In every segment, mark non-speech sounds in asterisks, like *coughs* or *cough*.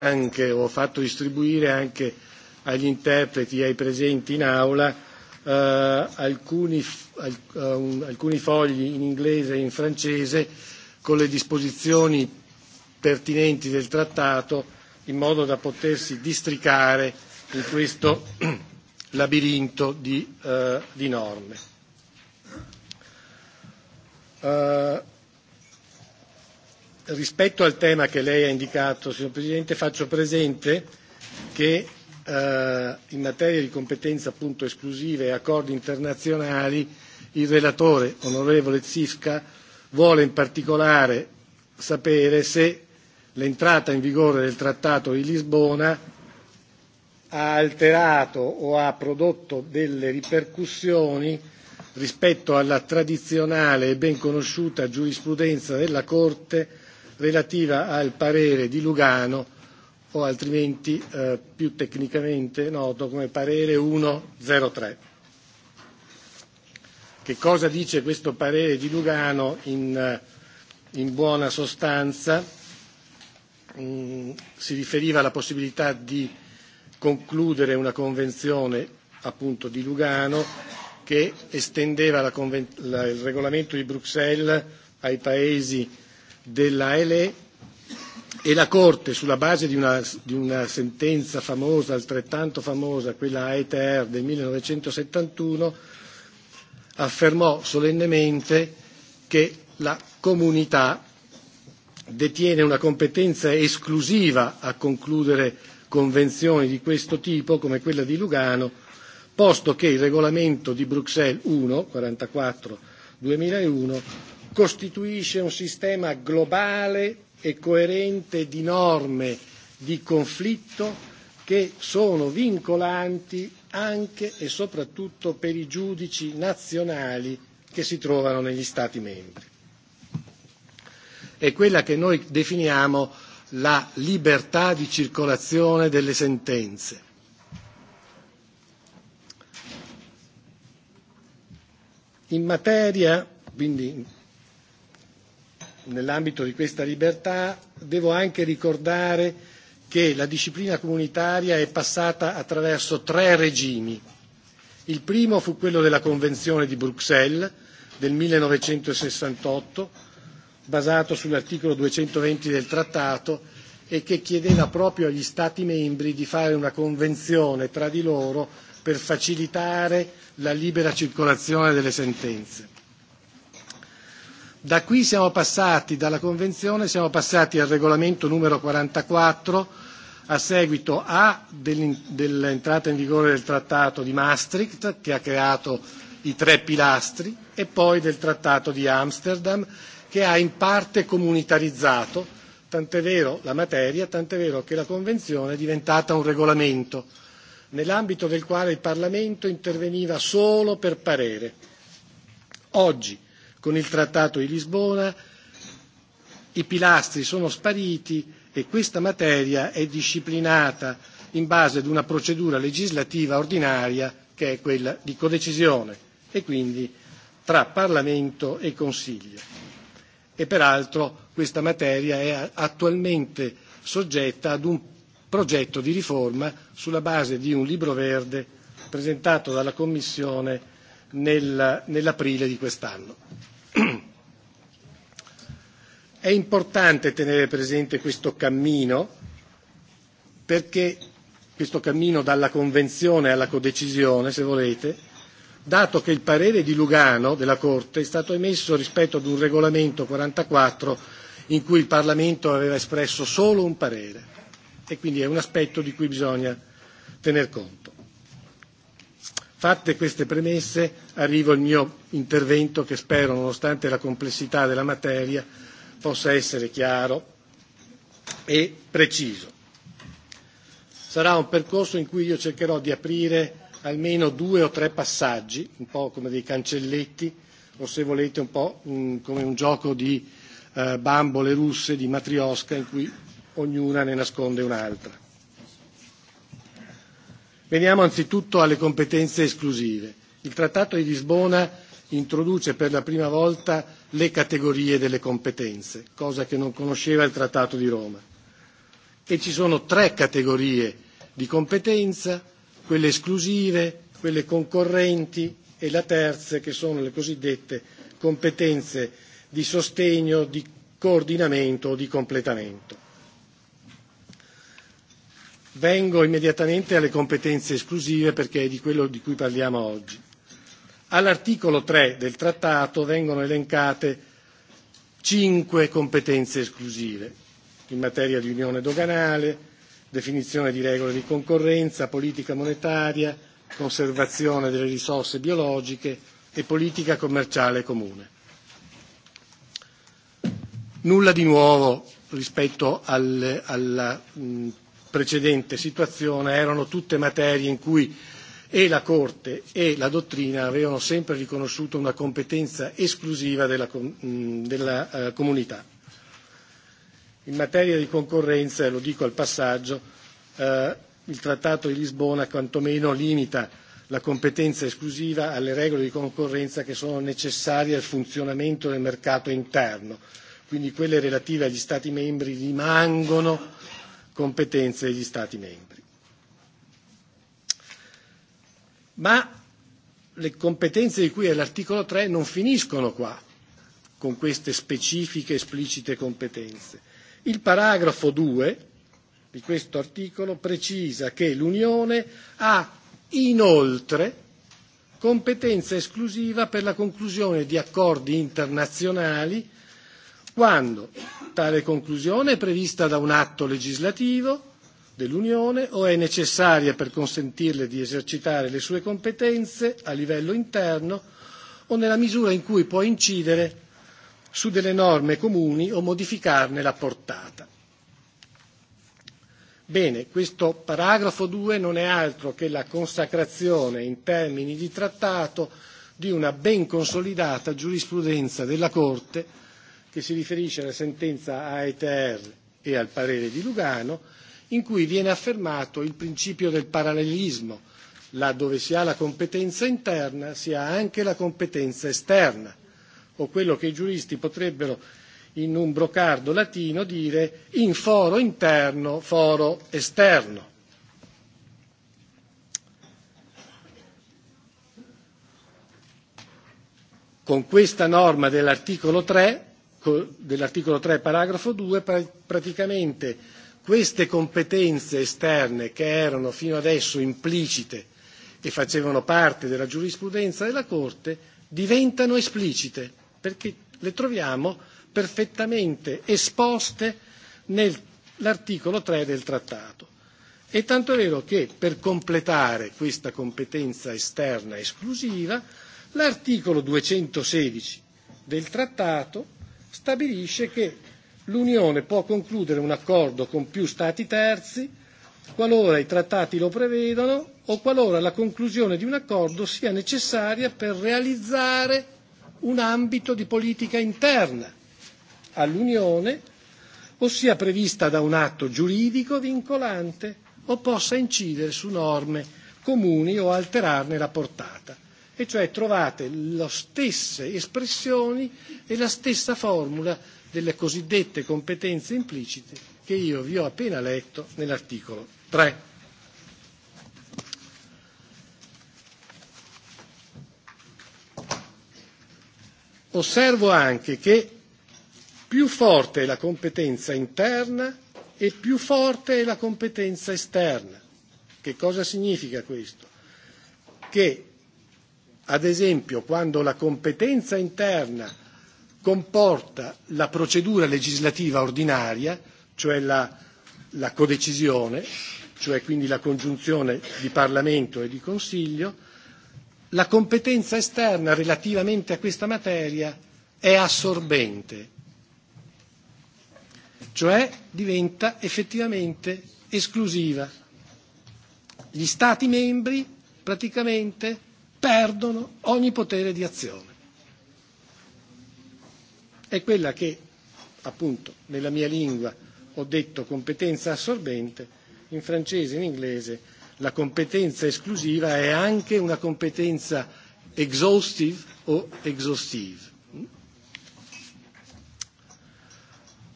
anche, ho fatto distribuire anche agli interpreti e ai presenti in aula eh, alcuni, alc, eh, um, alcuni fogli in inglese e in francese con le disposizioni pertinenti del trattato in modo da potersi districare in questo *clears throat* labirinto di, eh, di norme. Eh, rispetto al tema che lei ha indicato, signor Presidente, faccio presente che eh, in materia di competenze appunto esclusive e accordi internazionali il relatore onorevole Zifka vuole in particolare sapere se l'entrata in vigore del Trattato di Lisbona ha alterato o ha prodotto delle ripercussioni rispetto alla tradizionale e ben conosciuta giurisprudenza della Corte relativa al parere di Lugano o altrimenti eh, più tecnicamente noto come parere 103. Che cosa dice questo parere di Lugano in, eh, in buona sostanza? Mm, si riferiva alla possibilità di concludere una convenzione appunto di Lugano che estendeva la conven- la, il regolamento di Bruxelles ai paesi dell'AELE e la Corte, sulla base di una, di una sentenza famosa, altrettanto famosa, quella AETR del 1971, affermò solennemente che la comunità detiene una competenza esclusiva a concludere convenzioni di questo tipo, come quella di Lugano, posto che il regolamento di Bruxelles 1, 44 2001, costituisce un sistema globale e coerente di norme di conflitto che sono vincolanti anche e soprattutto per i giudici nazionali che si trovano negli Stati membri. È quella che noi definiamo la libertà di circolazione delle sentenze. In materia, quindi nell'ambito di questa libertà, devo anche ricordare che la disciplina comunitaria è passata attraverso tre regimi. Il primo fu quello della Convenzione di Bruxelles del 1968, basato sull'articolo 220 del Trattato e che chiedeva proprio agli Stati membri di fare una convenzione tra di loro per facilitare la libera circolazione delle sentenze. Da qui siamo passati, dalla Convenzione, siamo passati al regolamento numero 44 a seguito A dell'entrata in vigore del Trattato di Maastricht che ha creato i tre pilastri e poi del Trattato di Amsterdam che ha in parte comunitarizzato, tant'è vero la materia, tant'è vero che la Convenzione è diventata un regolamento nell'ambito del quale il Parlamento interveniva solo per parere. Oggi con il Trattato di Lisbona i pilastri sono spariti e questa materia è disciplinata in base ad una procedura legislativa ordinaria che è quella di codecisione e quindi tra Parlamento e Consiglio. E peraltro questa materia è attualmente soggetta ad un progetto di riforma sulla base di un libro verde presentato dalla Commissione nell'aprile di quest'anno. È importante tenere presente questo cammino perché questo cammino dalla convenzione alla codecisione, se volete, dato che il parere di Lugano della Corte è stato emesso rispetto ad un regolamento 44 in cui il Parlamento aveva espresso solo un parere e quindi è un aspetto di cui bisogna tener conto. Fatte queste premesse arrivo al mio intervento che spero, nonostante la complessità della materia, possa essere chiaro e preciso. Sarà un percorso in cui io cercherò di aprire almeno due o tre passaggi, un po' come dei cancelletti o se volete un po' un, mm, come un gioco di eh, bambole russe, di matriosca, in cui ognuna ne nasconde un'altra. Veniamo anzitutto alle competenze esclusive. Il Trattato di Lisbona introduce per la prima volta le categorie delle competenze, cosa che non conosceva il Trattato di Roma. E ci sono tre categorie di competenza, quelle esclusive, quelle concorrenti e la terza che sono le cosiddette competenze di sostegno, di coordinamento o di completamento. Vengo immediatamente alle competenze esclusive perché è di quello di cui parliamo oggi. All'articolo 3 del trattato vengono elencate cinque competenze esclusive in materia di unione doganale, definizione di regole di concorrenza, politica monetaria, conservazione delle risorse biologiche e politica commerciale comune. Nulla di nuovo rispetto al, alla mh, precedente situazione erano tutte materie in cui e la Corte e la dottrina avevano sempre riconosciuto una competenza esclusiva della, della eh, comunità. In materia di concorrenza, e lo dico al passaggio, eh, il Trattato di Lisbona quantomeno limita la competenza esclusiva alle regole di concorrenza che sono necessarie al funzionamento del mercato interno, quindi quelle relative agli Stati membri rimangono competenze degli Stati membri. Ma le competenze di cui è l'articolo 3 non finiscono qua, con queste specifiche esplicite competenze. Il paragrafo 2 di questo articolo precisa che l'Unione ha inoltre competenza esclusiva per la conclusione di accordi internazionali quando tale conclusione è prevista da un atto legislativo dell'Unione o è necessaria per consentirle di esercitare le sue competenze a livello interno o nella misura in cui può incidere su delle norme comuni o modificarne la portata. Bene, questo paragrafo 2 non è altro che la consacrazione in termini di trattato di una ben consolidata giurisprudenza della Corte che si riferisce alla sentenza AETR e al parere di Lugano, in cui viene affermato il principio del parallelismo, Là dove si ha la competenza interna si ha anche la competenza esterna, o quello che i giuristi potrebbero in un brocardo latino dire in foro interno, foro esterno. Con questa norma dell'articolo 3 dell'articolo 3, paragrafo 2, praticamente queste competenze esterne che erano fino adesso implicite e facevano parte della giurisprudenza della Corte diventano esplicite perché le troviamo perfettamente esposte nell'articolo 3 del trattato. E tanto è vero che per completare questa competenza esterna esclusiva l'articolo 216 del trattato stabilisce che l'Unione può concludere un accordo con più Stati terzi qualora i trattati lo prevedano o qualora la conclusione di un accordo sia necessaria per realizzare un ambito di politica interna all'Unione o sia prevista da un atto giuridico vincolante o possa incidere su norme comuni o alterarne la portata e cioè trovate le stesse espressioni e la stessa formula delle cosiddette competenze implicite che io vi ho appena letto nell'articolo 3. Osservo anche che più forte è la competenza interna e più forte è la competenza esterna. Che cosa significa questo? Che ad esempio quando la competenza interna comporta la procedura legislativa ordinaria, cioè la, la codecisione, cioè quindi la congiunzione di Parlamento e di Consiglio, la competenza esterna relativamente a questa materia è assorbente, cioè diventa effettivamente esclusiva. Gli Stati membri praticamente perdono ogni potere di azione. È quella che, appunto, nella mia lingua ho detto competenza assorbente, in francese e in inglese la competenza esclusiva è anche una competenza exhaustive o exhaustive.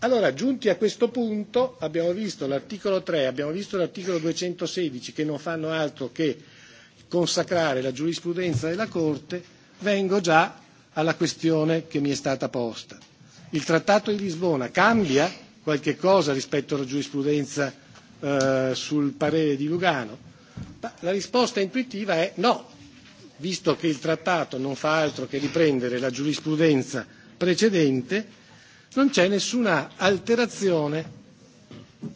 Allora, giunti a questo punto, abbiamo visto l'articolo 3, abbiamo visto l'articolo 216 che non fanno altro che consacrare la giurisprudenza della Corte, vengo già alla questione che mi è stata posta. Il Trattato di Lisbona cambia qualche cosa rispetto alla giurisprudenza eh, sul parere di Lugano? Ma la risposta intuitiva è no, visto che il Trattato non fa altro che riprendere la giurisprudenza precedente, non c'è nessuna alterazione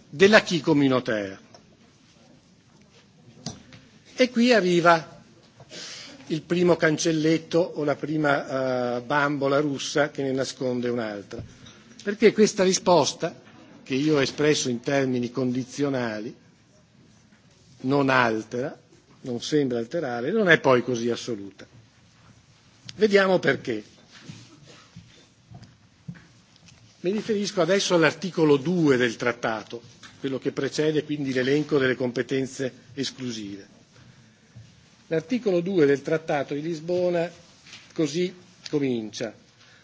dell'acquis communautaire. E qui arriva il primo cancelletto o la prima eh, bambola russa che ne nasconde un'altra. Perché questa risposta, che io ho espresso in termini condizionali, non altera, non sembra alterare, non è poi così assoluta. Vediamo perché. Mi riferisco adesso all'articolo 2 del trattato, quello che precede quindi l'elenco delle competenze esclusive. L'articolo 2 del Trattato di Lisbona così comincia.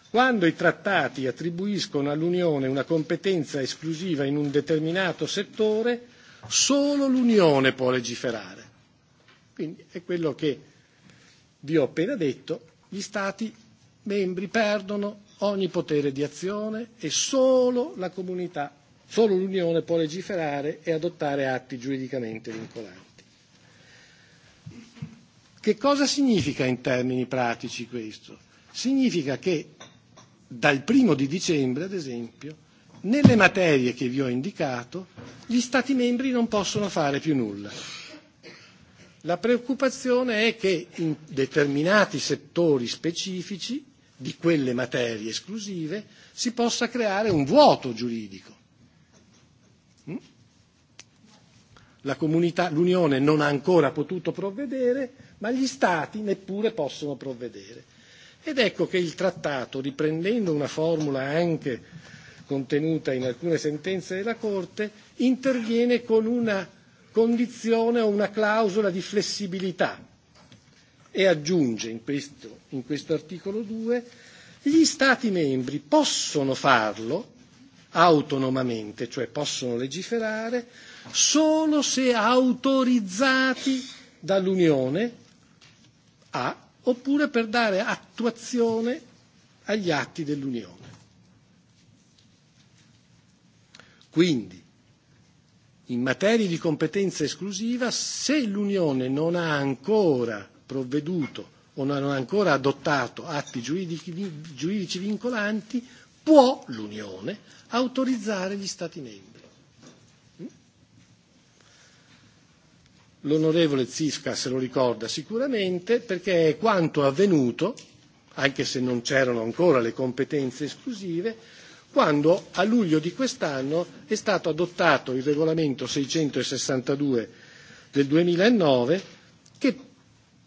Quando i trattati attribuiscono all'Unione una competenza esclusiva in un determinato settore, solo l'Unione può legiferare. Quindi è quello che vi ho appena detto, gli Stati membri perdono ogni potere di azione e solo la comunità, solo l'Unione può legiferare e adottare atti giuridicamente vincolanti. Che cosa significa in termini pratici questo? Significa che dal primo di dicembre, ad esempio, nelle materie che vi ho indicato, gli Stati membri non possono fare più nulla. La preoccupazione è che in determinati settori specifici di quelle materie esclusive si possa creare un vuoto giuridico. Mm? La comunità, l'Unione non ha ancora potuto provvedere, ma gli Stati neppure possono provvedere. Ed ecco che il trattato, riprendendo una formula anche contenuta in alcune sentenze della Corte, interviene con una condizione o una clausola di flessibilità e aggiunge in questo, in questo articolo 2 gli Stati membri possono farlo autonomamente, cioè possono legiferare, solo se autorizzati dall'Unione a oppure per dare attuazione agli atti dell'Unione. Quindi, in materia di competenza esclusiva, se l'Unione non ha ancora provveduto o non ha ancora adottato atti giuridici vincolanti, può l'Unione autorizzare gli Stati membri. l'onorevole Zifka se lo ricorda sicuramente perché è quanto avvenuto, anche se non c'erano ancora le competenze esclusive, quando a luglio di quest'anno è stato adottato il regolamento 662 del 2009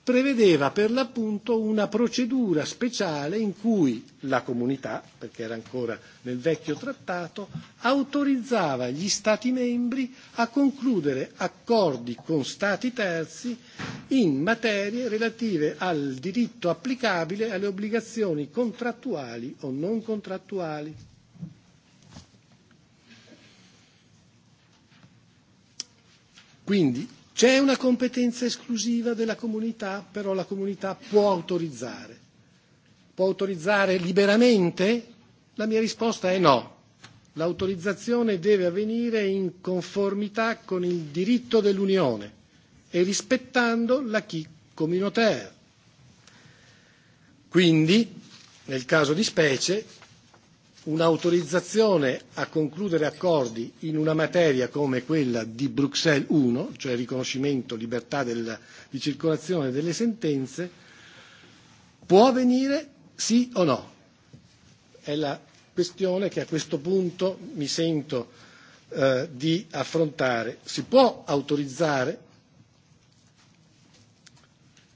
prevedeva per l'appunto una procedura speciale in cui la comunità, perché era ancora nel vecchio trattato, autorizzava gli Stati membri a concludere accordi con Stati terzi in materie relative al diritto applicabile alle obbligazioni contrattuali o non contrattuali. Quindi C'è una competenza esclusiva della comunità, però la comunità può autorizzare. Può autorizzare liberamente? La mia risposta è no. L'autorizzazione deve avvenire in conformità con il diritto dell'Unione e rispettando la chi communautaire. Quindi, nel caso di specie, un'autorizzazione a concludere accordi in una materia come quella di Bruxelles I, cioè riconoscimento, libertà del, di circolazione delle sentenze, può avvenire sì o no? È la questione che a questo punto mi sento eh, di affrontare. Si può autorizzare?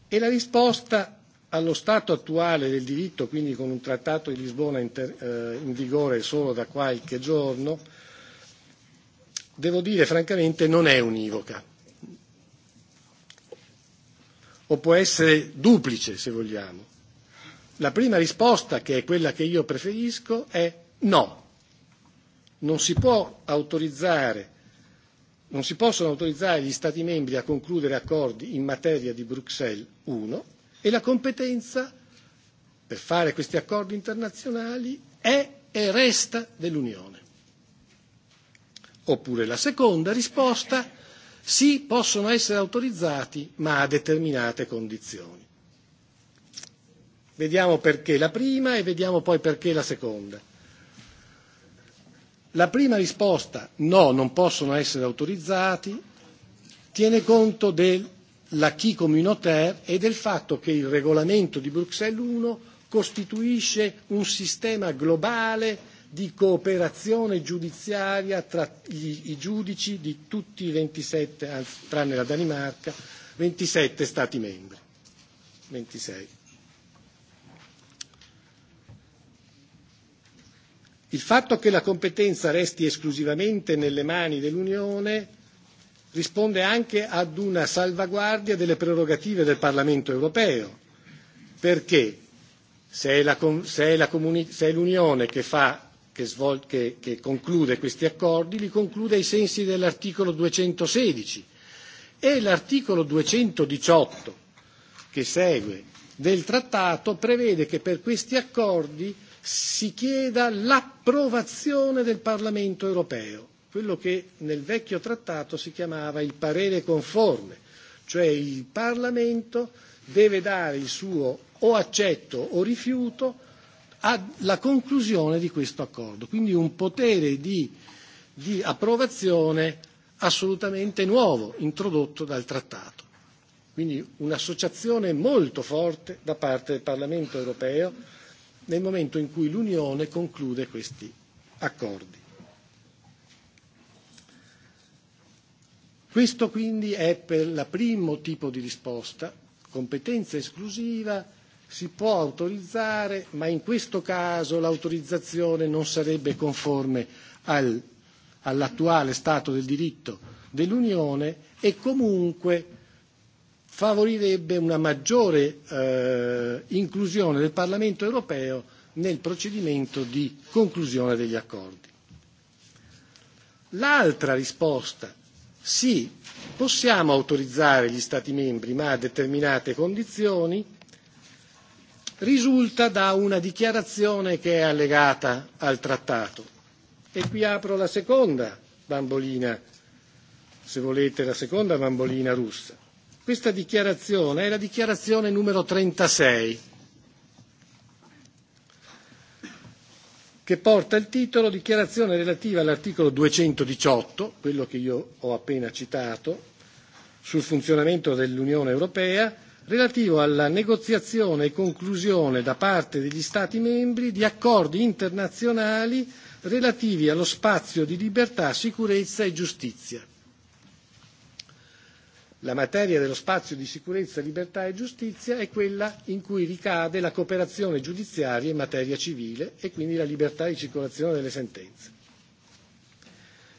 E la risposta Allo stato attuale del diritto, quindi con un trattato di Lisbona eh, in, vigore solo da qualche giorno, devo dire francamente non è univoca. O può essere duplice, se vogliamo. La prima risposta, che è quella che io preferisco, è no. Non si può autorizzare non si possono autorizzare gli Stati membri a concludere accordi in materia di Bruxelles 1 e la competenza per fare questi accordi internazionali è e resta dell'Unione. Oppure la seconda risposta sì, possono essere autorizzati, ma a determinate condizioni. Vediamo perché la prima e vediamo poi perché la seconda. La prima risposta no, non possono essere autorizzati, tiene conto del l'acquis communautaire e del fatto che il regolamento di Bruxelles I costituisce un sistema globale di cooperazione giudiziaria tra i giudici di tutti i 27, anzi, tranne la Danimarca, 27 Stati membri. 26. Il fatto che la competenza resti esclusivamente nelle mani dell'Unione risponde anche ad una salvaguardia delle prerogative del Parlamento europeo, perché se è, la, se è, la comuni, se è l'Unione che, fa, che, svol, che, che conclude questi accordi, li conclude ai sensi dell'articolo 216 e l'articolo 218 che segue del trattato prevede che per questi accordi si chieda l'approvazione del Parlamento europeo quello che nel vecchio trattato si chiamava il parere conforme, cioè il Parlamento deve dare il suo o accetto o rifiuto alla conclusione di questo accordo, quindi un potere di, di approvazione assolutamente nuovo introdotto dal trattato. Quindi un'associazione molto forte da parte del Parlamento europeo nel momento in cui l'Unione conclude questi accordi. Questo quindi è per il primo tipo di risposta, competenza esclusiva, si può autorizzare, ma in questo caso l'autorizzazione non sarebbe conforme al, all'attuale stato del diritto dell'Unione e comunque favorirebbe una maggiore eh, inclusione del Parlamento europeo nel procedimento di conclusione degli accordi. L'altra risposta Sì, possiamo autorizzare gli Stati membri, ma a determinate condizioni, risulta da una dichiarazione che è allegata al trattato. E qui apro la seconda bambolina, se volete, la seconda bambolina russa. Questa dichiarazione è la dichiarazione numero 36 che porta il titolo Dichiarazione relativa all'articolo 218, quello che io ho appena citato, sul funzionamento dell'Unione Europea, relativo alla negoziazione e conclusione da parte degli Stati membri di accordi internazionali relativi allo spazio di libertà, sicurezza e giustizia. La materia dello spazio di sicurezza, libertà e giustizia è quella in cui ricade la cooperazione giudiziaria in materia civile e quindi la libertà di circolazione delle sentenze.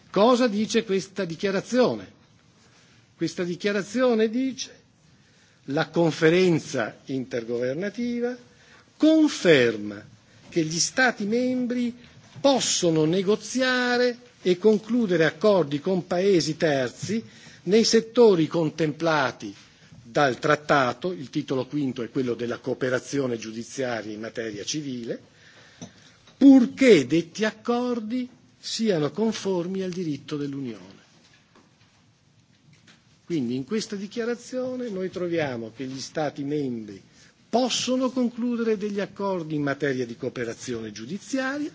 Cosa dice questa dichiarazione? Questa dichiarazione dice la conferenza intergovernativa conferma che gli Stati membri possono negoziare e concludere accordi con Paesi terzi Nei settori contemplati dal trattato, il titolo quinto è quello della cooperazione giudiziaria in materia civile, purché detti accordi siano conformi al diritto dell'Unione. Quindi in questa dichiarazione noi troviamo che gli Stati membri possono concludere degli accordi in materia di cooperazione giudiziaria,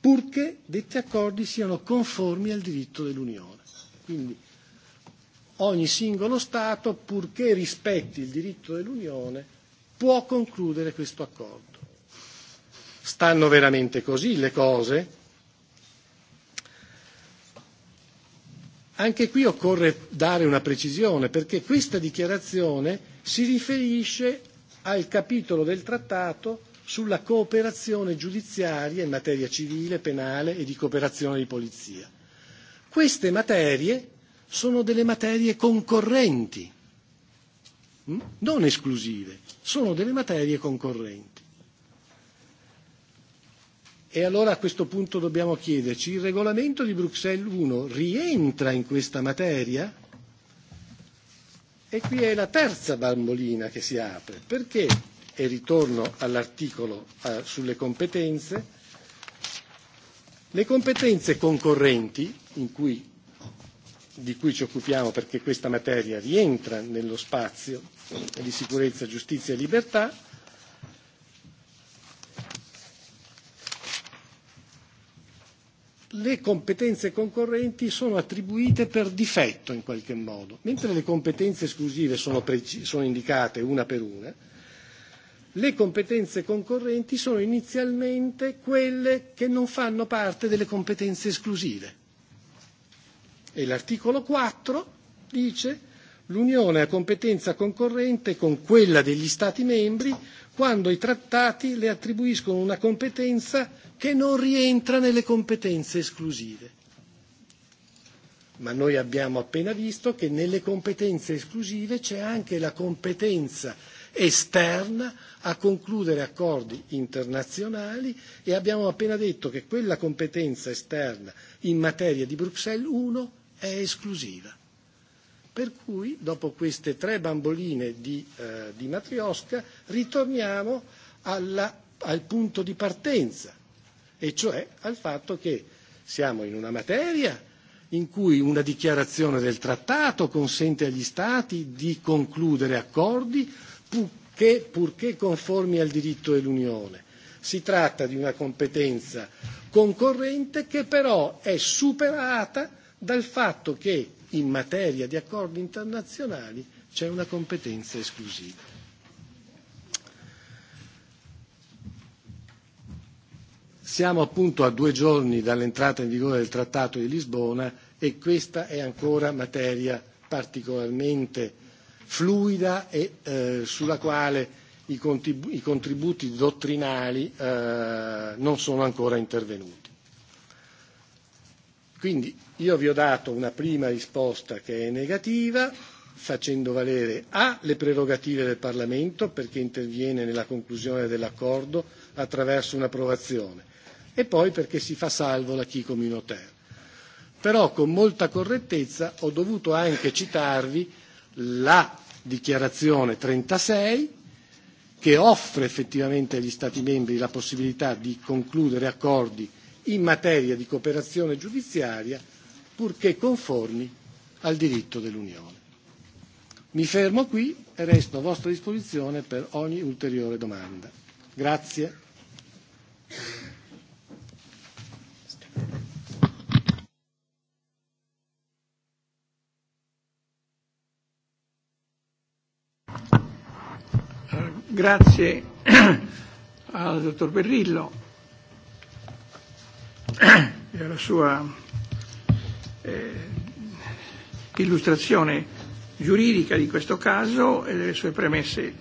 purché detti accordi siano conformi al diritto dell'Unione. Quindi ogni singolo Stato, purché rispetti il diritto dell'Unione, può concludere questo accordo. Stanno veramente così le cose? Anche qui occorre dare una precisione, perché questa dichiarazione si riferisce al capitolo del trattato sulla cooperazione giudiziaria in materia civile, penale e di cooperazione di polizia queste materie sono delle materie concorrenti, mm? non esclusive, sono delle materie concorrenti. E allora a questo punto dobbiamo chiederci, il regolamento di Bruxelles 1 rientra in questa materia? E qui è la terza bambolina che si apre, perché, e ritorno all'articolo eh, sulle competenze, le competenze concorrenti, in cui, di cui ci occupiamo perché questa materia rientra nello spazio di sicurezza, giustizia e libertà, le competenze concorrenti sono attribuite per difetto in qualche modo, mentre le competenze esclusive sono, sono indicate una per una, le competenze concorrenti sono inizialmente quelle che non fanno parte delle competenze esclusive. E l'articolo 4 dice l'Unione ha competenza concorrente con quella degli Stati membri quando i trattati le attribuiscono una competenza che non rientra nelle competenze esclusive. Ma noi abbiamo appena visto che nelle competenze esclusive c'è anche la competenza esterna a concludere accordi internazionali e abbiamo appena detto che quella competenza esterna in materia di Bruxelles 1 è esclusiva. Per cui, dopo queste tre bamboline di, eh, di Matriosca, ritorniamo alla, al punto di partenza, e cioè al fatto che siamo in una materia in cui una dichiarazione del trattato consente agli Stati di concludere accordi purché, purché conformi al diritto dell'Unione. Si tratta di una competenza concorrente che però è superata dal fatto che in materia di accordi internazionali c'è una competenza esclusiva. Siamo appunto a due giorni dall'entrata in vigore del Trattato di Lisbona e questa è ancora materia particolarmente fluida e eh, sulla quale i, contribu- i contributi dottrinali eh, non sono ancora intervenuti. Quindi io vi ho dato una prima risposta che è negativa, facendo valere A le prerogative del Parlamento perché interviene nella conclusione dell'accordo attraverso un'approvazione e poi perché si fa salvo la chi communautaire. Però con molta correttezza ho dovuto anche citarvi la dichiarazione 36 che offre effettivamente agli Stati membri la possibilità di concludere accordi in materia di cooperazione giudiziaria purché conformi al diritto dell'Unione. Mi fermo qui e resto a vostra disposizione per ogni ulteriore domanda. Grazie. Grazie *coughs* al dottor Berrillo e alla sua eh, illustrazione giuridica di questo caso e delle sue premesse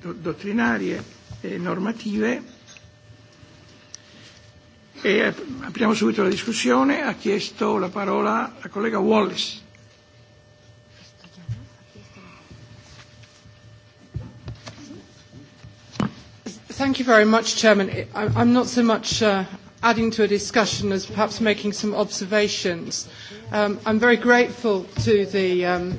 do- dottrinarie e normative. E apriamo subito la discussione. Ha chiesto la parola la collega Wallace. Thank you very much, Chairman. I'm not so much uh, adding to a discussion as perhaps making some observations. Um, I'm very grateful to the um,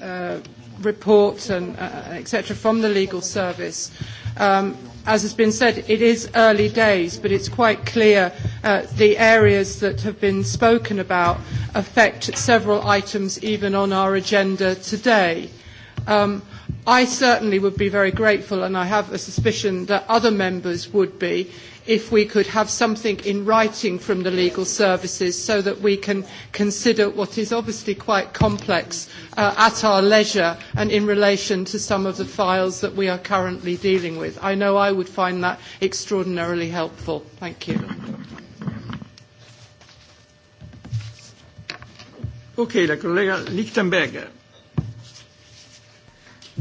uh, report and uh, etc. from the legal service. Um, as has been said, it is early days, but it's quite clear uh, the areas that have been spoken about affect several items even on our agenda today. Um, I certainly would be very grateful, and I have a suspicion that other members would be, if we could have something in writing from the legal services so that we can consider what is obviously quite complex uh, at our leisure and in relation to some of the files that we are currently dealing with. I know I would find that extraordinarily helpful. Thank you. Okay, la collega Lichtenberger.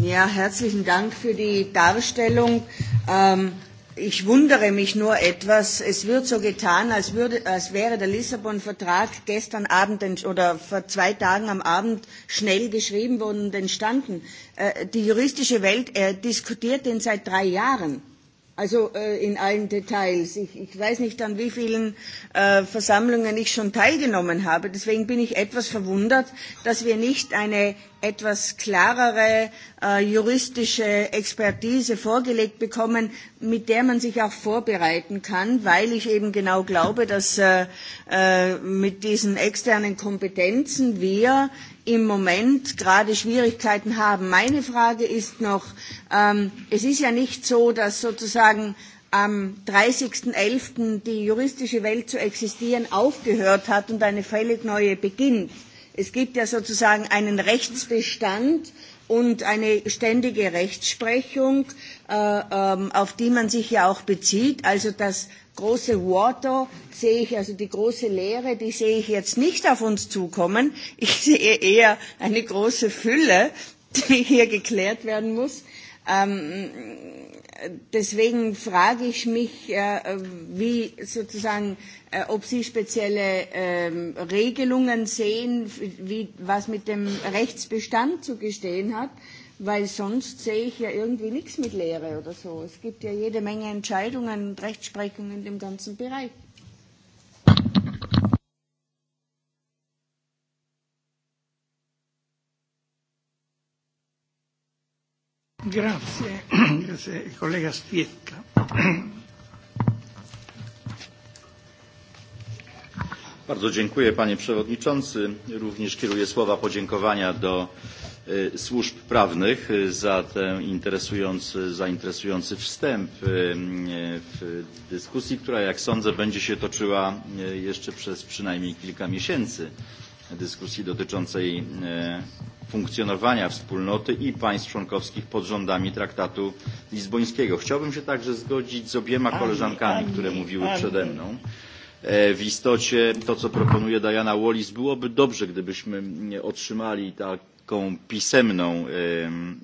Ja, herzlichen Dank für die Darstellung. Ähm, ich wundere mich nur etwas. Es wird so getan, als, würde, als wäre der Lissabon-Vertrag gestern Abend oder vor zwei Tagen am Abend schnell geschrieben worden und entstanden. Äh, die juristische Welt äh, diskutiert den seit drei Jahren. Also äh, in allen Details. Ich, ich weiß nicht, an wie vielen äh, Versammlungen ich schon teilgenommen habe. Deswegen bin ich etwas verwundert, dass wir nicht eine etwas klarere äh, juristische Expertise vorgelegt bekommen, mit der man sich auch vorbereiten kann, weil ich eben genau glaube, dass äh, äh, mit diesen externen Kompetenzen wir im Moment gerade Schwierigkeiten haben. Meine Frage ist noch, ähm, es ist ja nicht so, dass sozusagen am 30.11. die juristische Welt zu existieren aufgehört hat und eine völlig neue beginnt. Es gibt ja sozusagen einen Rechtsbestand und eine ständige Rechtsprechung, äh, ähm, auf die man sich ja auch bezieht. Also das große Water sehe ich, also die große Leere, die sehe ich jetzt nicht auf uns zukommen. Ich *laughs* sehe eher eine große Fülle, die hier geklärt werden muss. Ähm, deswegen frage ich mich, äh, wie sozusagen, äh, ob Sie spezielle äh, Regelungen sehen, wie, was mit dem Rechtsbestand zu gestehen hat. Äh, weil sonst sehe ich ja irgendwie nichts mit Lehre oder so. Es gibt ja jede Menge Entscheidungen und Rechtsprechungen in dem ganzen Bereich. Grazie, grazie collega Spietta. Bardzo dziękuję panie przewodniczący. Również kieruję słowa podziękowania do E, służb prawnych e, za ten interesujący, za wstęp e, w dyskusji, która jak sądzę będzie się toczyła jeszcze przez przynajmniej kilka miesięcy dyskusji dotyczącej funkcjonowania wspólnoty i państw członkowskich pod rządami traktatu lizbońskiego. Chciałbym się także zgodzić z obiema koleżankami, które mówiły przede mną w istocie to, co proponuje Diana Wallis, byłoby dobrze, gdybyśmy otrzymali tak taką pisemną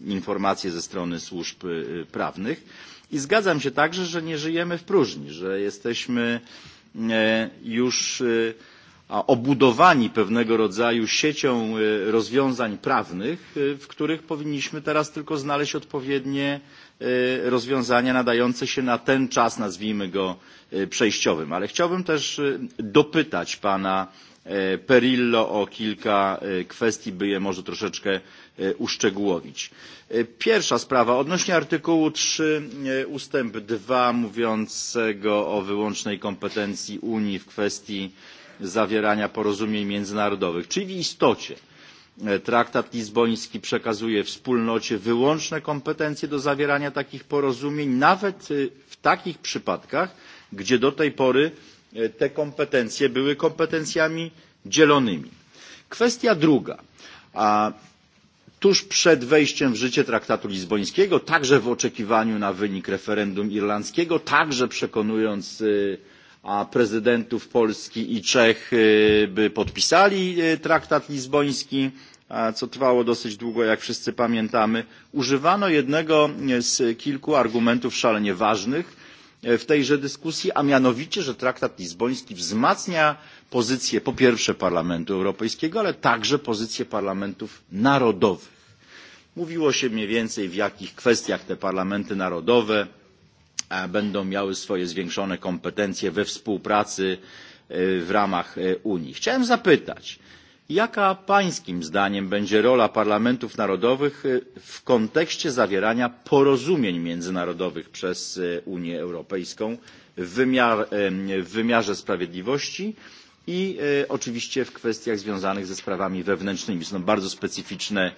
informację ze strony służb e, prawnych i zgadzam się także że nie żyjemy w próżni że jesteśmy e, już e, obudowani pewnego rodzaju siecią rozwiązań prawnych w których powinniśmy teraz tylko znaleźć odpowiednie rozwiązania nadające się na ten czas nazwijmy go przejściowym. ale chciałbym też dopytać pana E, perillo o kilka e, kwestii, by je może troszeczkę e, uszczegółowić. Pierwsza sprawa odnośnie artykułu 3 ustęp 2 mówiącego o wyłącznej kompetencji Unii w kwestii zawierania porozumień międzynarodowych, czyli w istocie traktat lizboński przekazuje wspólnocie wyłączne kompetencje do zawierania takich porozumień nawet w takich przypadkach gdzie do tej pory E, te kompetencje były kompetencjami dzielonymi. Kwestia druga. A tuż przed wejściem w życie traktatu lizbońskiego, także w oczekiwaniu na wynik referendum irlandzkiego, także przekonując prezydentów Polski i Czech, by podpisali traktat lizboński, co trwało dosyć długo, jak wszyscy pamiętamy, używano jednego z kilku argumentów szalenie ważnych, E, w tejże dyskusji a mianowicie że traktat lizboński wzmacnia pozycję po pierwsze parlamentu europejskiego ale także pozycję parlamentów narodowych. mówiło się mniej więcej w jakich kwestiach te parlamenty narodowe e, będą miały swoje zwiększone kompetencje we współpracy e, w ramach unii. chciałem zapytać Jaka pańskim zdaniem będzie rola parlamentów narodowych w kontekście zawierania porozumień międzynarodowych przez Unię Europejską w, wymiar, w wymiarze sprawiedliwości i oczywiście w kwestiach związanych ze sprawami wewnętrznymi? Są bardzo specyficzne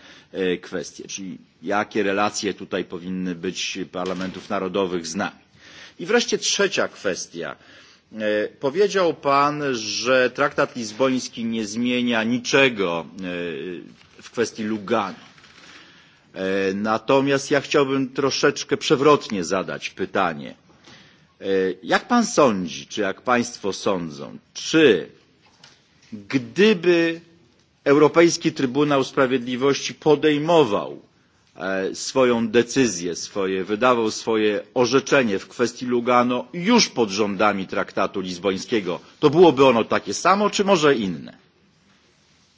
kwestie, czyli jakie relacje tutaj powinny być parlamentów narodowych z nami? I wreszcie trzecia kwestia E, powiedział Pan, że traktat lizboński nie zmienia niczego e, w kwestii Lugano. E, natomiast ja chciałbym troszeczkę przewrotnie zadać pytanie. Jak Pan sądzi, czy jak Państwo sądzą, czy gdyby Europejski Trybunał Sprawiedliwości podejmował E, swoją decyzję wydawał swoje orzeczenie w kwestii lugano już pod rządami traktatu lizbońskiego to byłoby ono takie samo czy może inne?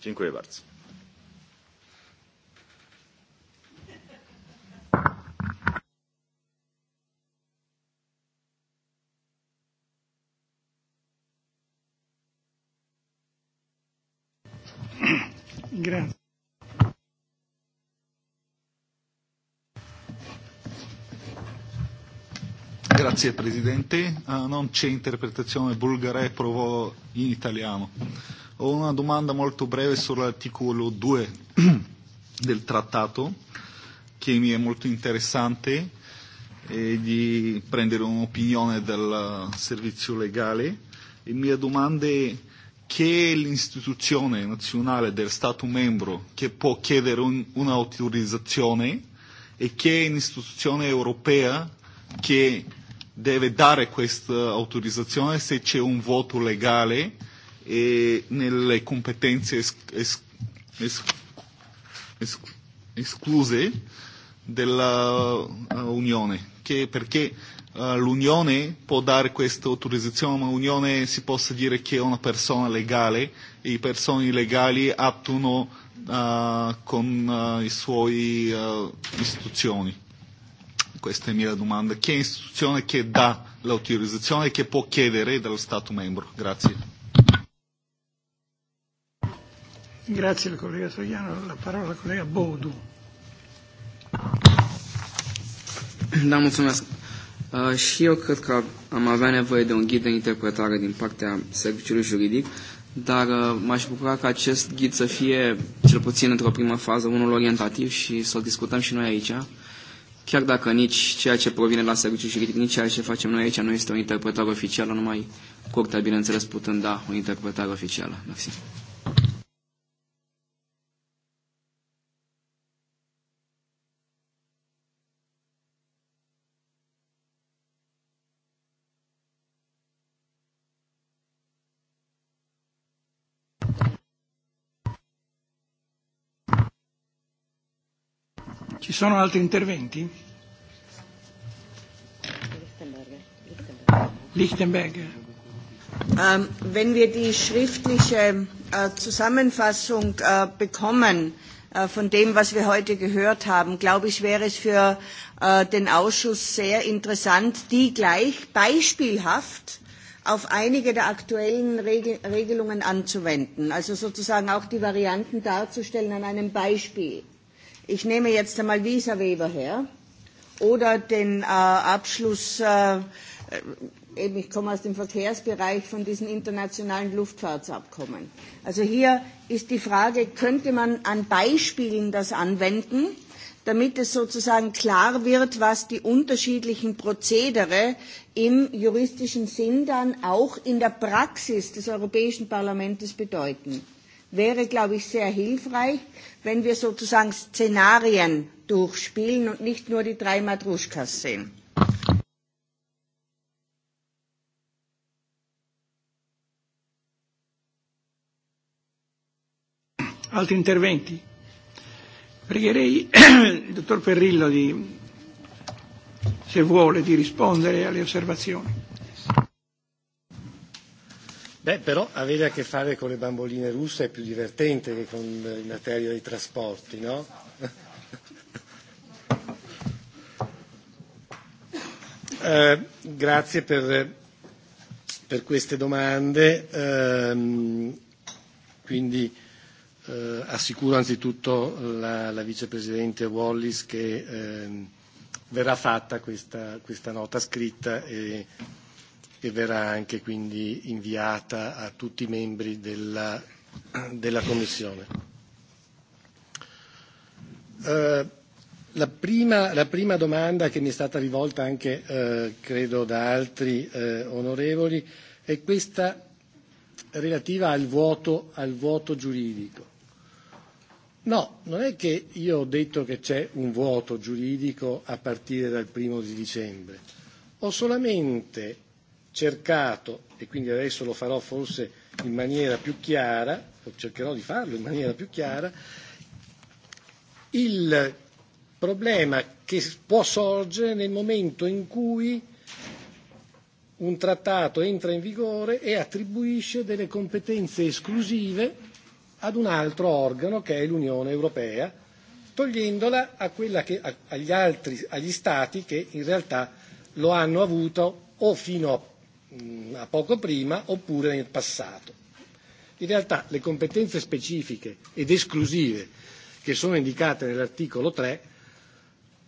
dziękuję bardzo. Grazie. Grazie Presidente, uh, non c'è interpretazione bulgare, provo in italiano. Ho una domanda molto breve sull'articolo 2 *clears throat* del trattato che mi è molto interessante e di prendere un'opinione dal servizio legale. E mia domanda è che l'istituzione nazionale del Stato membro che può chiedere un, un'autorizzazione e che l'istituzione europea che deve dare questa autorizzazione se c'è un voto legale e nelle competenze es, es, es, es, escluse dell'Unione, eh, che perché uh, l'Unione può dare questa autorizzazione, ma l'Unione si possa dire che è una persona legale e le persone legali attuano uh, con uh, le sue uh, istituzioni questa è mia domanda, che istituzione che dà l'autorizzazione e che può chiedere dallo Stato membro? Grazie. Grazie al collega Soiano. La parola al collega Bodu. Da, mulțumesc. Uh, și eu cred că am avea nevoie de un ghid de interpretare din partea serviciului juridic, dar uh, m-aș bucura ca acest ghid să fie, cel puțin într-o primă fază, unul orientativ și să-l discutăm și noi aici chiar dacă nici ceea ce provine la serviciu juridic, nici ceea ce facem noi aici nu este o interpretare oficială, numai Curtea, bineînțeles, putând da o interpretare oficială. Mulțumesc. sono altri interventi? Lichtenberger. Ähm, wenn wir die schriftliche äh, Zusammenfassung äh, bekommen, äh, von dem, was wir heute gehört haben, glaube ich, wäre es für den Ausschuss sehr interessant, die gleich beispielhaft auf einige der aktuellen Regel Regelungen anzuwenden. Also sozusagen auch die Varianten darzustellen an einem Beispiel. Ich nehme jetzt einmal visa Weber her oder den äh, Abschluss, äh, äh, eben ich komme aus dem Verkehrsbereich von diesen internationalen Luftfahrtsabkommen. Also hier ist die Frage, könnte man an Beispielen das anwenden, damit es sozusagen klar wird, was die unterschiedlichen Prozedere im juristischen Sinn dann auch in der Praxis des Europäischen Parlaments bedeuten wäre, glaube ich, sehr hilfreich, wenn wir sozusagen Szenarien durchspielen und nicht nur die drei Matruschkas sehen. Altri interventi? Pregherei il *coughs* dottor Perrillo di, se vuole, di rispondere alle osservazioni. Beh, però avere a che fare con le bamboline russe è più divertente che con eh, in materia dei trasporti, no? *laughs* eh, grazie per, per queste domande. Eh, quindi eh, assicuro anzitutto la, la vicepresidente Wallis che eh, verrà fatta questa, questa nota scritta e e verrà anche quindi inviata a tutti i membri della, della Commissione. Eh, la, prima, la prima domanda che mi è stata rivolta anche, eh, credo, da altri eh, onorevoli è questa relativa al vuoto, al vuoto giuridico. No, non è che io ho detto che c'è un vuoto giuridico a partire dal primo di dicembre. Ho solamente cercato, e quindi adesso lo farò forse in maniera più chiara, o cercherò di farlo in maniera più chiara, il problema che può sorgere nel momento in cui un trattato entra in vigore e attribuisce delle competenze esclusive ad un altro organo che è l'Unione Europea, togliendola a quella che, a, agli, altri, agli Stati che in realtà lo hanno avuto o fino Mm, a poco prima oppure nel passato. In realtà le competenze specifiche ed esclusive che sono indicate nell'articolo 3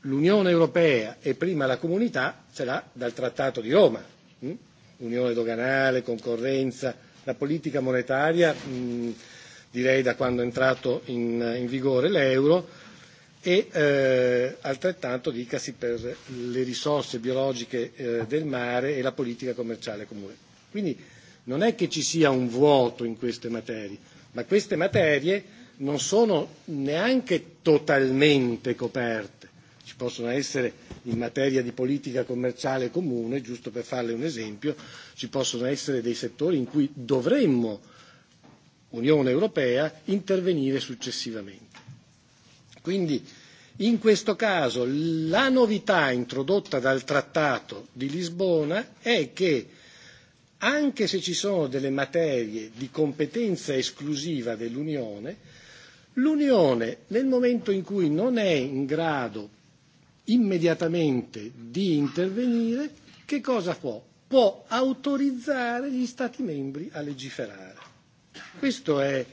l'Unione Europea e prima la comunità ce l'ha dal Trattato di Roma. Mm? Unione doganale, concorrenza, la politica monetaria, mm, direi da quando è entrato in, in vigore l'euro, e eh, altrettanto dicasi per le risorse biologiche eh, del mare e la politica commerciale comune. Quindi non è che ci sia un vuoto in queste materie, ma queste materie non sono neanche totalmente coperte. Ci possono essere in materia di politica commerciale comune, giusto per farle un esempio, ci possono essere dei settori in cui dovremmo, Unione Europea, intervenire successivamente Quindi in questo caso la novità introdotta dal Trattato di Lisbona è che anche se ci sono delle materie di competenza esclusiva dell'Unione, l'Unione nel momento in cui non è in grado immediatamente di intervenire, che cosa può? Può autorizzare gli Stati membri a legiferare. Questo è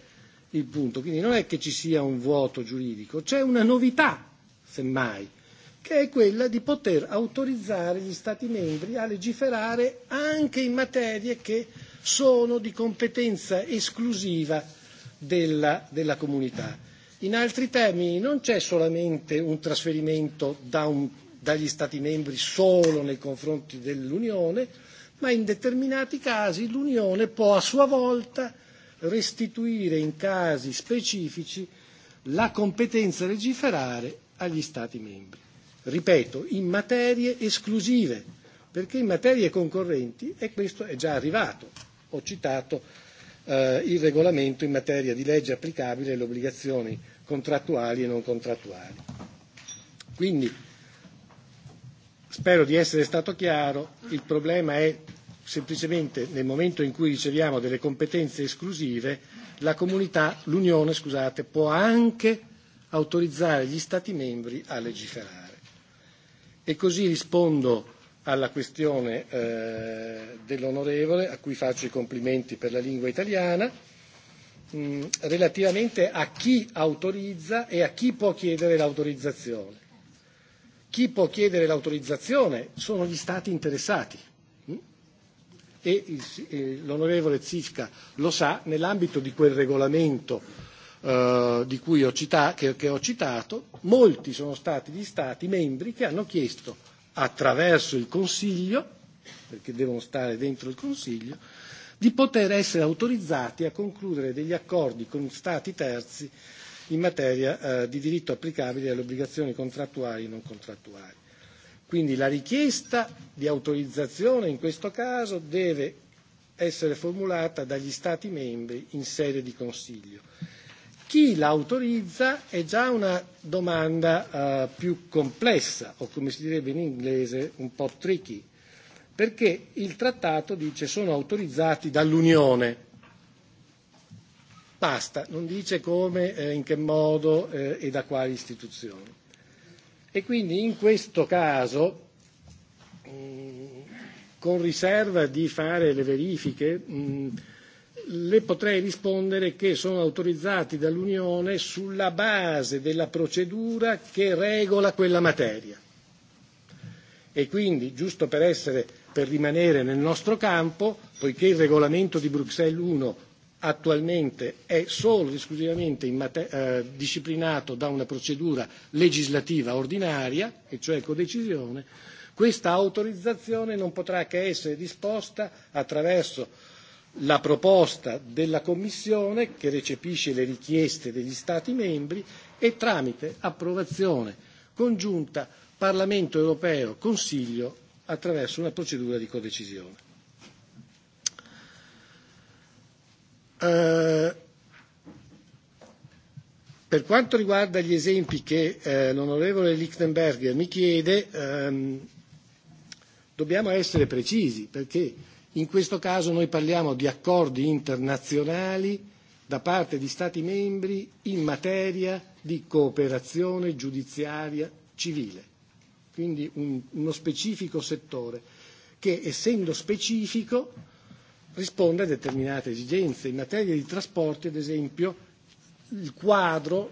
il punto. Quindi non è che ci sia un vuoto giuridico, c'è una novità, semmai, che è quella di poter autorizzare gli Stati membri a legiferare anche in materie che sono di competenza esclusiva della, della comunità. In altri termini, non c'è solamente un trasferimento da un, dagli Stati membri solo nei confronti dell'Unione, ma in determinati casi l'Unione può a sua volta restituire in casi specifici la competenza a legiferare agli Stati membri. Ripeto, in materie esclusive, perché in materie concorrenti, e questo è già arrivato, ho citato eh, il regolamento in materia di legge applicabile e le obbligazioni contrattuali e non contrattuali. Quindi spero di essere stato chiaro, il problema è semplicemente nel momento in cui riceviamo delle competenze esclusive, la comunità, l'Unione scusate, può anche autorizzare gli Stati membri a legiferare. E così rispondo alla questione eh, dell'onorevole, a cui faccio i complimenti per la lingua italiana, mh, mm, relativamente a chi autorizza e a chi può chiedere l'autorizzazione. Chi può chiedere l'autorizzazione sono gli Stati interessati E, e l'onorevole Zifka lo sa, nell'ambito di quel regolamento eh, di cui ho cita- che, che ho citato, molti sono stati gli Stati membri che hanno chiesto attraverso il Consiglio, perché devono stare dentro il Consiglio, di poter essere autorizzati a concludere degli accordi con Stati terzi in materia eh, di diritto applicabile alle obbligazioni contrattuali e non contrattuali. Quindi la richiesta di autorizzazione in questo caso deve essere formulata dagli Stati membri in sede di Consiglio. Chi la autorizza è già una domanda eh, più complessa, o come si direbbe in inglese un po' tricky, perché il trattato dice sono autorizzati dall'Unione. Basta, non dice come, eh, in che modo eh, e da quali istituzioni. E quindi in questo caso, mm, con riserva di fare le verifiche, mm, le potrei rispondere che sono autorizzati dall'Unione sulla base della procedura che regola quella materia. E quindi, giusto per essere per rimanere nel nostro campo, poiché il regolamento di Bruxelles 1 attualmente è solo ed esclusivamente in mate- eh, disciplinato da una procedura legislativa ordinaria, e cioè codecisione, questa autorizzazione non potrà che essere disposta attraverso la proposta della Commissione che recepisce le richieste degli Stati membri e tramite approvazione congiunta Parlamento europeo Consiglio attraverso una procedura di codecisione. Eh, per quanto riguarda gli esempi che eh, l'onorevole Lichtenberger mi chiede, ehm, dobbiamo essere precisi perché in questo caso noi parliamo di accordi internazionali da parte di Stati membri in materia di cooperazione giudiziaria civile, quindi un, uno specifico settore che essendo specifico risponde a determinate esigenze. In materia di trasporti, ad esempio, il quadro,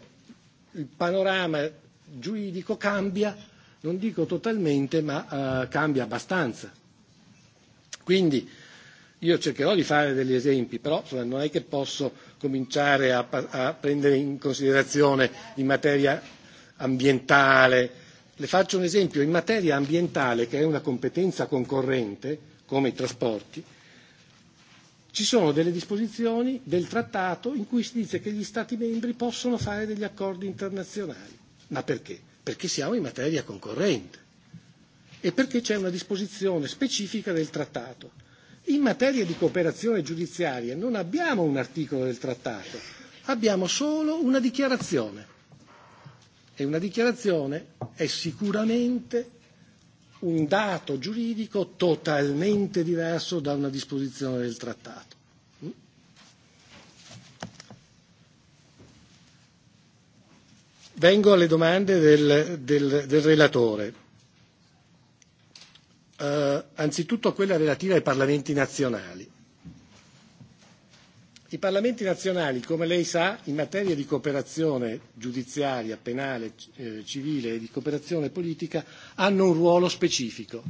il panorama giuridico cambia, non dico totalmente, ma uh, cambia abbastanza. Quindi io cercherò di fare degli esempi, però insomma, non è che posso cominciare a, a prendere in considerazione in materia ambientale. Le faccio un esempio, in materia ambientale, che è una competenza concorrente, come i trasporti, ci sono delle disposizioni del trattato in cui si dice che gli Stati membri possono fare degli accordi internazionali. Ma perché? Perché siamo in materia concorrente e perché c'è una disposizione specifica del trattato. In materia di cooperazione giudiziaria non abbiamo un articolo del trattato, abbiamo solo una dichiarazione. E una dichiarazione è sicuramente un dato giuridico totalmente diverso da una disposizione del trattato. Mm? Vengo alle domande del, del, del relatore. Eh, anzitutto quella relativa ai parlamenti nazionali. I Parlamenti nazionali, come lei sa, in materia di cooperazione giudiziaria, penale, eh, civile e di cooperazione politica hanno un ruolo specifico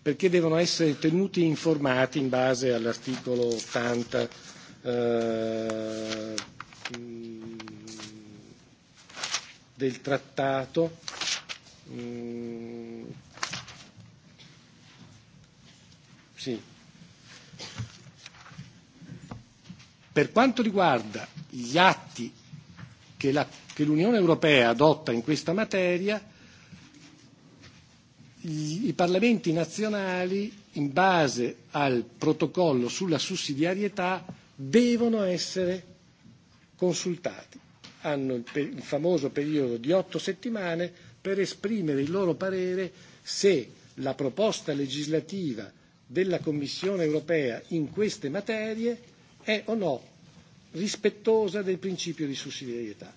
perché devono essere tenuti informati in base all'articolo 80 eh, del trattato mh, mm, sì, Per quanto riguarda gli atti che, la, che l'Unione Europea adotta in questa materia, i Parlamenti nazionali, in base al protocollo sulla sussidiarietà, devono essere consultati. Hanno il, il famoso periodo di otto settimane per esprimere il loro parere se la proposta legislativa della Commissione europea in queste materie è o no rispettosa del principio di sussidiarietà.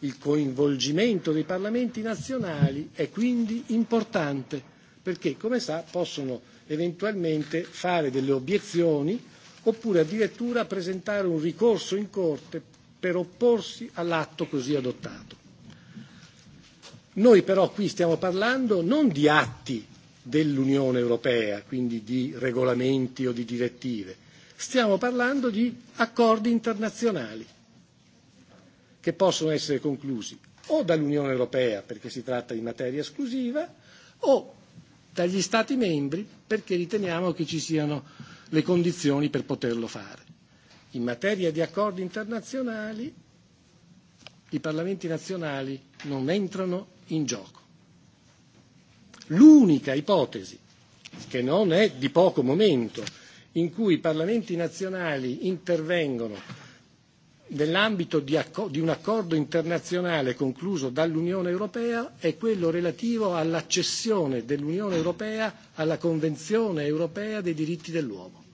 Il coinvolgimento dei parlamenti nazionali è quindi importante perché, come sa, possono eventualmente fare delle obiezioni oppure addirittura presentare un ricorso in corte per opporsi all'atto così adottato. Noi però qui stiamo parlando non di atti dell'Unione Europea, quindi di regolamenti o di direttive, Stiamo parlando di accordi internazionali che possono essere conclusi o dall'Unione Europea perché si tratta di materia esclusiva o dagli Stati membri perché riteniamo che ci siano le condizioni per poterlo fare. In materia di accordi internazionali i Parlamenti nazionali non entrano in gioco. L'unica ipotesi, che non è di poco momento, in cui i parlamenti nazionali intervengono nell'ambito di, acco- di un accordo internazionale concluso dall'Unione Europea è e quello relativo all'accessione dell'Unione Europea alla Convenzione Europea dei diritti dell'uomo,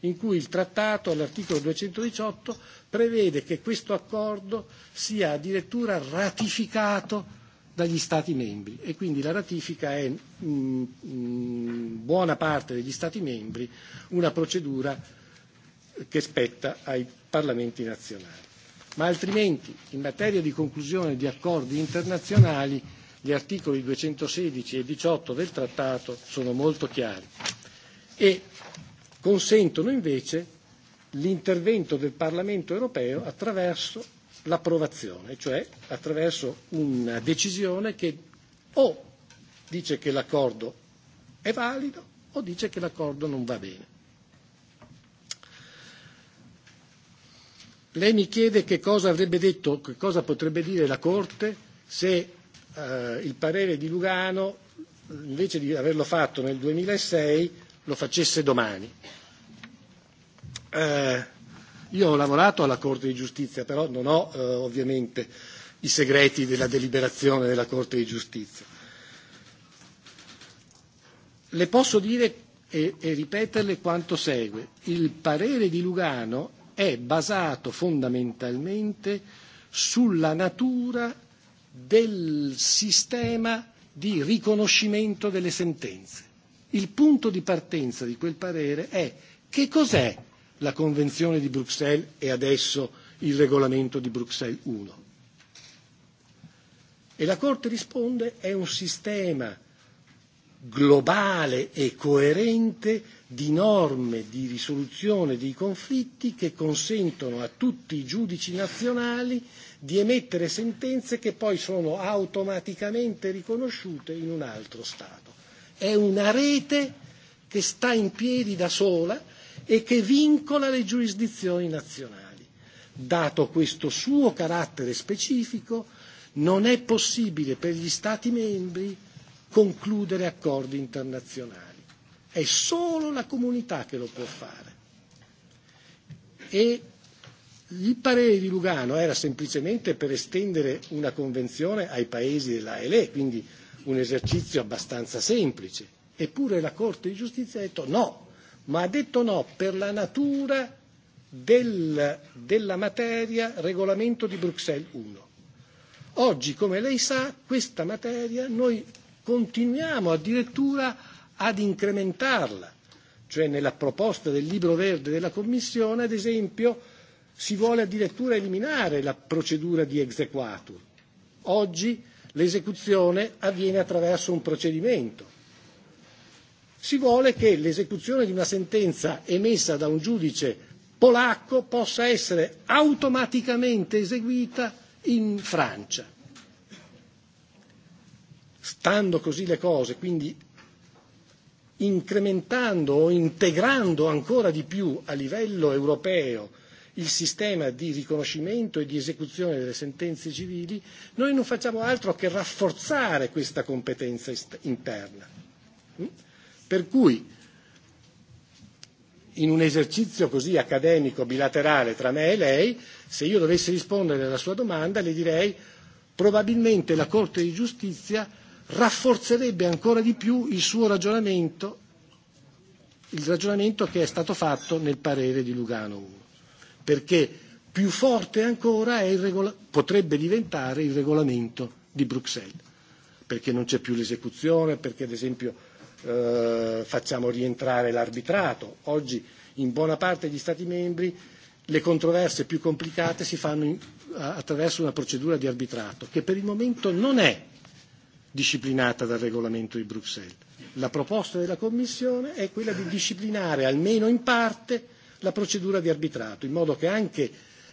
in cui il trattato all'articolo 218 prevede che questo accordo sia addirittura ratificato dagli Stati membri e quindi la ratifica è in mm, mm, buona parte degli Stati membri una procedura che spetta ai Parlamenti nazionali. Ma altrimenti, in materia di conclusione di accordi internazionali, gli articoli 216 e 18 del Trattato sono molto chiari e consentono invece l'intervento del Parlamento europeo attraverso l'approvazione, cioè attraverso una decisione che o dice che l'accordo è valido o dice che l'accordo non va bene. Lei mi chiede che cosa avrebbe detto, che cosa potrebbe dire la Corte se eh, il parere di Lugano, invece di averlo fatto nel 2006, lo facesse domani. Eh, Io ho lavorato alla Corte di giustizia, però non ho eh, ovviamente i segreti della deliberazione della Corte di giustizia. Le posso dire e, e ripeterle quanto segue. Il parere di Lugano è basato fondamentalmente sulla natura del sistema di riconoscimento delle sentenze. Il punto di partenza di quel parere è che cos'è la Convenzione di Bruxelles e adesso il regolamento di Bruxelles I. E la Corte risponde è un sistema globale e coerente di norme di risoluzione dei conflitti che consentono a tutti i giudici nazionali di emettere sentenze che poi sono automaticamente riconosciute in un altro Stato. È una rete che sta in piedi da sola e che vincola le giurisdizioni nazionali. Dato questo suo carattere specifico, non è possibile per gli Stati membri concludere accordi internazionali. È solo la comunità che lo può fare. E il parere di Lugano era semplicemente per estendere una convenzione ai paesi dell'ALE, quindi un esercizio abbastanza semplice. Eppure la Corte di giustizia ha detto no, ma ha detto no per la natura del, della materia regolamento di Bruxelles 1. Oggi, come lei sa, questa materia noi continuiamo addirittura ad incrementarla, cioè nella proposta del libro verde della Commissione, ad esempio, si vuole addirittura eliminare la procedura di exequatur. Oggi l'esecuzione avviene attraverso un procedimento si vuole che l'esecuzione di una sentenza emessa da un giudice polacco possa essere automaticamente eseguita in Francia. Stando così le cose, quindi incrementando o integrando ancora di più a livello europeo il sistema di riconoscimento e di esecuzione delle sentenze civili, noi non facciamo altro che rafforzare questa competenza interna. Mm? Per cui in un esercizio così accademico bilaterale tra me e lei, se io dovessi rispondere alla sua domanda le direi probabilmente la Corte di giustizia rafforzerebbe ancora di più il suo ragionamento, il ragionamento che è stato fatto nel parere di Lugano 1, perché più forte ancora è il regola- potrebbe diventare il regolamento di Bruxelles, perché non c'è più l'esecuzione, perché ad esempio eh, facciamo rientrare l'arbitrato. Oggi in buona parte degli Stati membri le controversie più complicate si fanno in, attraverso una procedura di arbitrato che per il momento non è disciplinata dal regolamento di Bruxelles. La proposta della Commissione è quella di disciplinare almeno in parte la procedura di arbitrato, in modo che anche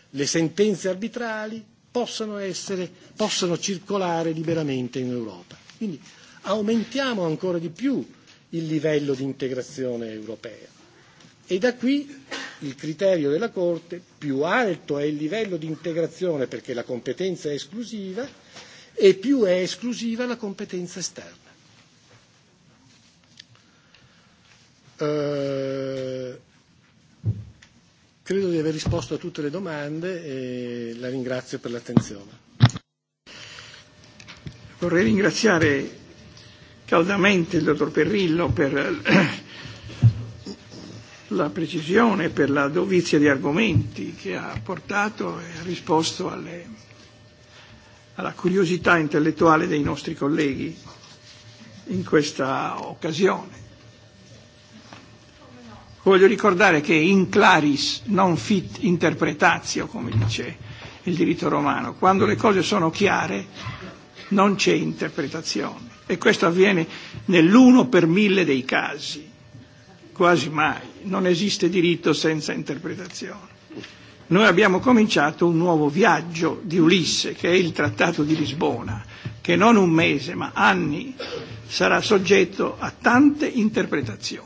le sentenze arbitrali possano, essere, possano circolare liberamente in Europa. Quindi aumentiamo ancora di più il livello di integrazione europea. E da qui il criterio della Corte, più alto è il livello di integrazione perché la competenza è esclusiva e più è esclusiva la competenza esterna. Eh, credo di aver risposto a tutte le domande e la ringrazio per l'attenzione. Vorrei ringraziare caldamente il dottor Perrillo per la precisione, per la dovizia di argomenti che ha portato e ha risposto alle, alla curiosità intellettuale dei nostri colleghi in questa occasione. Voglio ricordare che in claris non fit interpretatio, come dice il diritto romano, quando le cose sono chiare non c'è interpretazione e questo avviene nell'uno per mille dei casi, quasi mai, non esiste diritto senza interpretazione. Noi abbiamo cominciato un nuovo viaggio di Ulisse, che è il Trattato di Lisbona, che non un mese ma anni sarà soggetto a tante interpretazioni.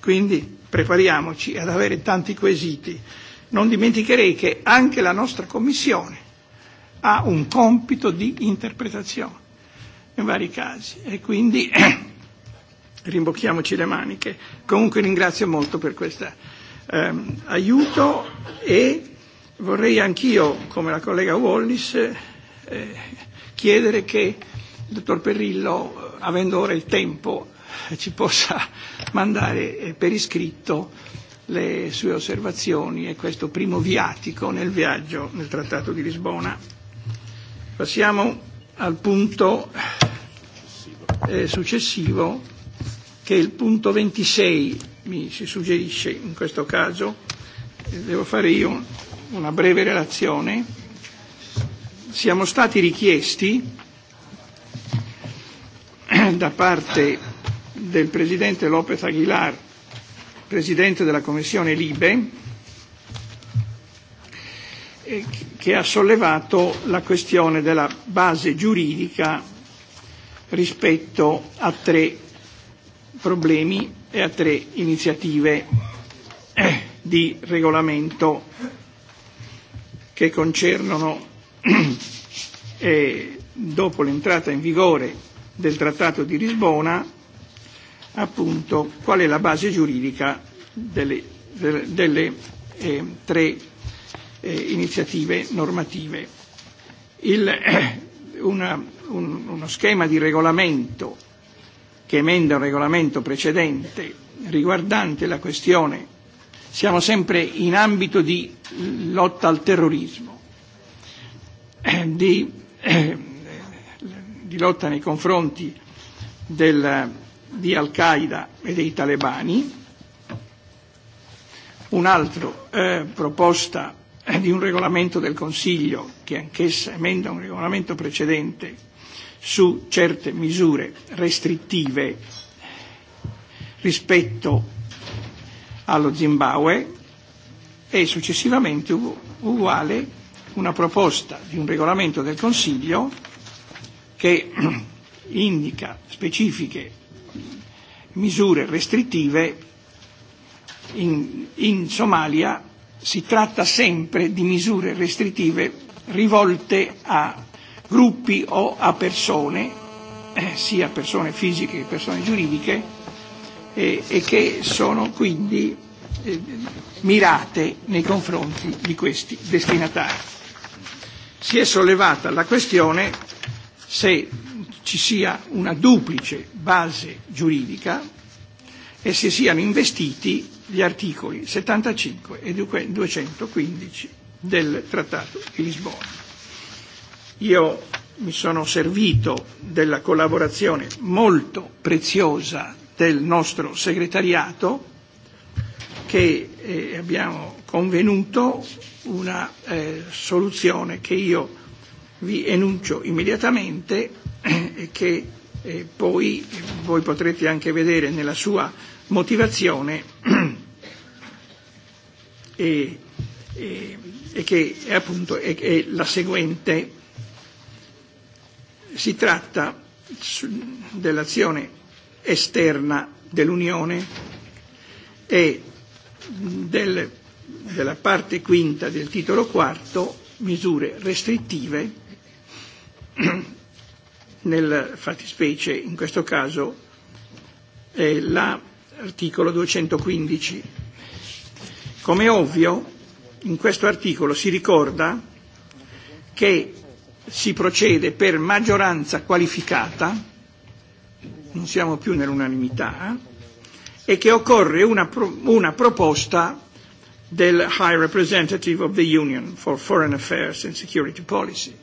Quindi prepariamoci ad avere tanti quesiti. Non dimenticherei che anche la nostra Commissione ha un compito di interpretazione in vari casi e quindi *clears throat* rimbocchiamoci le maniche. Comunque ringrazio molto per questo ehm, aiuto e vorrei anch'io, come la collega Wallis, eh, chiedere che il dottor Perrillo, eh, avendo ora il tempo, eh, ci possa *laughs* mandare eh, per iscritto le sue osservazioni e questo primo viatico nel viaggio nel Trattato di Lisbona. Passiamo al punto eh, successivo, che è il punto 26, mi si suggerisce in questo caso, eh, devo fare io una breve relazione. Siamo stati richiesti *clears throat* da parte del Presidente López Aguilar, Presidente della Commissione Libe, E che ha sollevato la questione della base giuridica rispetto a tre problemi e a tre iniziative eh, di regolamento che concernono eh, *clears throat* dopo l'entrata in vigore del Trattato di Lisbona, appunto qual è la base giuridica delle, delle, delle eh, tre eh, iniziative normative. Il, eh, una, un, uno schema di regolamento che emenda un regolamento precedente riguardante la questione siamo sempre in ambito di lotta al terrorismo, eh, di, eh, di lotta nei confronti del, di Al-Qaeda e dei talebani. Un'altra eh, proposta Eh, di un regolamento del Consiglio, che anch'essa emenda un regolamento precedente, su certe misure restrittive rispetto allo Zimbabwe e successivamente uguale una proposta di un regolamento del Consiglio che *clears throat* indica specifiche misure restrittive in, in Somalia si tratta sempre di misure restrittive rivolte a gruppi o a persone, eh, sia persone fisiche che persone giuridiche, eh, e che sono quindi eh, mirate nei confronti di questi destinatari. Si è sollevata la questione se ci sia una duplice base giuridica e se siano investiti gli articoli 75 e 215 del Trattato di Lisbona. Io mi sono servito della collaborazione molto preziosa del nostro segretariato che eh, abbiamo convenuto una eh, soluzione che io vi enuncio immediatamente eh, e che eh, poi voi potrete anche vedere nella sua motivazione e, e, e che è appunto è, è la seguente. Si tratta dell'azione esterna dell'Unione e del, della parte quinta del titolo quarto misure restrittive *clears throat* nel fattispecie in questo caso è l'articolo 215 Come ovvio, in questo articolo si ricorda che si procede per maggioranza qualificata, non siamo più nell'unanimità, eh, e che occorre una, pro- una proposta del High Representative of the Union for Foreign Affairs and Security Policy.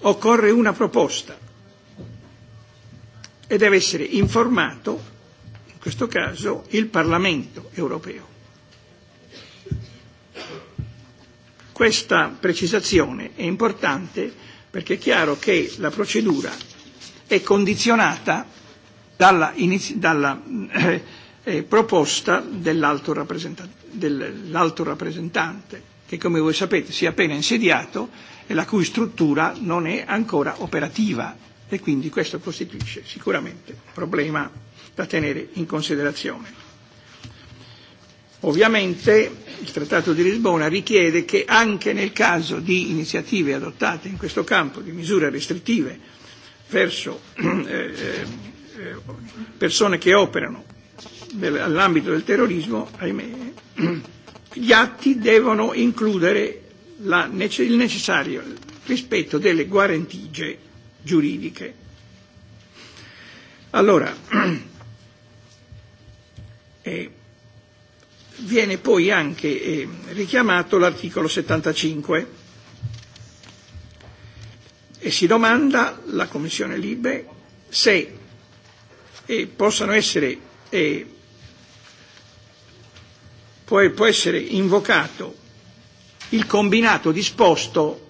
Occorre una proposta e deve essere informato in questo caso il Parlamento europeo. Questa precisazione è importante perché è chiaro che la procedura è condizionata dalla, dalla eh, eh, proposta dell'alto rappresentante, dell'alto rappresentante che come voi sapete si è appena insediato e la cui struttura non è ancora operativa e quindi questo costituisce sicuramente un problema da tenere in considerazione. Ovviamente il Trattato di Lisbona richiede che anche nel caso di iniziative adottate in questo campo, di misure restrittive verso *clears throat* eh, eh, persone che operano all'ambito del terrorismo, ahimè, *clears throat* gli atti devono includere la, il necessario rispetto delle guarentigie giuridiche. Allora, *clears throat* Eh, viene poi anche eh, richiamato l'articolo 75 e si domanda la Commissione Libe se eh, possano essere eh, può, può essere invocato il combinato disposto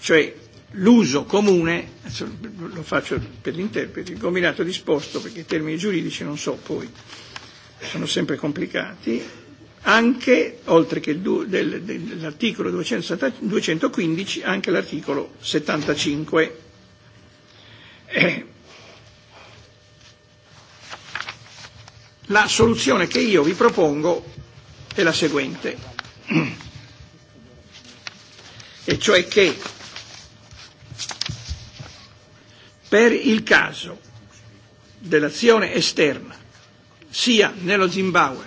cioè l'uso comune, lo faccio per gli interpreti, il combinato disposto, perché i termini giuridici non so poi, sono sempre complicati, anche, oltre che del, del, dell'articolo 215, anche l'articolo 75. Eh. La soluzione che io vi propongo è la seguente, *clears throat* e cioè che per il caso dell'azione esterna sia nello Zimbabwe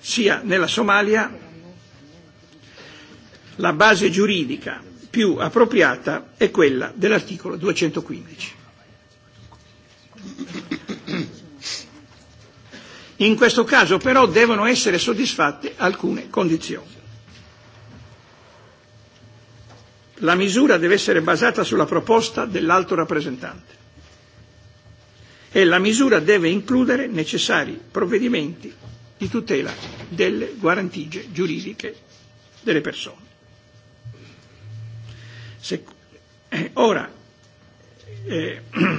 sia nella Somalia la base giuridica più appropriata è quella dell'articolo 215. In questo caso però devono essere soddisfatte alcune condizioni. la misura deve essere basata sulla proposta dell'alto rappresentante e la misura deve includere necessari provvedimenti di tutela delle guarentigie giuridiche delle persone. Se, eh, ora, eh, *clears throat*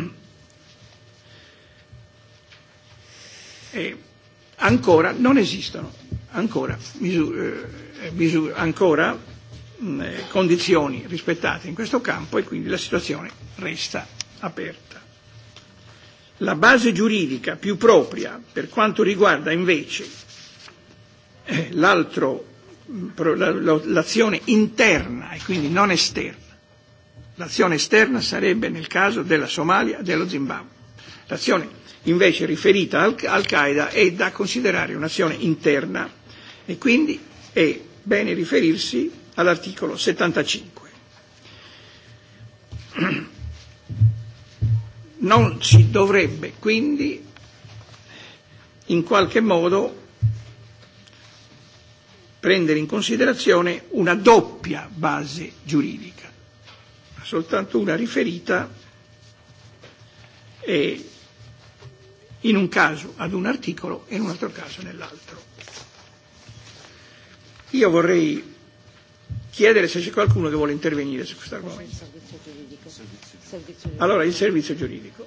eh, ancora non esistono ancora, misure, eh, misure, ancora Mm, eh, condizioni rispettate in questo campo e quindi la situazione resta aperta. La base giuridica più propria per quanto riguarda invece eh, l'altro, mm, l'azione interna e quindi non esterna, l'azione esterna sarebbe nel caso della Somalia e dello Zimbabwe, l'azione invece riferita al, al Qaeda è da considerare un'azione interna e quindi è bene riferirsi all'articolo 75. Non si dovrebbe quindi in qualche modo prendere in considerazione una doppia base giuridica, ma soltanto una riferita e in un caso ad un articolo e in un altro caso nell'altro. Io vorrei chiedere se c'è qualcuno che vuole intervenire su questa cosa. Allora, il servizio giuridico.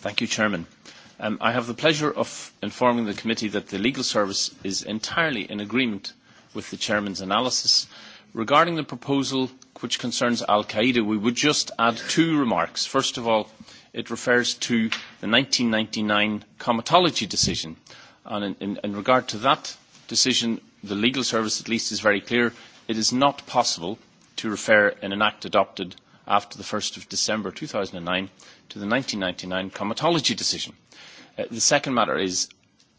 Thank you, Chairman. Um, I have the pleasure of informing the committee that the legal service is entirely in agreement with the chairman's analysis. Regarding the proposal which concerns Al-Qaeda, we would just add two remarks. First of all, it refers to the 1999 comitology decision. And in, in, in regard to that decision, the legal service at least, is very clear. It is not possible to refer in an act adopted after the 1st of December 2009 to the 1999 comitology decision. Uh, the second matter is,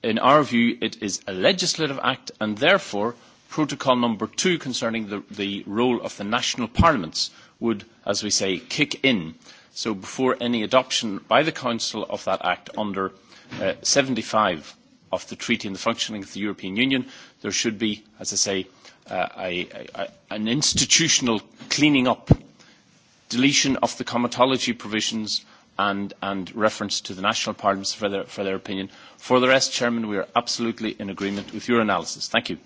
in our view, it is a legislative act and therefore protocol number two concerning the, the role of the national parliaments would, as we say, kick in. So before any adoption by the Council of that act under uh, 75 of the treaty and the functioning of the European Union, there should be, as I say, uh, a, a, an institutional cleaning up, deletion of the comitology provisions and, and reference to the national parliaments for their, for their opinion. For the rest, Chairman, we are absolutely in agreement with your analysis. Thank you.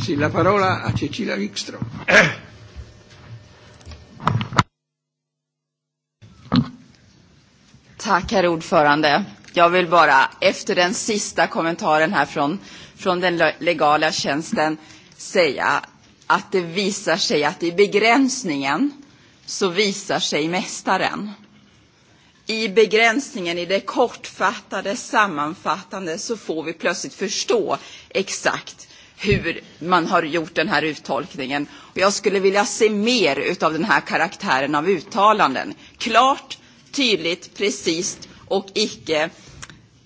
Sì, la parola a Cecilia Wikström. *coughs* Tack, herr ordförande. Jag vill bara, efter den sista kommentaren här från, från den legala tjänsten, säga att det visar sig att i begränsningen så visar sig mästaren. I begränsningen, i det kortfattade, sammanfattande, så får vi plötsligt förstå exakt hur man har gjort den här uttolkningen. Och jag skulle vilja se mer av den här karaktären av uttalanden. Klart, tydligt, precis och icke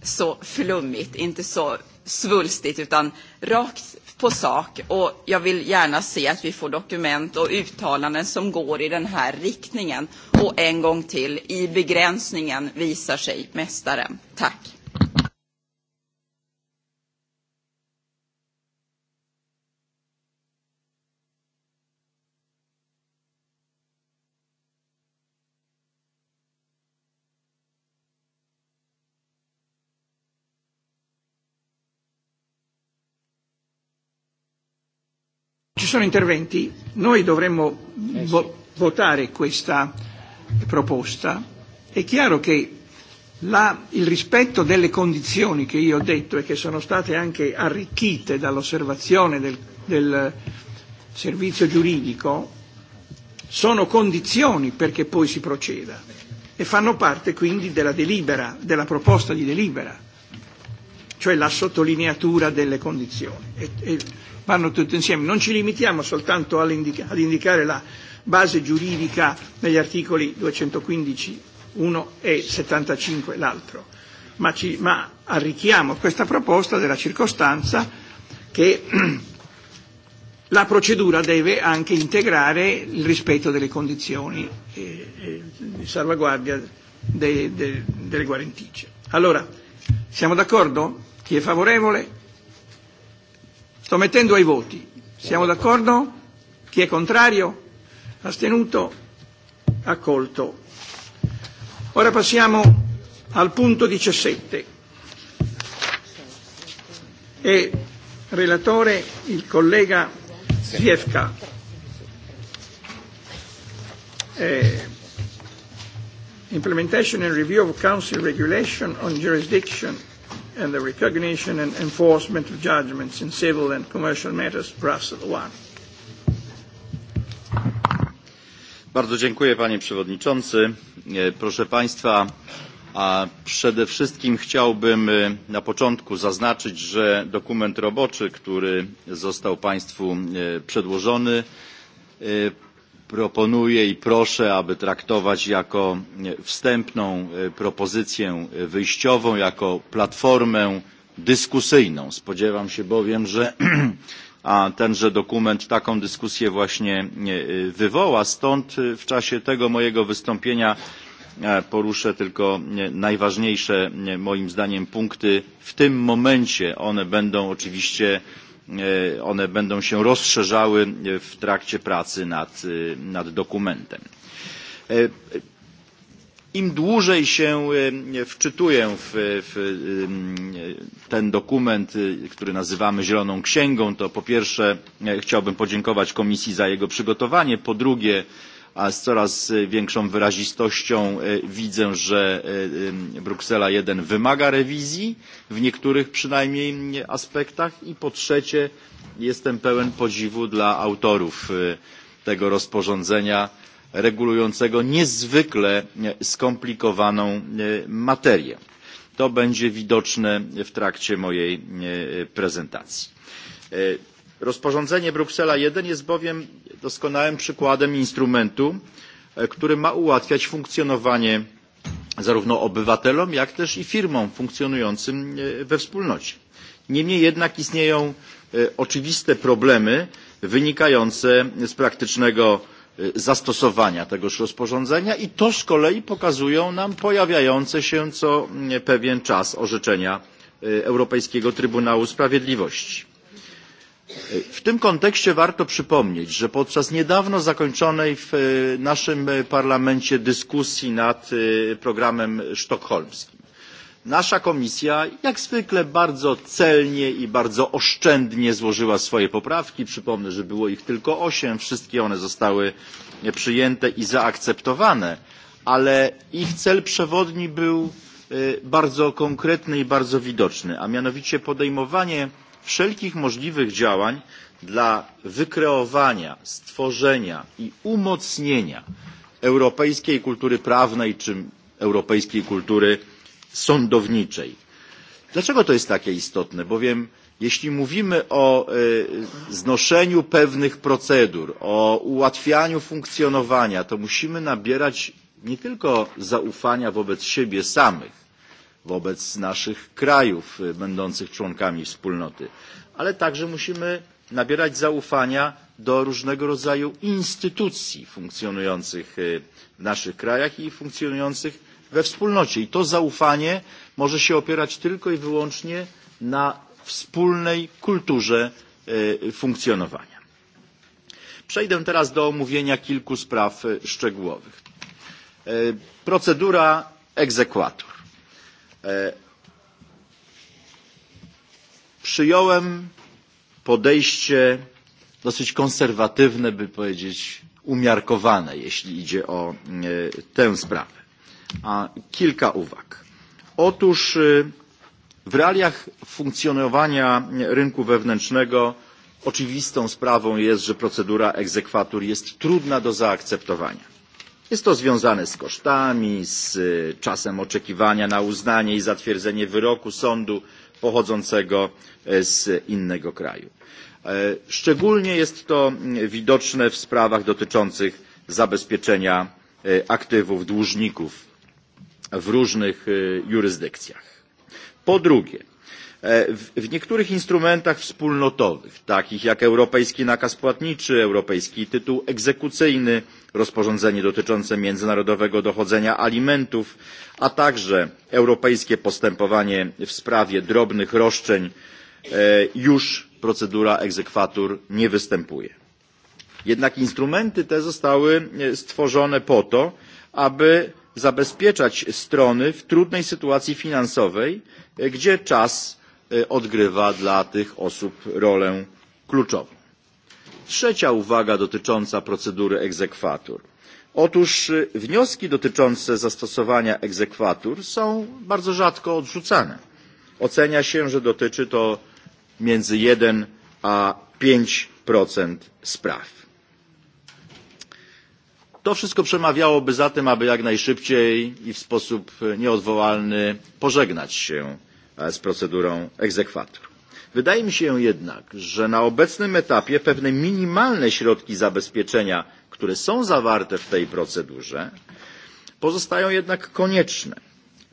så flummigt, inte så svulstigt utan rakt på sak och jag vill gärna se att vi får dokument och uttalanden som går i den här riktningen. Och en gång till, i begränsningen visar sig mästaren. Tack! sono interventi, noi dovremmo eh, vo- votare questa proposta. È chiaro che la, il rispetto delle condizioni che io ho detto e che sono state anche arricchite dall'osservazione del, del servizio giuridico sono condizioni perché poi si proceda e fanno parte quindi della delibera, della proposta di delibera cioè la sottolineatura delle condizioni. E, e vanno tutte insieme. Non ci limitiamo soltanto all'indica, ad indicare la base giuridica negli articoli 215 uno e 75 l'altro, ma, ci, ma arricchiamo questa proposta della circostanza che *clears throat* la procedura deve anche integrare il rispetto delle condizioni e, e di salvaguardia de, de, delle guarentigie. Allora, siamo d'accordo? Chi è favorevole? Sto mettendo ai voti. Siamo d'accordo? Chi è contrario? Astenuto? Accolto. Ora passiamo al punto 17. E relatore il collega Zievka. Eh, implementation and review of Council regulation on jurisdiction and the recognition and enforcement of judgments in civil and commercial matters, Brussels 1. Bardzo dziękuję panie przewodniczący. E, proszę państwa, a przede wszystkim chciałbym e, na początku zaznaczyć, że dokument roboczy, który został państwu e, przedłożony, proponuję i proszę aby traktować jako wstępną e, propozycję e, wyjściową jako platformę dyskusyjną. spodziewam się bowiem że *clears throat* tenże dokument taką dyskusję właśnie e, wywoła stąd w czasie tego mojego wystąpienia poruszę tylko najważniejsze moim zdaniem punkty w tym momencie one będą oczywiście E, one będą się rozszerzały e, w trakcie pracy nad, e, nad dokumentem. Im dłużej się wczytuję w, w ten dokument, który nazywamy Zieloną Księgą, to po pierwsze chciałbym podziękować Komisji za jego przygotowanie, po drugie z coraz e, większą wyrazistością e, widzę, że e, Bruksela I wymaga rewizji w niektórych przynajmniej mm, aspektach i po trzecie jestem pełen podziwu dla autorów tego rozporządzenia regulującego niezwykle skomplikowaną materię. To będzie widoczne w trakcie mojej prezentacji Rozporządzenie Bruksela I jest bowiem doskonałym przykładem instrumentu, e, który ma ułatwiać funkcjonowanie zarówno obywatelom, jak też i firmom funkcjonującym e, we wspólnocie. Niemniej jednak istnieją e, oczywiste problemy wynikające z praktycznego zastosowania tegoż rozporządzenia i to z kolei pokazują nam pojawiające się co pewien czas orzeczenia Europejskiego Trybunału Sprawiedliwości W tym kontekście warto przypomnieć, że podczas niedawno zakończonej w e, naszym parlamencie dyskusji nad e, programem sztokholmskim nasza komisja jak zwykle bardzo celnie i bardzo oszczędnie złożyła swoje poprawki. Przypomnę, że było ich tylko osiem. Wszystkie one zostały przyjęte i zaakceptowane, ale ich cel przewodni był e, bardzo konkretny i bardzo widoczny, a mianowicie podejmowanie wszelkich możliwych działań dla wykreowania, stworzenia i umocnienia europejskiej kultury prawnej czy europejskiej kultury sądowniczej. Dlaczego to jest takie istotne? Bowiem jeśli mówimy o znoszeniu pewnych procedur, o ułatwianiu funkcjonowania, to musimy nabierać nie tylko zaufania wobec siebie samych, wobec naszych krajów będących członkami wspólnoty. Ale także musimy nabierać zaufania do różnego rodzaju instytucji funkcjonujących w naszych krajach i funkcjonujących we wspólnocie. I to zaufanie może się opierać tylko i wyłącznie na wspólnej kulturze funkcjonowania. Przejdę teraz do omówienia kilku spraw szczegółowych. Procedura egzekwatur. E, przyjąłem podejście dosyć konserwatywne, by powiedzieć umiarkowane, jeśli idzie o e, tę sprawę. A kilka uwag. Otóż e, w realiach funkcjonowania rynku wewnętrznego oczywistą sprawą jest, że procedura egzekwatur jest trudna do zaakceptowania Jest to związane z kosztami, z e, czasem oczekiwania na uznanie i zatwierdzenie wyroku sądu pochodzącego e, z innego kraju. E, szczególnie jest to widoczne w sprawach dotyczących zabezpieczenia aktywów dłużników w różnych jurysdykcjach. Po drugie, E, w niektórych instrumentach wspólnotowych, takich jak Europejski Nakaz Płatniczy, Europejski Tytuł Egzekucyjny, rozporządzenie dotyczące międzynarodowego dochodzenia alimentów, a także Europejskie Postępowanie w sprawie drobnych roszczeń, e, już procedura exequatur nie występuje. Jednak instrumenty te zostały e, stworzone po to, aby zabezpieczać strony w trudnej sytuacji finansowej, gdzie czas E, odgrywa dla tych osób rolę kluczową. Trzecia uwaga dotycząca procedury egzekwatur. Otóż e, wnioski dotyczące zastosowania egzekwatur są bardzo rzadko odrzucane. Ocenia się, że dotyczy to między 1 a 5% spraw. To wszystko przemawiałoby za tym, aby jak najszybciej i w sposób e, nieodwołalny pożegnać się E, z procedurą egzekwatur. Wydaje mi się jednak, że na obecnym etapie pewne minimalne środki zabezpieczenia, które są zawarte w tej procedurze, pozostają jednak konieczne.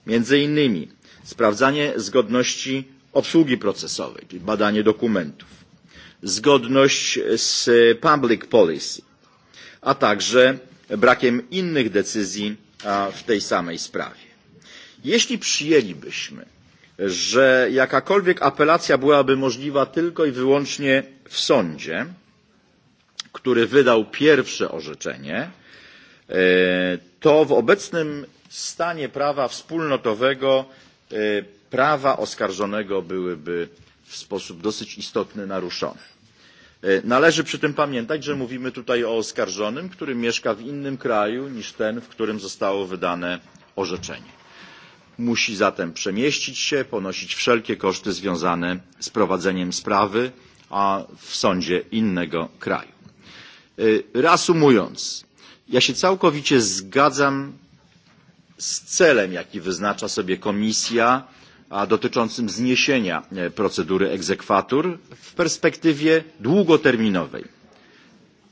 Między innymi sprawdzanie zgodności obsługi procesowej, czyli badanie dokumentów, zgodność z public policy, a także brakiem innych decyzji w tej samej sprawie. Jeśli przyjęlibyśmy że jakakolwiek apelacja byłaby możliwa tylko i wyłącznie w sądzie, który wydał pierwsze orzeczenie, e, to w obecnym stanie prawa wspólnotowego e, prawa oskarżonego byłyby w sposób dosyć istotny naruszone. E, należy przy tym pamiętać, że mówimy tutaj o oskarżonym, który mieszka w innym kraju niż ten, w którym zostało wydane orzeczenie musi zatem przemieścić się, ponosić wszelkie koszty związane z prowadzeniem sprawy, a w sądzie innego kraju. Reasumując, ja się całkowicie zgadzam z celem, jaki wyznacza sobie komisja a dotyczącym zniesienia e, procedury egzekwatur w perspektywie długoterminowej.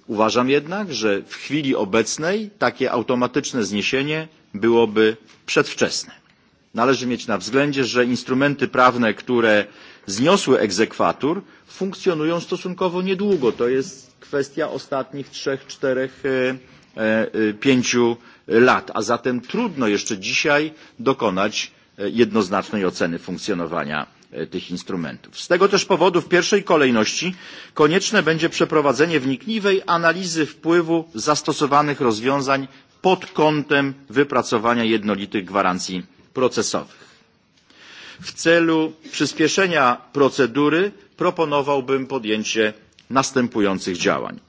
Uważam jednak, że w chwili obecnej takie automatyczne zniesienie byłoby przedwczesne. Należy mieć na względzie, że instrumenty prawne, które zniosły egzekwatur, funkcjonują stosunkowo niedługo. To jest kwestia ostatnich trzech, czterech, e, e, pięciu lat, a zatem trudno jeszcze dzisiaj dokonać e, jednoznacznej oceny funkcjonowania tych instrumentów. Z tego też powodu w pierwszej kolejności konieczne będzie przeprowadzenie wnikliwej analizy wpływu zastosowanych rozwiązań pod kątem wypracowania jednolitych gwarancji procesowych. W celu przyspieszenia procedury proponowałbym podjęcie następujących działań.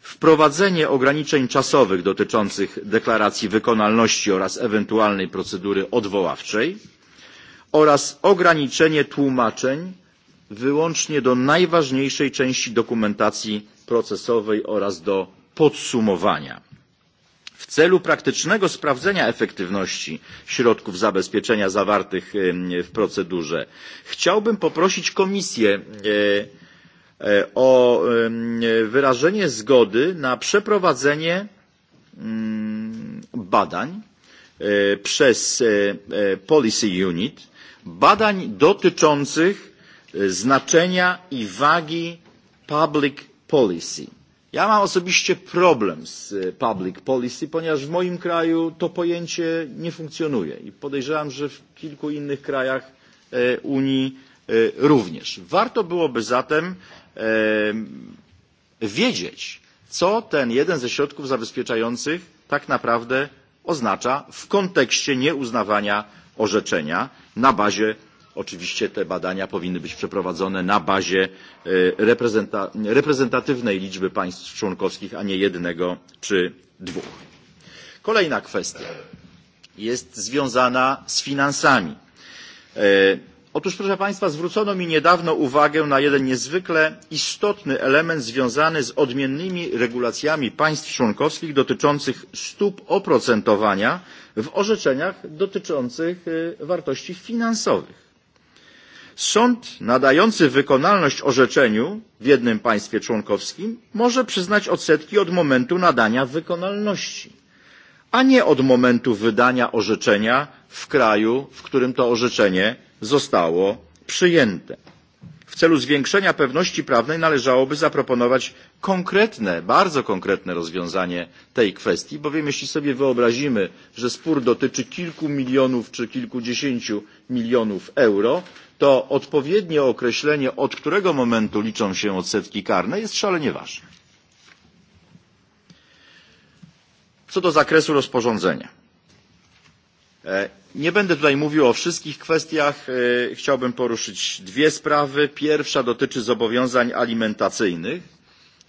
Wprowadzenie ograniczeń czasowych dotyczących deklaracji wykonalności oraz ewentualnej procedury odwoławczej oraz ograniczenie tłumaczeń wyłącznie do najważniejszej części dokumentacji procesowej oraz do podsumowania. W celu praktycznego sprawdzenia efektywności środków zabezpieczenia zawartych w procedurze chciałbym poprosić Komisję e, e, o wyrażenie zgody na przeprowadzenie mm, badań e, przez Policy Unit, badań dotyczących znaczenia i wagi public policy Ja mam osobiście problem z e, public policy, ponieważ w moim kraju to pojęcie nie funkcjonuje i podejrzewam, że w kilku innych krajach e, Unii e, również. Warto byłoby zatem wiedzieć, co ten jeden ze środków zabezpieczających tak naprawdę oznacza w kontekście nieuznawania orzeczenia na bazie Oczywiście te badania powinny być przeprowadzone na bazie e, reprezentatywnej liczby państw członkowskich, a nie jednego czy dwóch. Kolejna kwestia jest związana z finansami. E, otóż, proszę Państwa, zwrócono mi niedawno uwagę na jeden niezwykle istotny element związany z odmiennymi regulacjami państw członkowskich dotyczących stóp oprocentowania w orzeczeniach dotyczących e, wartości finansowych. Sąd nadający wykonalność orzeczeniu w jednym państwie członkowskim może przyznać odsetki od momentu nadania wykonalności, a nie od momentu wydania orzeczenia w kraju, w którym to orzeczenie zostało przyjęte. W celu zwiększenia pewności prawnej należałoby zaproponować konkretne, bardzo konkretne rozwiązanie tej kwestii, bowiem jeśli sobie wyobrazimy, że spór dotyczy kilku milionów czy kilkudziesięciu milionów euro, to odpowiednie określenie, od którego momentu liczą się odsetki karne, jest szalenie ważne. Co do zakresu rozporządzenia. E, nie będę tutaj mówił o wszystkich kwestiach. E, chciałbym poruszyć dwie sprawy. Pierwsza dotyczy zobowiązań alimentacyjnych.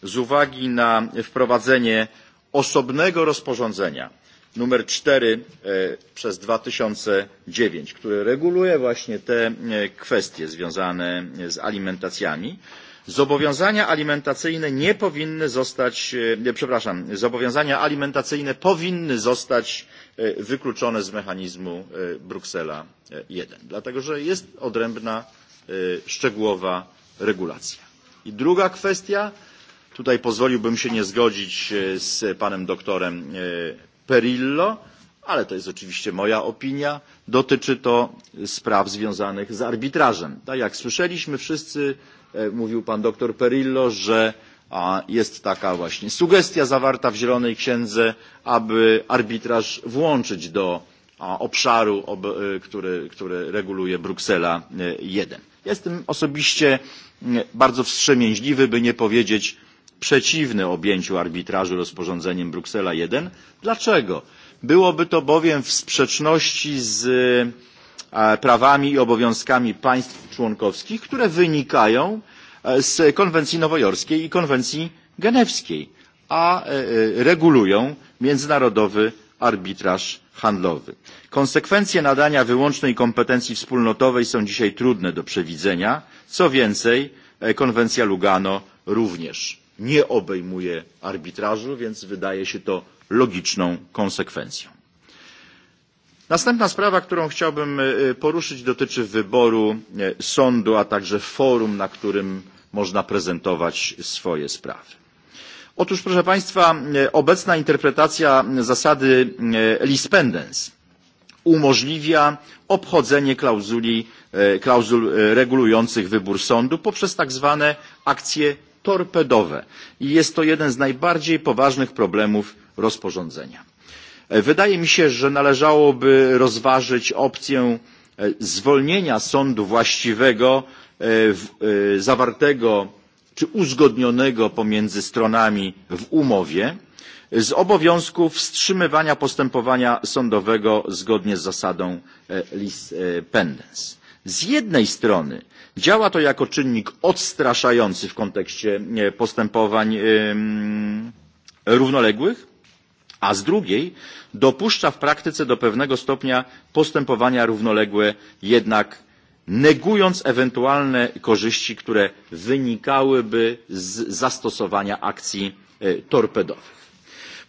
Z uwagi na wprowadzenie osobnego rozporządzenia nr cztery e, przez dwa tysiące dziewięć który reguluje właśnie te e, kwestie związane e, z alimentacjami zobowiązania alimentacyjne nie powinny zostać przepraszam zobowiązania alimentacyjne powinny zostać wykluczone z mechanizmu bruksela i dlatego że jest odrębna szczegółowa regulacja. i druga kwestia tutaj pozwoliłbym się nie zgodzić z panem doktorem Perillo, ale to jest oczywiście moja opinia. Dotyczy to spraw związanych z arbitrażem. Tak jak słyszeliśmy wszyscy, e, mówił pan doktor Perillo, że a jest taka właśnie sugestia zawarta w Zielonej Księdze, aby arbitraż włączyć do obszaru, e, który, który reguluje Bruksela I. E, Jestem osobiście bardzo wstrzemięźliwy, by nie powiedzieć przeciwny objęciu arbitrażu rozporządzeniem Bruksela I. Dlaczego? Byłoby to bowiem w sprzeczności z e, prawami i obowiązkami państw członkowskich, które wynikają e, z konwencji nowojorskiej i konwencji genewskiej, a e, regulują międzynarodowy arbitraż handlowy. Konsekwencje nadania wyłącznej kompetencji wspólnotowej są dzisiaj trudne do przewidzenia. Co więcej, konwencja Lugano również nie obejmuje arbitrażu, więc wydaje się to logiczną konsekwencją. Następna sprawa, którą chciałbym e, poruszyć, dotyczy wyboru e, sądu, a także forum, na którym można prezentować swoje sprawy. Otóż, proszę Państwa, e, obecna interpretacja zasady lispendens umożliwia obchodzenie klauzuli, klauzul regulujących wybór sądu poprzez tak zwane akcje torpedowe i jest to jeden z najbardziej poważnych problemów rozporządzenia. E, wydaje mi się że należałoby rozważyć opcję e, zwolnienia sądu właściwego e, zawartego czy uzgodnionego pomiędzy stronami w umowie z obowiązku wstrzymywania postępowania sądowego zgodnie z zasadą lis pendens. z jednej strony Działa to jako czynnik odstraszający w kontekście e, postępowań e, równoległych, a z drugiej dopuszcza w praktyce do pewnego stopnia postępowania równoległe jednak negując ewentualne korzyści, które wynikałyby z zastosowania akcji e, torpedowych.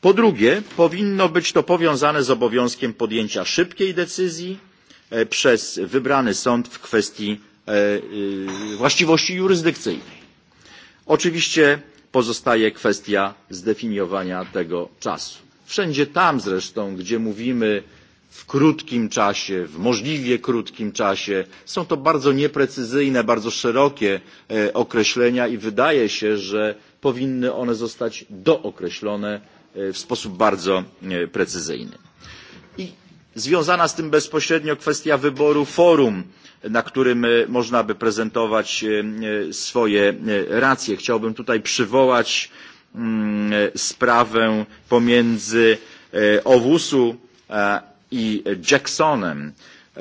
Po drugie, powinno być to powiązane z obowiązkiem podjęcia szybkiej decyzji przez wybrany sąd w kwestii E, e, właściwości jurysdykcyjnej. Oczywiście pozostaje kwestia zdefiniowania tego czasu. Wszędzie tam zresztą, gdzie mówimy w krótkim czasie, w możliwie krótkim czasie, są to bardzo nieprecyzyjne, bardzo szerokie e, określenia i wydaje się, że powinny one zostać dookreślone w sposób bardzo precyzyjny. I związana z tym bezpośrednio kwestia wyboru forum na którym e, można by prezentować e, e, swoje racje. Chciałbym tutaj przywołać mm, sprawę pomiędzy owusu i Jacksonem. E,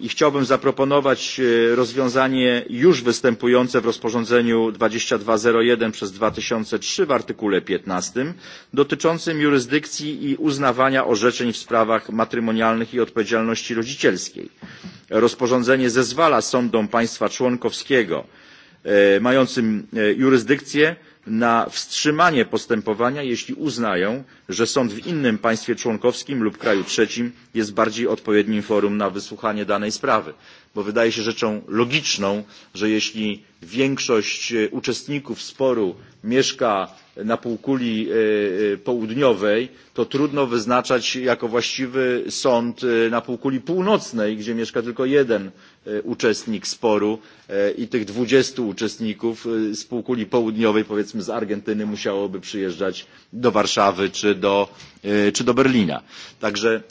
i chciałbym zaproponować e, rozwiązanie już występujące w rozporządzeniu dwa tysiące dwieście jeden przez dwa tysiące trzy w artykule piętnaście dotyczącym jurysdykcji i uznawania orzeczeń w sprawach matrymonialnych i odpowiedzialności rodzicielskiej. rozporządzenie zezwala sądom państwa członkowskiego e, mającym jurysdykcję na wstrzymanie postępowania jeśli uznają że sąd w innym państwie członkowskim lub kraju trzecim jest bardziej odpowiednim forum na wysłuchanie danej sprawy bo wydaje się rzeczą logiczną że jeśli większość e, uczestników sporu mieszka na półkuli e, e, południowej to trudno wyznaczać jako właściwy sąd na półkuli północnej gdzie mieszka tylko jeden E, uczestnik sporu e, i tych dwudziestu uczestników e, z półkuli południowej powiedzmy z argentyny musiałoby przyjeżdżać do warszawy czy do, czy do berlina. także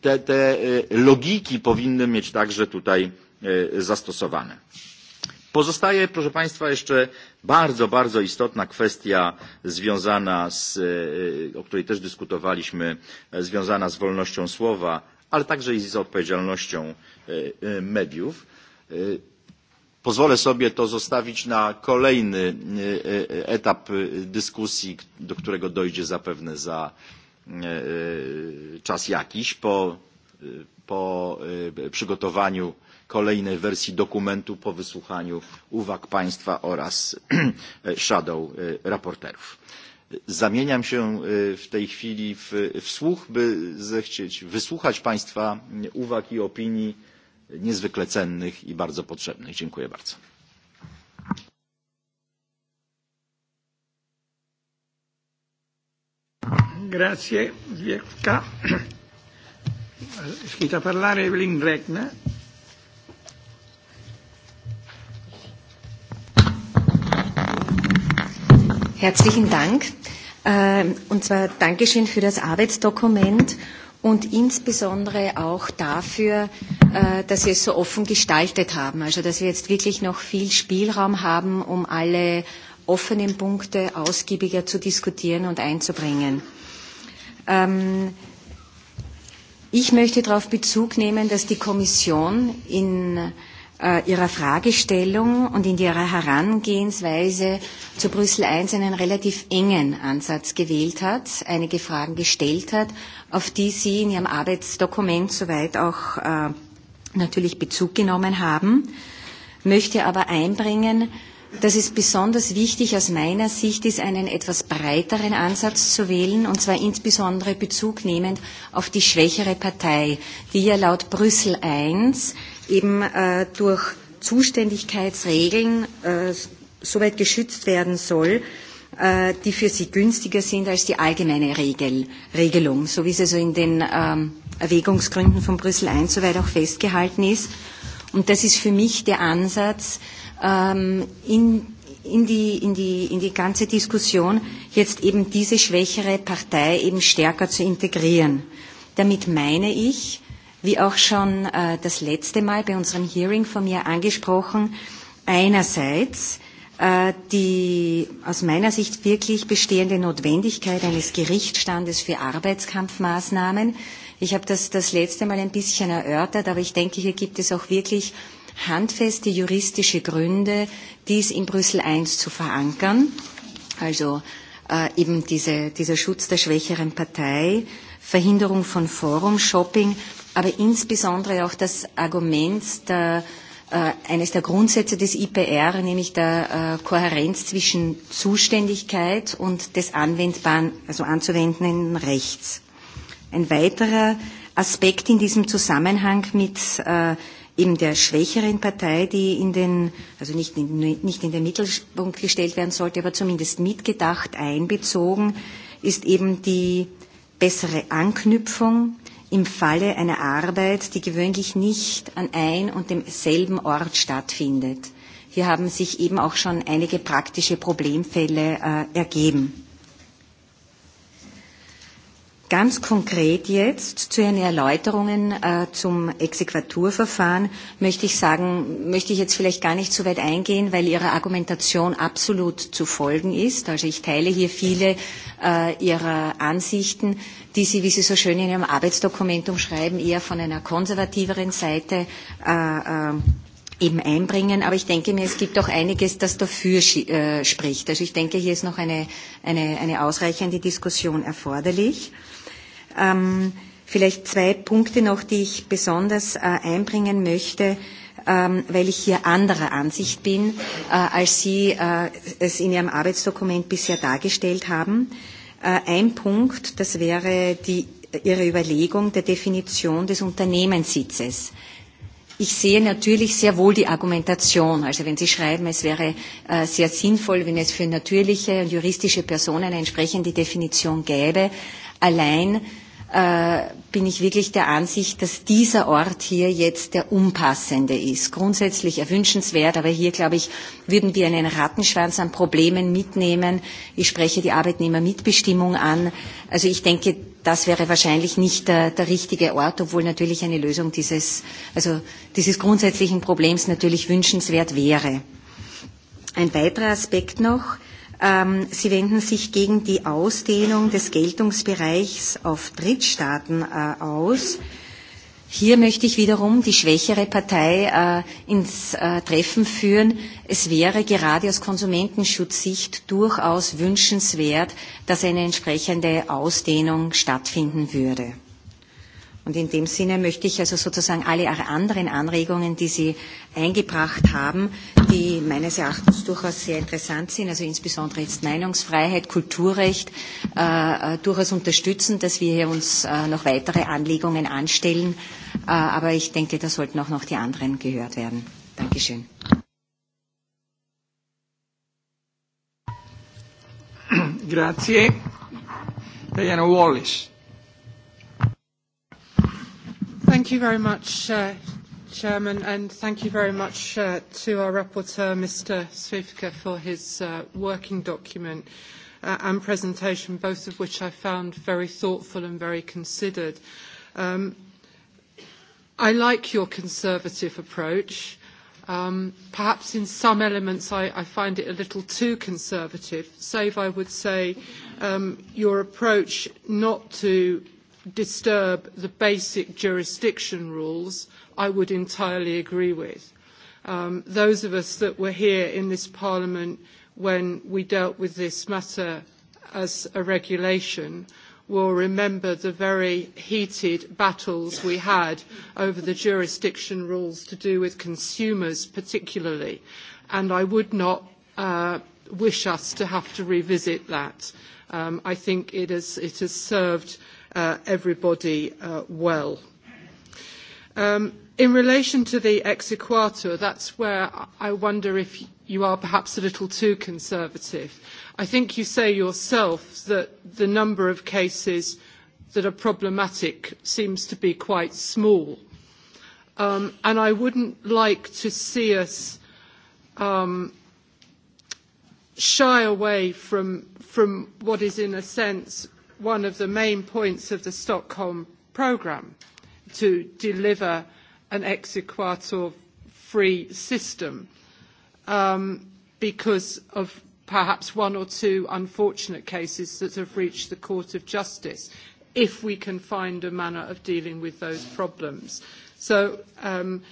te, te logiki powinny mieć także tutaj zastosowane. Pozostaje, proszę Państwa, jeszcze bardzo, bardzo istotna kwestia związana z, o której też dyskutowaliśmy, związana z wolnością słowa, ale także i z odpowiedzialnością e, e, mediów. E, pozwolę sobie to zostawić na kolejny etap dyskusji, do którego dojdzie zapewne za czas jakiś po, po przygotowaniu kolejnej wersji dokumentu po wysłuchaniu uwag Państwa oraz *clears throat* shadow raporterów. Zamieniam się w tej chwili w, słuch, by zechcieć wysłuchać Państwa uwag i opinii niezwykle cennych i bardzo potrzebnych. Dziękuję bardzo. *clears throat* Herzlichen Dank. Äh, und zwar Dankeschön für das Arbeitsdokument und insbesondere auch dafür, äh, dass Sie es so offen gestaltet haben. Also, dass wir jetzt wirklich noch viel Spielraum haben, um alle offenen Punkte ausgiebiger zu diskutieren und einzubringen. Ähm, ich möchte darauf Bezug nehmen, dass die Kommission in Äh, ihrer Fragestellung und in Ihrer Herangehensweise zu Brüssel I einen relativ engen Ansatz gewählt hat, einige Fragen gestellt hat, auf die Sie in Ihrem Arbeitsdokument soweit auch äh, natürlich Bezug genommen haben, möchte aber einbringen, dass es besonders wichtig aus meiner Sicht ist, einen etwas breiteren Ansatz zu wählen, und zwar insbesondere Bezug nehmend auf die schwächere Partei, die ja laut Brüssel I eben äh, durch Zuständigkeitsregeln äh, soweit geschützt werden soll, äh, die für sie günstiger sind als die allgemeine Regel, Regelung, so wie es also in den ähm, Erwägungsgründen von Brüssel I soweit auch festgehalten ist. Und das ist für mich der Ansatz, ähm, in, in, die, in, die, in die ganze Diskussion jetzt eben diese schwächere Partei eben stärker zu integrieren. Damit meine ich, wie auch schon äh, das letzte Mal bei unserem Hearing von mir angesprochen, einerseits äh, die aus meiner Sicht wirklich bestehende Notwendigkeit eines Gerichtsstandes für Arbeitskampfmaßnahmen. Ich habe das das letzte Mal ein bisschen erörtert, aber ich denke, hier gibt es auch wirklich handfeste juristische Gründe, dies in Brüssel I zu verankern. Also äh, eben diese, dieser Schutz der schwächeren Partei, Verhinderung von Forum-Shopping aber insbesondere auch das Argument der, äh, eines der Grundsätze des IPR, nämlich der äh, Kohärenz zwischen Zuständigkeit und des anwendbaren, also anzuwendenden Rechts. Ein weiterer Aspekt in diesem Zusammenhang mit äh, eben der schwächeren Partei, die in den, also nicht in, nicht in den Mittelpunkt gestellt werden sollte, aber zumindest mitgedacht einbezogen, ist eben die bessere Anknüpfung im Falle einer Arbeit, die gewöhnlich nicht an ein und demselben Ort stattfindet. Hier haben sich eben auch schon einige praktische Problemfälle äh, ergeben. Ganz konkret jetzt zu Ihren Erläuterungen äh, zum Exequaturverfahren möchte ich sagen, möchte ich jetzt vielleicht gar nicht so weit eingehen, weil Ihre Argumentation absolut zu folgen ist. Also ich teile hier viele äh, Ihrer Ansichten, die Sie, wie Sie so schön in Ihrem Arbeitsdokument umschreiben, eher von einer konservativeren Seite äh, äh, eben einbringen. Aber ich denke mir, es gibt auch einiges, das dafür äh, spricht. Also ich denke, hier ist noch eine, eine, eine ausreichende Diskussion erforderlich. Äh, Ähm, vielleicht zwei Punkte noch, die ich besonders äh, einbringen möchte ähm, weil ich hier anderer Ansicht bin, äh, als Sie äh, es in Ihrem Arbeitsdokument bisher dargestellt haben. Äh, ein Punkt, das wäre die, Ihre Überlegung der Definition des Unternehmenssitzes. Ich sehe natürlich sehr wohl die Argumentation. Also wenn Sie schreiben, es wäre äh, sehr sinnvoll, wenn es für natürliche und juristische Personen eine entsprechende Definition gäbe. Allein Äh, bin ich wirklich der Ansicht, dass dieser Ort hier jetzt der unpassende ist. Grundsätzlich erwünschenswert, aber hier, glaube ich, würden wir einen Rattenschwanz an Problemen mitnehmen. Ich spreche die Arbeitnehmermitbestimmung an. Also ich denke, das wäre wahrscheinlich nicht der, der richtige Ort, obwohl natürlich eine Lösung dieses, also dieses grundsätzlichen Problems natürlich wünschenswert wäre. Ein weiterer Aspekt noch Ähm, Sie wenden sich gegen die Ausdehnung des Geltungsbereichs auf Drittstaaten äh, aus. Hier möchte ich wiederum die schwächere Partei äh, ins äh, Treffen führen. Es wäre gerade aus Konsumentenschutzsicht durchaus wünschenswert, dass eine entsprechende Ausdehnung stattfinden würde. Und in dem Sinne möchte ich also sozusagen alle anderen Anregungen, die Sie eingebracht haben, die meines Erachtens durchaus sehr interessant sind, also insbesondere jetzt Meinungsfreiheit, Kulturrecht, äh, äh, durchaus unterstützen, dass wir hier uns äh, noch weitere Anlegungen anstellen. Äh, aber ich denke, da sollten auch noch die anderen gehört werden. Dankeschön. Grazie. Diana Wallis. Thank you very much, uh, Chairman, and thank you very much uh, to our rapporteur, Mr. Svivka, for his uh, working document uh, and presentation, both of which I found very thoughtful and very considered. Um, I like your conservative approach. Um, perhaps in some elements I, I find it a little too conservative, save I would say um, your approach not to disturb the basic jurisdiction rules, I would entirely agree with. Um, those of us that were here in this Parliament when we dealt with this matter as a regulation will remember the very heated battles we had over the jurisdiction rules to do with consumers particularly. And I would not uh, wish us to have to revisit that. Um, I think it has, it has served Uh, everybody uh, well. Um, in relation to the exequatur, that's where I wonder if you are perhaps a little too conservative. I think you say yourself that the number of cases that are problematic seems to be quite small. Um, and I wouldn't like to see us um, shy away from, from what is, in a sense, one of the main points of the Stockholm programme to deliver an exequatur free system um, because of perhaps one or two unfortunate cases that have reached the Court of Justice, if we can find a manner of dealing with those problems. So, um,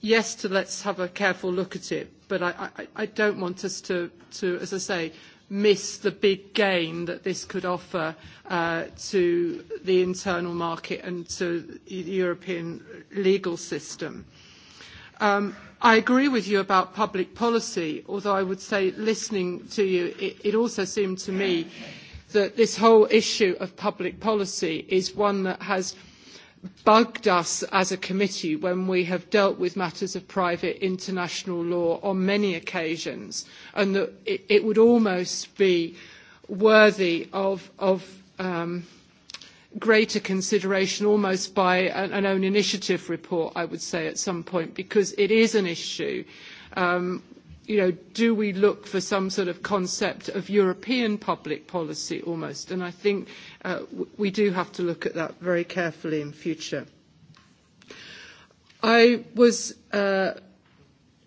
yes, to let's have a careful look at it, but I, I, I don't want us to, to, as I say, miss the big gain that this could offer uh, to the internal market and to the European legal system. Um, I agree with you about public policy, although I would say listening to you, it also seemed to me that this whole issue of public policy is one that has – bugged us as a committee when we have dealt with matters of private international law on many occasions, and that it, it would almost be worthy of, of um, greater consideration almost by an, an own initiative report, I would say, at some point, because it is an issue um, you know, do we look for some sort of concept of European public policy almost? And I think uh, we do have to look at that very carefully in future. I was uh,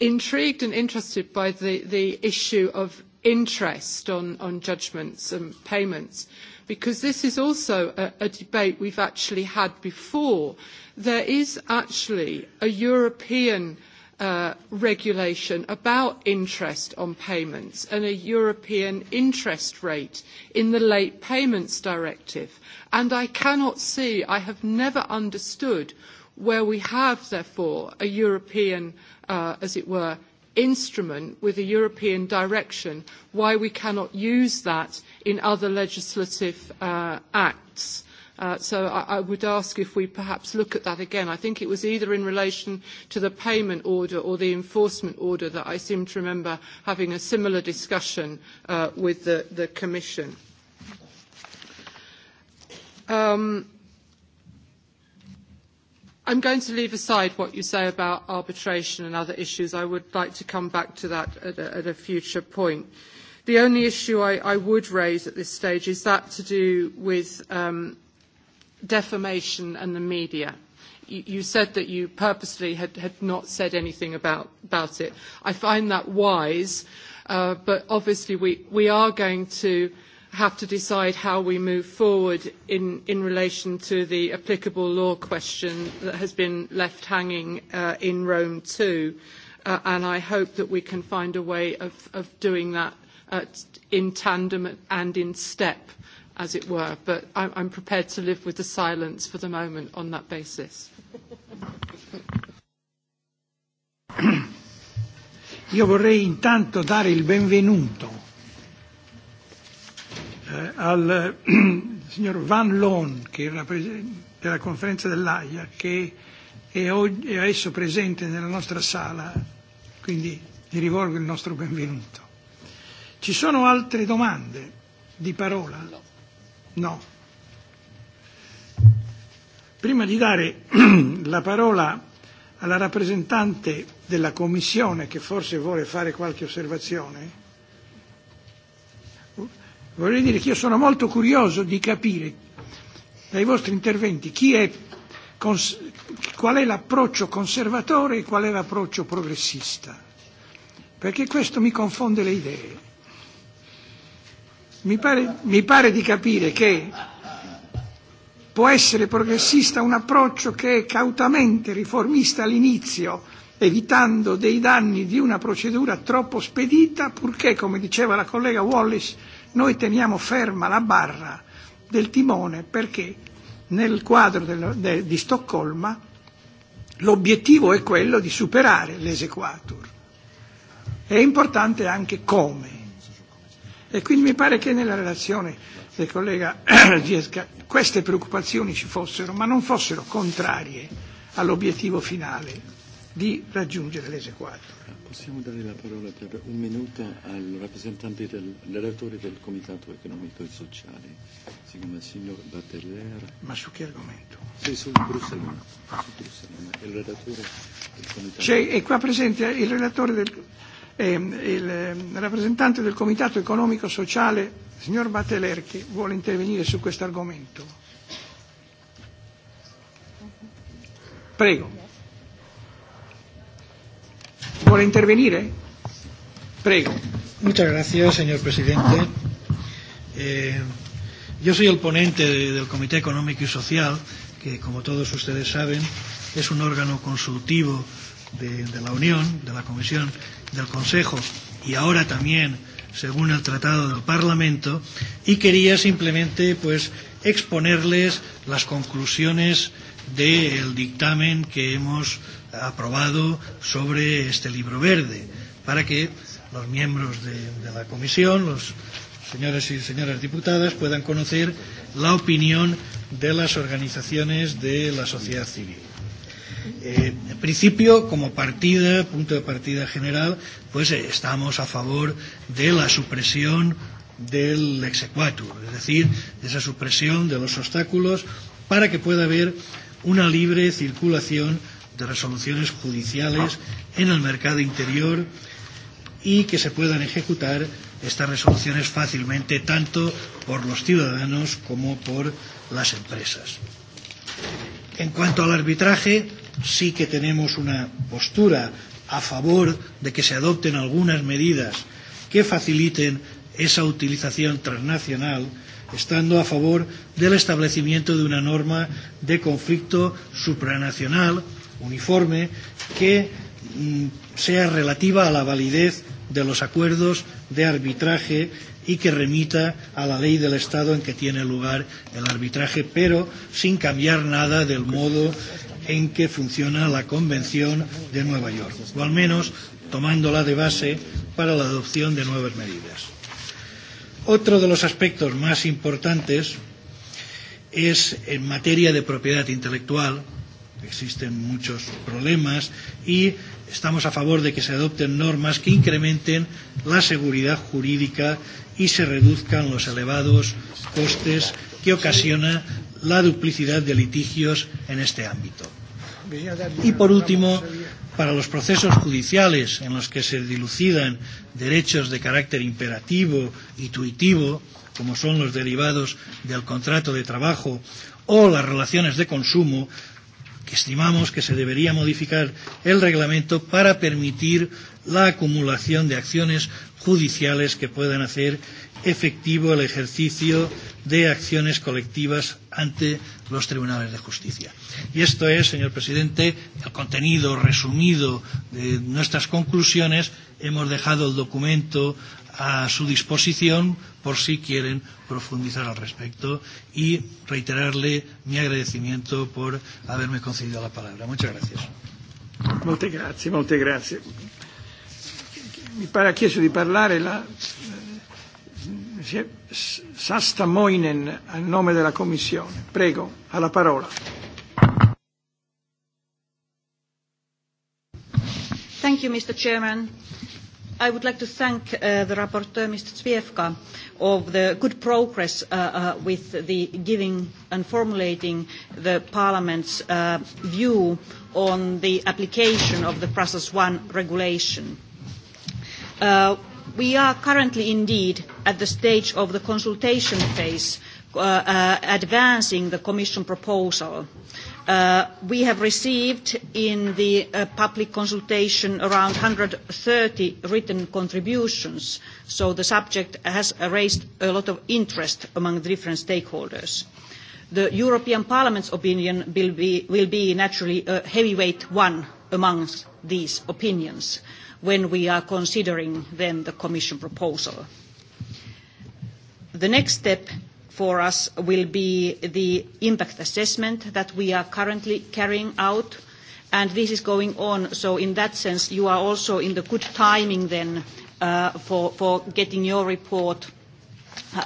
intrigued and interested by the, the issue of interest on, on judgments and payments because this is also a, a debate we've actually had before. There is actually a European Uh, regulation about interest on payments and a European interest rate in the Late Payments Directive. And I cannot see, I have never understood where we have, therefore, a European, uh, as it were, instrument with a European direction, why we cannot use that in other legislative uh, acts. Uh, so I, would ask if we perhaps look at that again. I think it was either in relation to the payment order or the enforcement order that I seem to remember having a similar discussion uh, with the, Commission. Um, I'm going to leave aside what you say about arbitration and other issues. I would like to come back to that at a, future point. The only issue I, would raise at this stage is that to do with um, defamation and the media. You, said that you purposely had, had not said anything about, about it. I find that wise, uh, but obviously we, we are going to have to decide how we move forward in, in relation to the applicable law question that has been left hanging uh, in Rome too. Uh, and I hope that we can find a way of, of doing that at, uh, in tandem and in step as it were, but I, I'm prepared to live with the silence for the moment on that basis. *clears throat* Io vorrei intanto dare il benvenuto eh, al *clears throat* signor Van Loon che della conferenza dell'AIA che è, oggi, è adesso presente nella nostra sala, quindi gli rivolgo il nostro benvenuto. Ci sono altre domande di parola? No. No. Prima di dare *clears throat* la parola alla rappresentante della Commissione che forse vuole fare qualche osservazione, vorrei dire che io sono molto curioso di capire dai vostri interventi chi è, cons- qual è l'approccio conservatore e qual è l'approccio progressista, perché questo mi confonde le idee mi pare, mi pare di capire che può essere progressista un approccio che è cautamente riformista all'inizio, evitando dei danni di una procedura troppo spedita, purché, come diceva la collega Wallis, noi teniamo ferma la barra del timone perché nel quadro del, de, di Stoccolma l'obiettivo è quello di superare l'esequatur. È importante anche come. E quindi mi pare che nella relazione del collega Giesca *clears throat* queste preoccupazioni ci fossero, ma non fossero contrarie all'obiettivo finale di raggiungere l'ESE 4. Possiamo dare la parola per un minuto al rappresentante del relatore del Comitato Economico e Sociale, si chiama signor Batteller. Ma su che argomento? Sì, su Bruxelles. Ah. Su Bruxelles. Il relatore del Comitato. C'è, è qua presente il relatore del Comitato E, ehm, il rappresentante del Comitato economico sociale, signor Batteler, che vuole intervenire su questo argomento. Prego. Vuole intervenire? Prego. Muchas gracias, señor presidente. Eh, yo soy el ponente de, del Comité Económico y Social, que, como todos ustedes saben, es un órgano consultivo de, de la Unión, de la Comisión, del Consejo y ahora también según el Tratado del Parlamento y quería simplemente pues exponerles las conclusiones del dictamen que hemos aprobado sobre este libro verde para que los miembros de, de la comisión, los señores y señoras diputadas puedan conocer la opinión de las organizaciones de la sociedad civil. Eh, en principio, como partida, punto de partida general, pues eh, estamos a favor de la supresión del exequatur, es decir, de esa supresión de los obstáculos para que pueda haber una libre circulación de resoluciones judiciales en el mercado interior y que se puedan ejecutar estas resoluciones fácilmente tanto por los ciudadanos como por las empresas. En cuanto al arbitraje, sí que tenemos una postura a favor de que se adopten algunas medidas que faciliten esa utilización transnacional, estando a favor del establecimiento de una norma de conflicto supranacional uniforme que mm, sea relativa a la validez de los acuerdos de arbitraje y que remita a la ley del Estado en que tiene lugar el arbitraje, pero sin cambiar nada del modo en que funciona la Convención de Nueva York, o al menos tomándola de base para la adopción de nuevas medidas. Otro de los aspectos más importantes es en materia de propiedad intelectual. Existen muchos problemas y estamos a favor de que se adopten normas que incrementen la seguridad jurídica y se reduzcan los elevados costes que ocasiona la duplicidad de litigios en este ámbito. Y por último, para los procesos judiciales en los que se dilucidan derechos de carácter imperativo intuitivo, como son los derivados del contrato de trabajo o las relaciones de consumo, que estimamos que se debería modificar el reglamento para permitir la acumulación de acciones judiciales que puedan hacer efectivo el ejercicio de acciones colectivas ante los tribunales de justicia. Y esto es, señor presidente, el contenido resumido de nuestras conclusiones. Hemos dejado el documento a su disposición por si quieren profundizar al respecto y reiterarle mi agradecimiento por haberme concedido la palabra. Muchas gracias. Muchas gracias, muchas gracias. Mi pare ha chiesto di parlare la eh, Sasta Moinen a nome della Commissione. Prego, alla parola. Thank you, Mr. Chairman. I would like to thank uh, the rapporteur, Mr. Zwiefka, of the good progress uh, uh, with the giving and formulating the Parliament's uh, view on the application of the Brussels I regulation. Uh, we are currently indeed at the stage of the consultation phase, uh, uh, advancing the Commission proposal. Uh, we have received in the uh, public consultation around 130 written contributions, so the subject has raised a lot of interest among the different stakeholders. The European Parliament's opinion will be, will be naturally a heavyweight one amongst these opinions when we are considering then the Commission proposal. The next step for us will be the impact assessment that we are currently carrying out, and this is going on. So in that sense, you are also in the good timing then uh, for, getting your report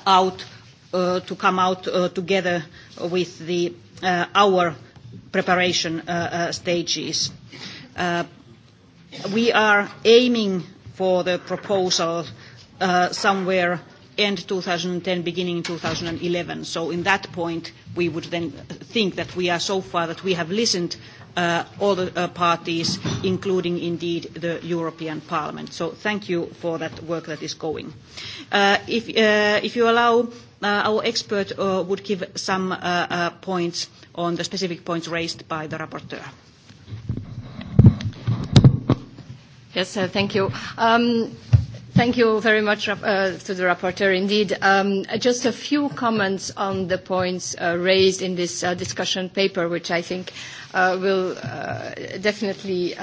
out uh, to come out uh, together with our preparation stages. we are aiming for the proposal somewhere end 2010, beginning 2011. So in that point, we would then think that we are so far that we have listened uh, all the uh, parties, including indeed the European Parliament. So thank you for that work that is going. Uh, if, uh, you allow, uh, our expert would give some points on the specific points raised by the rapporteur. Yes, thank you. Um, Thank you very much uh, to the rapporteur indeed. Um, just a few comments on the points uh, raised in this uh, discussion paper, which I think uh, will uh, definitely uh,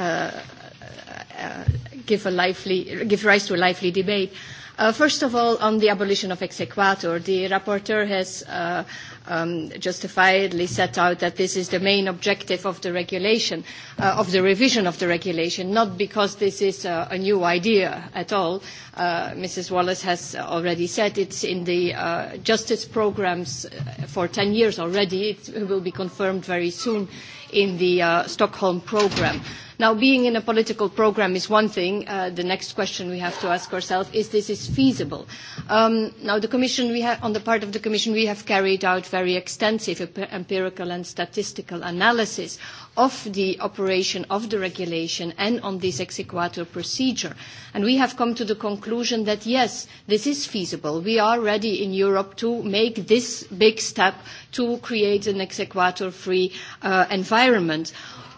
uh, give, a lively, give rise to a lively debate. Uh, first of all, on the abolition of exequatur, the rapporteur has uh, Um, justifiably set out that this is the main objective of the regulation, uh, of the revision of the regulation, not because this is uh, a new idea at all. Uh, Mrs. Wallace has already said it's in the uh, justice programs uh, for 10 years already. It will be confirmed very soon in the uh, Stockholm programme. Now, being in a political program is one thing. Uh, the next question we have to ask ourselves is this is feasible. Um, now, the Commission, we on the part of the Commission, we have carried out very extensive empirical and statistical analysis of the operation of the regulation and on this exequatur procedure. And we have come to the conclusion that, yes, this is feasible. We are ready in Europe to make this big step to create an exequatur-free uh, environment.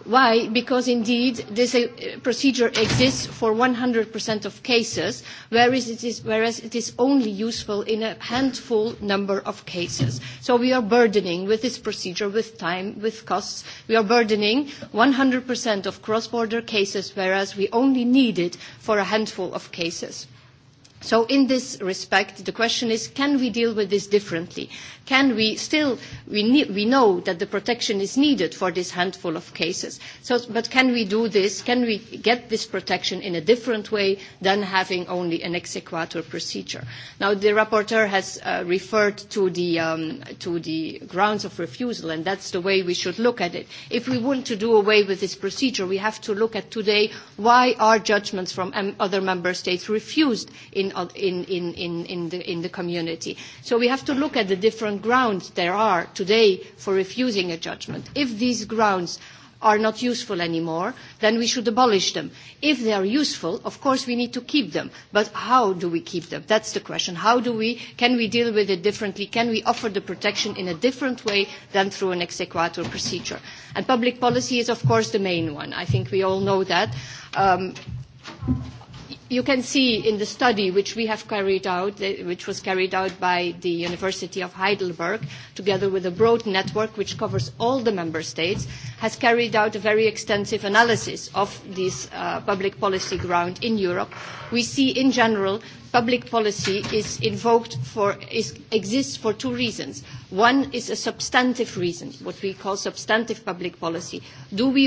Why? Because indeed this uh, procedure exists for 100% of cases, whereas it, is, whereas it is only useful in a handful number of cases. So we are burdening with this procedure, with time, with costs, we are burdening 100% of cross-border cases, whereas we only need it for a handful of cases. So in this respect, the question is, can we deal with this differently? Can we still, we, need, we know that the protection is needed for this handful of cases, so, but can we do this, can we get this protection in a different way than having only an exequatur procedure? Now, the rapporteur has uh, referred to the, um, to the grounds of refusal, and that's the way we should look at it. If we want to do away with this procedure, we have to look at today, why are judgments from other member states refused in in, in, in, in, the, in the community. So we have to look at the different grounds there are today for refusing a judgment. If these grounds are not useful anymore, then we should abolish them. If they are useful, of course we need to keep them. But how do we keep them? That's the question. How do we, can we deal with it differently? Can we offer the protection in a different way than through an exequatur procedure? And public policy is of course the main one. I think we all know that. Um, you can see in the study which we have carried out, which was carried out by the University of Heidelberg, together with a broad network which covers all the member states, has carried out a very extensive analysis of this uh, public policy ground in Europe. We see in general public policy is invoked for, is, exists for two reasons. One is a substantive reason, what we call substantive public policy. Do we,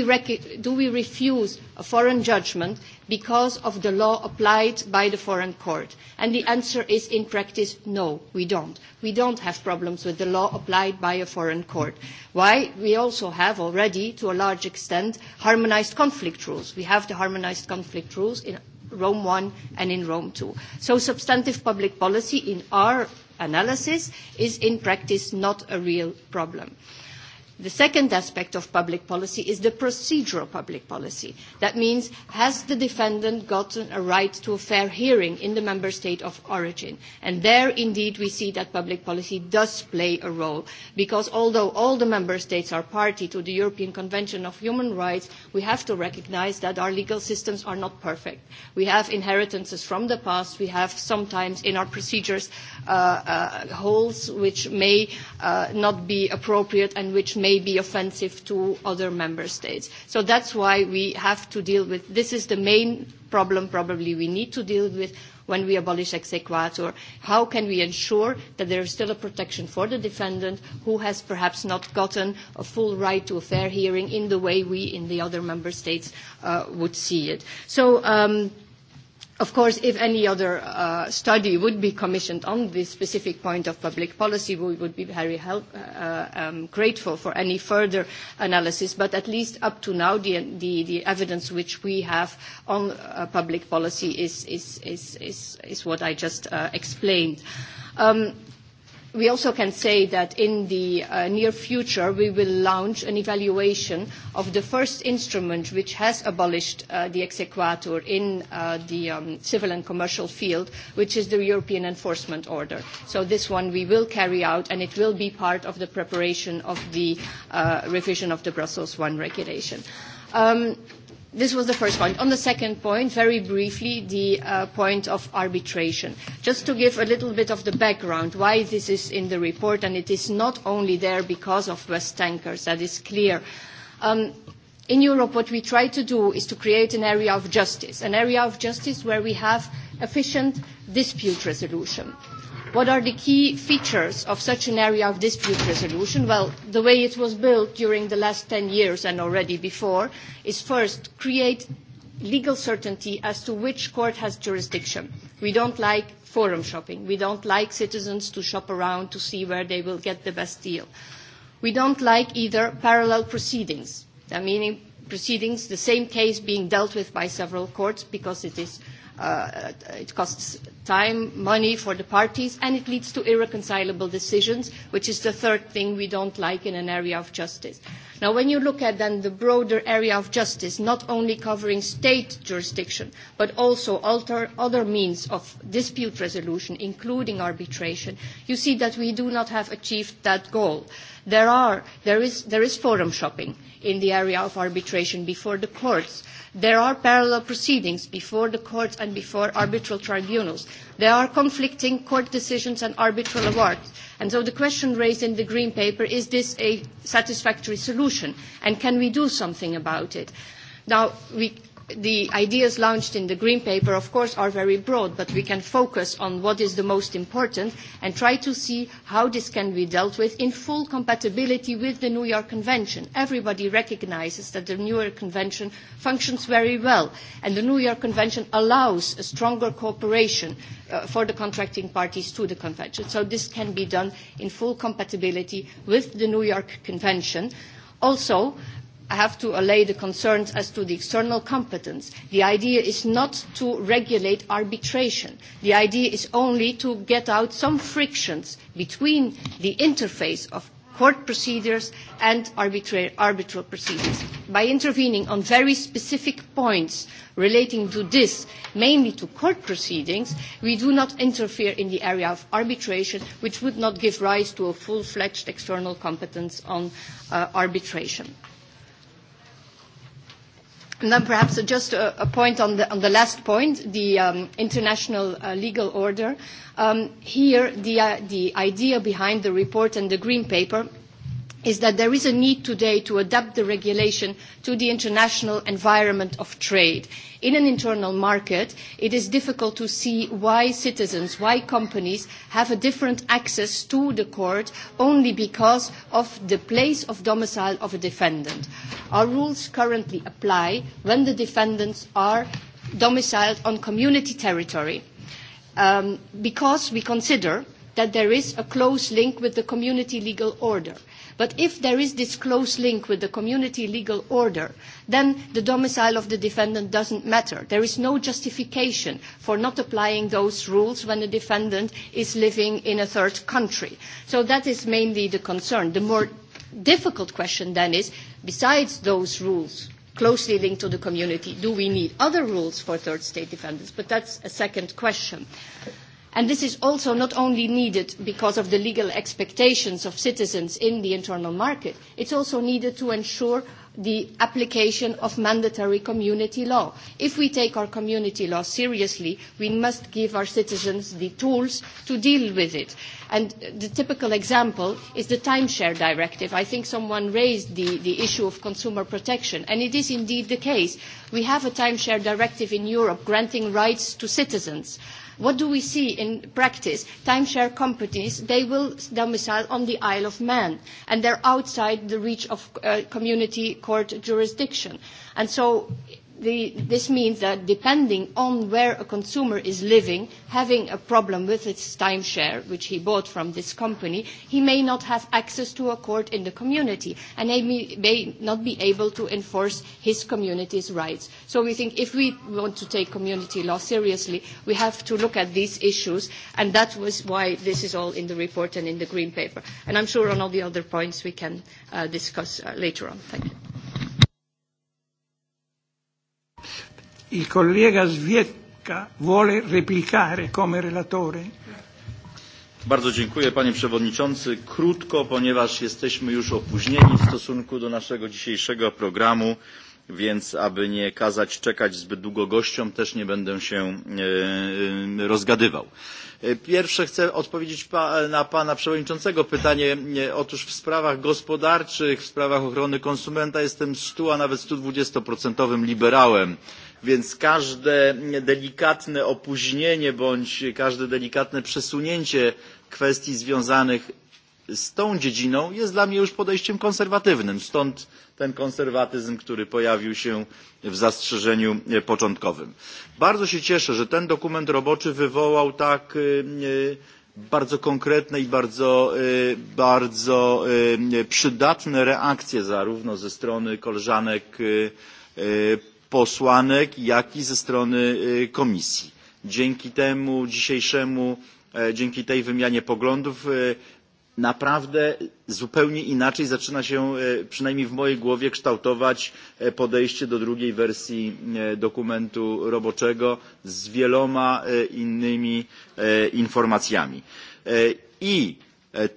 do we refuse a foreign judgment because of the law applied by the foreign court? And the answer is, in practice, no, we don't. We don't have problems with the law applied by a foreign court. Why? We also have already, to a large extent, harmonized conflict rules. We have the harmonized conflict rules in Rome I and in Rome II. So substantive public policy in our analysis is in practice not a real problem. The second aspect of public policy is the procedural public policy. That means, has the defendant gotten a right to a fair hearing in the member state of origin? And there, indeed, we see that public policy does play a role, because although all the member states are party to the European Convention of Human Rights, we have to recognize that our legal systems are not perfect. We have inheritances from the past, we have sometimes in our procedures uh, uh, holes which may uh, not be appropriate and which may may be offensive to other member states. So that's why we have to deal with, this is the main problem probably we need to deal with when we abolish exequatur. How can we ensure that there is still a protection for the defendant who has perhaps not gotten a full right to a fair hearing in the way we in the other member states uh, would see it. So um, Of course, if any other uh, study would be commissioned on this specific point of public policy, we would be very help, uh, uh, um, grateful for any further analysis. But at least up to now, the, the, the evidence which we have on uh, public policy is, is, is, is, what I just uh, explained. Um, we also can say that in the uh, near future, we will launch an evaluation of the first instrument which has abolished uh, the exequatur in uh, the um, civil and commercial field, which is the European Enforcement Order. So this one we will carry out, and it will be part of the preparation of the uh, revision of the Brussels I regulation. Um, This was the first point. On the second point, very briefly, the uh, point of arbitration. Just to give a little bit of the background, why this is in the report, and it is not only there because of West Tankers, that is clear. Um, in Europe, what we try to do is to create an area of justice, an area of justice where we have efficient dispute resolution. What are the key features of such an area of dispute resolution? Well, the way it was built during the last 10 years and already before is first create legal certainty as to which court has jurisdiction. We don't like forum shopping. We don't like citizens to shop around to see where they will get the best deal. We don't like either parallel proceedings, that meaning proceedings, the same case being dealt with by several courts because it is Uh, it costs time, money for the parties, and it leads to irreconcilable decisions, which is the third thing we don't like in an area of justice. Now, when you look at then the broader area of justice, not only covering state jurisdiction, but also alter other means of dispute resolution, including arbitration, you see that we do not have achieved that goal. There, are, there, is, there is forum shopping in the area of arbitration before the courts. There are parallel proceedings before the courts and before arbitral tribunals. There are conflicting court decisions and arbitral awards. And so the question raised in the Green Paper, is this a satisfactory solution? And can we do something about it? Now, we the ideas launched in the Green Paper, of course, are very broad, but we can focus on what is the most important and try to see how this can be dealt with in full compatibility with the New York Convention. Everybody recognises that the New York Convention functions very well, and the New York Convention allows a stronger cooperation uh, for the contracting parties to the Convention. So this can be done in full compatibility with the New York Convention. Also, I have to allay the concerns as to the external competence. The idea is not to regulate arbitration. The idea is only to get out some frictions between the interface of court procedures and arbitral procedures. By intervening on very specific points relating to this, mainly to court proceedings, we do not interfere in the area of arbitration, which would not give rise to a full-fledged external competence on uh, arbitration. And then perhaps just a, a point on the, on the last point, the um, international uh, legal order. Um, here, the, uh, the idea behind the report and the green paper is that there is a need today to adapt the regulation to the international environment of trade. In an internal market, it is difficult to see why citizens, why companies have a different access to the court only because of the place of domicile of a defendant. Our rules currently apply when the defendants are domiciled on community territory um, because we consider that there is a close link with the community legal order But if there is this close link with the community legal order, then the domicile of the defendant doesn't matter. There is no justification for not applying those rules when a defendant is living in a third country. So that is mainly the concern. The more difficult question then is, besides those rules closely linked to the community, do we need other rules for third state defendants? But that's a second question. And this is also not only needed because of the legal expectations of citizens in the internal market, it's also needed to ensure the application of mandatory community law. If we take our community law seriously, we must give our citizens the tools to deal with it. And the typical example is the timeshare directive. I think someone raised the, the issue of consumer protection, and it is indeed the case. We have a timeshare directive in Europe granting rights to citizens. What do we see in practice? Timeshare companies, they will domicile on the Isle of Man, and they're outside the reach of uh, community court jurisdiction. And so this means that depending on where a consumer is living, having a problem with his timeshare, which he bought from this company, he may not have access to a court in the community, and he may, may not be able to enforce his community's rights. So we think if we want to take community law seriously, we have to look at these issues, and that was why this is all in the report and in the Green Paper. And I'm sure on all the other points we can uh, discuss uh, later on. Thank you. Il collega Zwiecka vuole replicare come relatore. Bardzo dziękuję panie przewodniczący. Krótko, ponieważ jesteśmy już opóźnieni w stosunku do naszego dzisiejszego programu, więc aby nie kazać czekać zbyt długo gościom, też nie będę się e, e, rozgadywał. E, pierwsze chcę odpowiedzieć na pana przewodniczącego pytanie. Otóż w sprawach gospodarczych, w sprawach ochrony konsumenta jestem 100, a nawet 120% liberałem więc każde delikatne opóźnienie bądź każde delikatne przesunięcie kwestii związanych z tą dziedziną jest dla mnie już podejściem konserwatywnym stąd ten konserwatyzm który pojawił się w zastrzeżeniu początkowym. bardzo się cieszę że ten dokument roboczy wywołał tak bardzo konkretne i bardzo, bardzo przydatne reakcje zarówno ze strony koleżanek posłanek, jak i ze strony komisji. Dzięki temu dzisiejszemu, e, dzięki tej wymianie poglądów naprawdę zupełnie inaczej zaczyna się przynajmniej w mojej głowie kształtować e, podejście do drugiej wersji e, dokumentu roboczego z wieloma innymi informacjami. I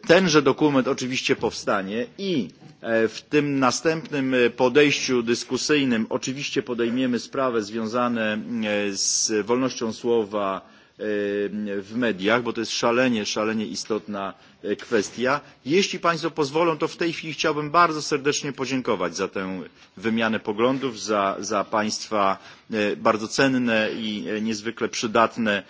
tenże dokument oczywiście powstanie i E, w tym następnym e, podejściu dyskusyjnym oczywiście podejmiemy sprawy związane e, z wolnością słowa w mediach bo to jest szalenie szalenie istotna kwestia. jeśli państwo pozwolą to w tej chwili chciałbym bardzo serdecznie podziękować za tę wymianę poglądów za, za państwa bardzo cenne i niezwykle przydatne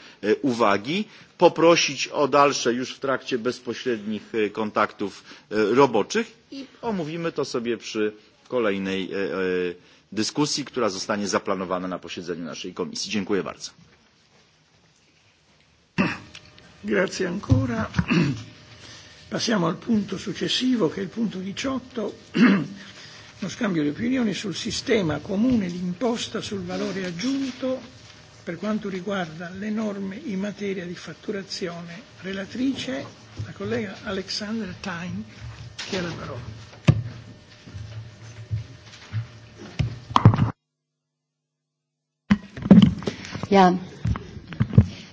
uwagi poprosić o dalsze już w trakcie bezpośrednich e, kontaktów e, roboczych i omówimy to sobie przy kolejnej e, dyskusji, która zostanie zaplanowana na posiedzeniu naszej komisji. Dziękuję bardzo. *clears throat* Grazie ancora. *clears throat* Passiamo al punto successivo, che è il punto 18, *clears throat* uno scambio di opinioni sul sistema comune di imposta sul valore aggiunto Per quanto riguarda le norme in materia di fatturazione, relatrice la collega Alexandra Time, che ha la parola. Ja,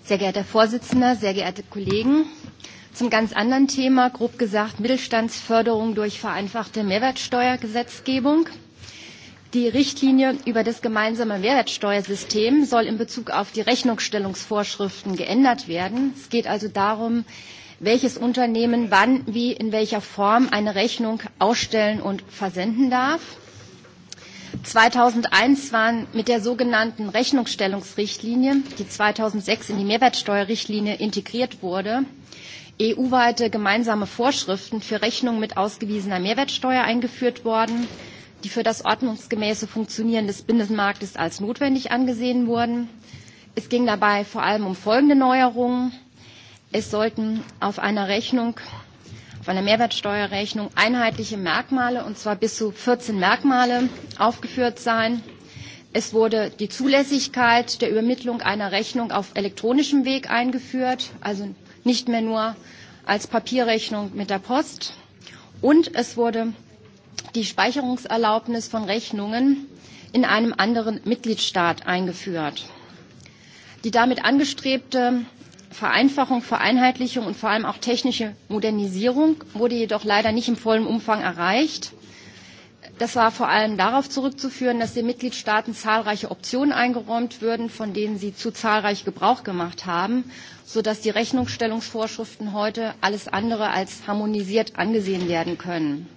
sehr geehrter Vorsitzender, sehr geehrte Kollegen, zum ganz anderen Thema, grob gesagt Mittelstandsförderung durch vereinfachte Mehrwertsteuergesetzgebung. Die Richtlinie über das gemeinsame Mehrwertsteuersystem soll in Bezug auf die Rechnungsstellungsvorschriften geändert werden. Es geht also darum, welches Unternehmen wann, wie, in welcher Form eine Rechnung ausstellen und versenden darf. 2001 waren mit der sogenannten Rechnungsstellungsrichtlinie, die 2006 in die Mehrwertsteuerrichtlinie integriert wurde, EU-weite gemeinsame Vorschriften für Rechnungen mit ausgewiesener Mehrwertsteuer eingeführt worden die für das ordnungsgemäße Funktionieren des Binnenmarktes als notwendig angesehen wurden. Es ging dabei vor allem um folgende Neuerungen. Es sollten auf einer Rechnung, auf einer Mehrwertsteuerrechnung einheitliche Merkmale, und zwar bis zu 14 Merkmale, aufgeführt sein. Es wurde die Zulässigkeit der Übermittlung einer Rechnung auf elektronischem Weg eingeführt, also nicht mehr nur als Papierrechnung mit der Post. Und es wurde die Speicherungserlaubnis von Rechnungen in einem anderen Mitgliedstaat eingeführt. Die damit angestrebte Vereinfachung, Vereinheitlichung und vor allem auch technische Modernisierung wurde jedoch leider nicht im vollen Umfang erreicht. Das war vor allem darauf zurückzuführen, dass den Mitgliedstaaten zahlreiche Optionen eingeräumt würden, von denen sie zu zahlreich Gebrauch gemacht haben, sodass die Rechnungsstellungsvorschriften heute alles andere als harmonisiert angesehen werden können.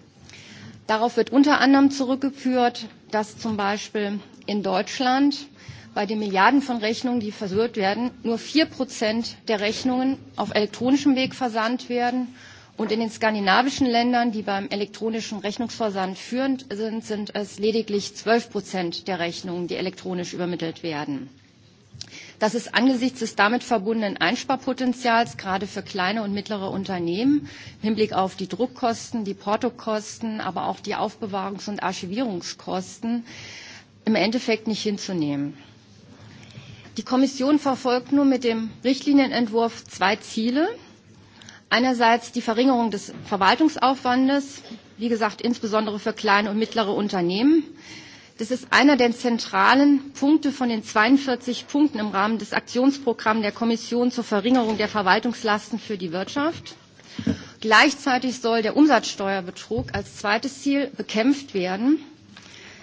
Darauf wird unter anderem zurückgeführt, dass zum Beispiel in Deutschland bei den Milliarden von Rechnungen, die versucht werden, nur vier Prozent der Rechnungen auf elektronischem Weg versandt werden. Und in den skandinavischen Ländern, die beim elektronischen Rechnungsversand führend sind, sind es lediglich zwölf Prozent der Rechnungen, die elektronisch übermittelt werden dass es angesichts des damit verbundenen Einsparpotenzials gerade für kleine und mittlere Unternehmen im Hinblick auf die Druckkosten, die Portokosten, aber auch die Aufbewahrungs- und Archivierungskosten im Endeffekt nicht hinzunehmen. Die Kommission verfolgt nun mit dem Richtlinienentwurf zwei Ziele. Einerseits die Verringerung des Verwaltungsaufwandes, wie gesagt, insbesondere für kleine und mittlere Unternehmen Das ist einer der zentralen Punkte von den 42 Punkten im Rahmen des Aktionsprogramms der Kommission zur Verringerung der Verwaltungslasten für die Wirtschaft. Gleichzeitig soll der Umsatzsteuerbetrug als zweites Ziel bekämpft werden.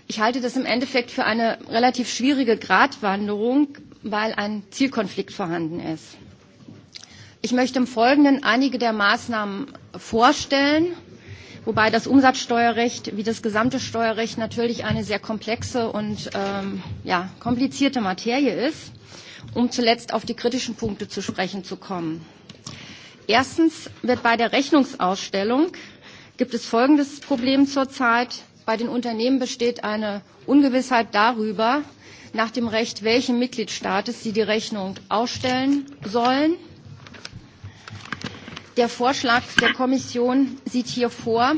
Ich halte das im Endeffekt für eine relativ schwierige Gratwanderung, weil ein Zielkonflikt vorhanden ist. Ich möchte im Folgenden einige der Maßnahmen vorstellen wobei das Umsatzsteuerrecht wie das gesamte Steuerrecht natürlich eine sehr komplexe und ähm, ja, komplizierte Materie ist, um zuletzt auf die kritischen Punkte zu sprechen zu kommen. Erstens wird bei der Rechnungsausstellung gibt es folgendes Problem zurzeit. Bei den Unternehmen besteht eine Ungewissheit darüber, nach dem Recht, welchem Mitgliedstaates sie die Rechnung ausstellen sollen. Der Vorschlag der Kommission sieht hier vor,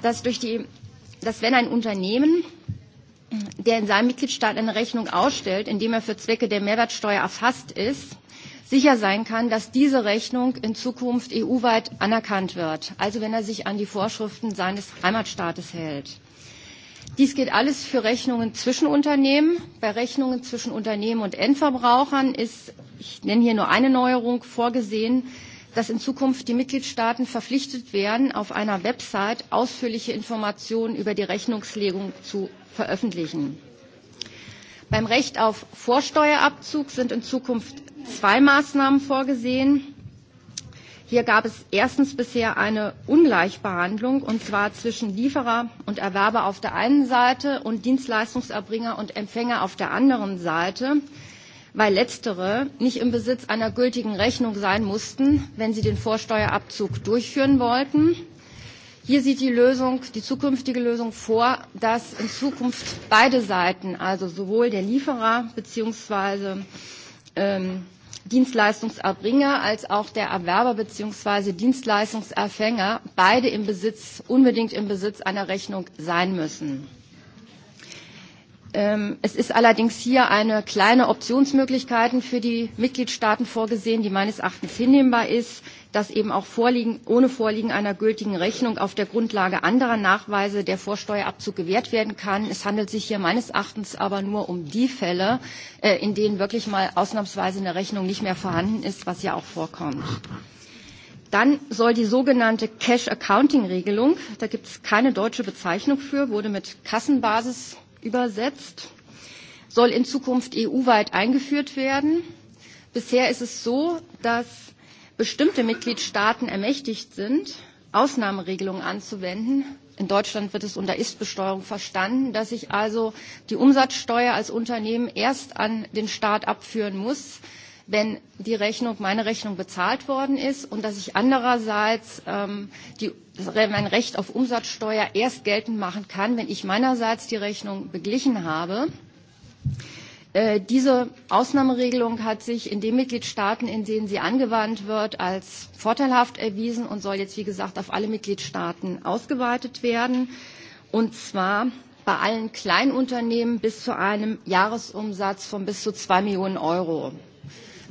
dass, durch die, dass wenn ein Unternehmen, der in seinem Mitgliedstaat eine Rechnung ausstellt, indem er für Zwecke der Mehrwertsteuer erfasst ist, sicher sein kann, dass diese Rechnung in Zukunft EU-weit anerkannt wird, also wenn er sich an die Vorschriften seines Heimatstaates hält. Dies gilt alles für Rechnungen zwischen Unternehmen. Bei Rechnungen zwischen Unternehmen und Endverbrauchern ist, ich nenne hier nur eine Neuerung, vorgesehen, dass in Zukunft die Mitgliedstaaten verpflichtet werden, auf einer Website ausführliche Informationen über die Rechnungslegung zu veröffentlichen. Beim Recht auf Vorsteuerabzug sind in Zukunft zwei Maßnahmen vorgesehen. Hier gab es erstens bisher eine Ungleichbehandlung, und zwar zwischen Lieferer und Erwerber auf der einen Seite und Dienstleistungserbringer und Empfänger auf der anderen Seite weil letztere nicht im Besitz einer gültigen Rechnung sein mussten, wenn sie den Vorsteuerabzug durchführen wollten. Hier sieht die Lösung, die zukünftige Lösung vor, dass in Zukunft beide Seiten, also sowohl der Lieferer bzw. Ähm, Dienstleistungserbringer als auch der Erwerber bzw. Dienstleistungserfänger, beide im Besitz, unbedingt im Besitz einer Rechnung sein müssen. Ähm, es ist allerdings hier eine kleine Optionsmöglichkeit für die Mitgliedstaaten vorgesehen, die meines Erachtens hinnehmbar ist, dass eben auch vorliegen, ohne Vorliegen einer gültigen Rechnung auf der Grundlage anderer Nachweise der Vorsteuerabzug gewährt werden kann. Es handelt sich hier meines Erachtens aber nur um die Fälle, äh, in denen wirklich mal ausnahmsweise eine Rechnung nicht mehr vorhanden ist, was ja auch vorkommt. Dann soll die sogenannte Cash Accounting Regelung, da gibt es keine deutsche Bezeichnung für, wurde mit Kassenbasis übersetzt, soll in Zukunft EU-weit eingeführt werden. Bisher ist es so, dass bestimmte Mitgliedstaaten ermächtigt sind, Ausnahmeregelungen anzuwenden. In Deutschland wird es unter Ist-Besteuerung verstanden, dass ich also die Umsatzsteuer als Unternehmen erst an den Staat abführen muss, wenn die Rechnung, meine Rechnung bezahlt worden ist und dass ich andererseits ähm, die, mein Recht auf Umsatzsteuer erst geltend machen kann, wenn ich meinerseits die Rechnung beglichen habe. Äh, diese Ausnahmeregelung hat sich in den Mitgliedstaaten, in denen sie angewandt wird, als vorteilhaft erwiesen und soll jetzt, wie gesagt, auf alle Mitgliedstaaten ausgeweitet werden. Und zwar bei allen Kleinunternehmen bis zu einem Jahresumsatz von bis zu zwei Millionen Euro.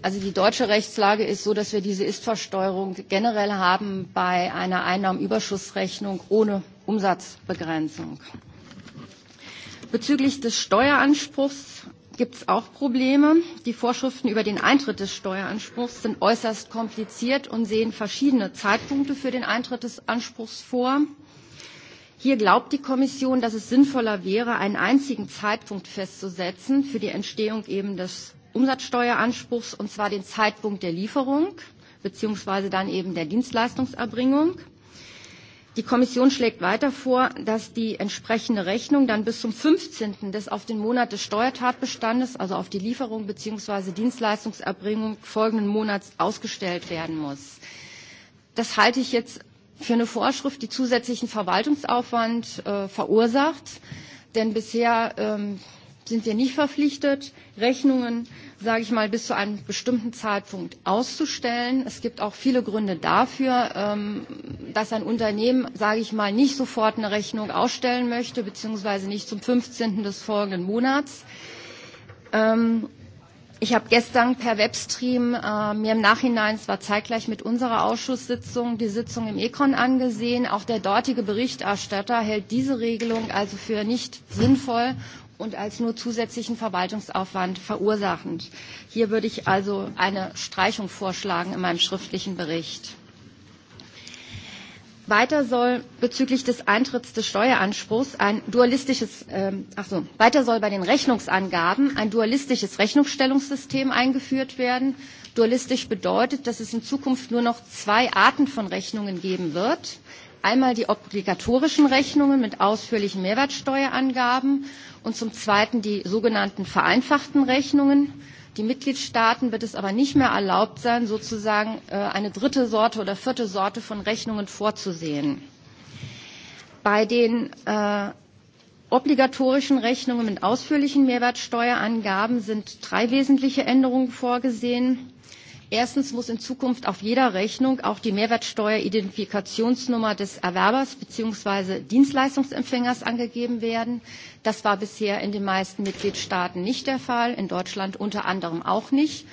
Also die deutsche Rechtslage ist so, dass wir diese Ist-Versteuerung generell haben bei einer Einnahmenüberschussrechnung ohne Umsatzbegrenzung. Bezüglich des Steueranspruchs gibt es auch Probleme. Die Vorschriften über den Eintritt des Steueranspruchs sind äußerst kompliziert und sehen verschiedene Zeitpunkte für den Eintritt des Anspruchs vor. Hier glaubt die Kommission, dass es sinnvoller wäre, einen einzigen Zeitpunkt festzusetzen für die Entstehung eben des Umsatzsteueranspruchs, und zwar den Zeitpunkt der Lieferung bzw. dann eben der Dienstleistungserbringung. Die Kommission schlägt weiter vor, dass die entsprechende Rechnung dann bis zum 15. des auf den Monat des Steuertatbestandes, also auf die Lieferung bzw. Dienstleistungserbringung folgenden Monats ausgestellt werden muss. Das halte ich jetzt für eine Vorschrift, die zusätzlichen Verwaltungsaufwand äh, verursacht. Denn bisher ähm, sind wir nicht verpflichtet, Rechnungen, sage ich mal, bis zu einem bestimmten Zeitpunkt auszustellen. Es gibt auch viele Gründe dafür, ähm, dass ein Unternehmen, sage ich mal, nicht sofort eine Rechnung ausstellen möchte, beziehungsweise nicht zum 15. des folgenden Monats. Ähm, ich habe gestern per Webstream äh, mir im Nachhinein, es war zeitgleich mit unserer Ausschusssitzung, die Sitzung im Econ angesehen. Auch der dortige Berichterstatter hält diese Regelung also für nicht sinnvoll und als nur zusätzlichen Verwaltungsaufwand verursachend. Hier würde ich also eine Streichung vorschlagen in meinem schriftlichen Bericht. Weiter soll bezüglich des Eintritts des Steueranspruchs ein dualistisches, äh, ach so, weiter soll bei den Rechnungsangaben ein dualistisches Rechnungsstellungssystem eingeführt werden. Dualistisch bedeutet, dass es in Zukunft nur noch zwei Arten von Rechnungen geben wird. Einmal die obligatorischen Rechnungen mit ausführlichen Mehrwertsteuerangaben und zum Zweiten die sogenannten vereinfachten Rechnungen. Die Mitgliedstaaten wird es aber nicht mehr erlaubt sein, sozusagen äh, eine dritte Sorte oder vierte Sorte von Rechnungen vorzusehen. Bei den äh, obligatorischen Rechnungen mit ausführlichen Mehrwertsteuerangaben sind drei wesentliche Änderungen vorgesehen. Erstens muss in Zukunft auf jeder Rechnung auch die Mehrwertsteueridentifikationsnummer des Erwerbers bzw. Dienstleistungsempfängers angegeben werden. Das war bisher in den meisten Mitgliedstaaten nicht der Fall, in Deutschland unter anderem auch nicht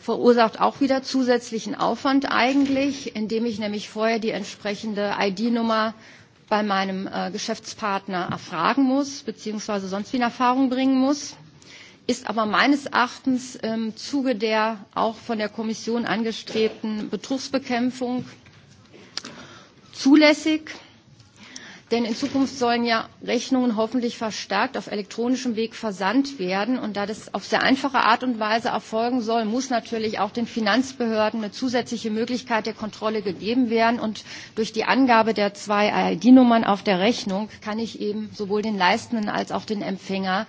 verursacht auch wieder zusätzlichen Aufwand eigentlich, indem ich nämlich vorher die entsprechende ID-Nummer bei meinem äh, Geschäftspartner erfragen muss, beziehungsweise sonst wie in Erfahrung bringen muss ist aber meines Erachtens ähm, im Zuge der auch von der Kommission angestrebten Betrugsbekämpfung zulässig. Denn in Zukunft sollen ja Rechnungen hoffentlich verstärkt auf elektronischem Weg versandt werden. Und da das auf sehr einfache Art und Weise erfolgen soll, muss natürlich auch den Finanzbehörden eine zusätzliche Möglichkeit der Kontrolle gegeben werden. Und durch die Angabe der zwei ID-Nummern auf der Rechnung kann ich eben sowohl den Leistenden als auch den Empfänger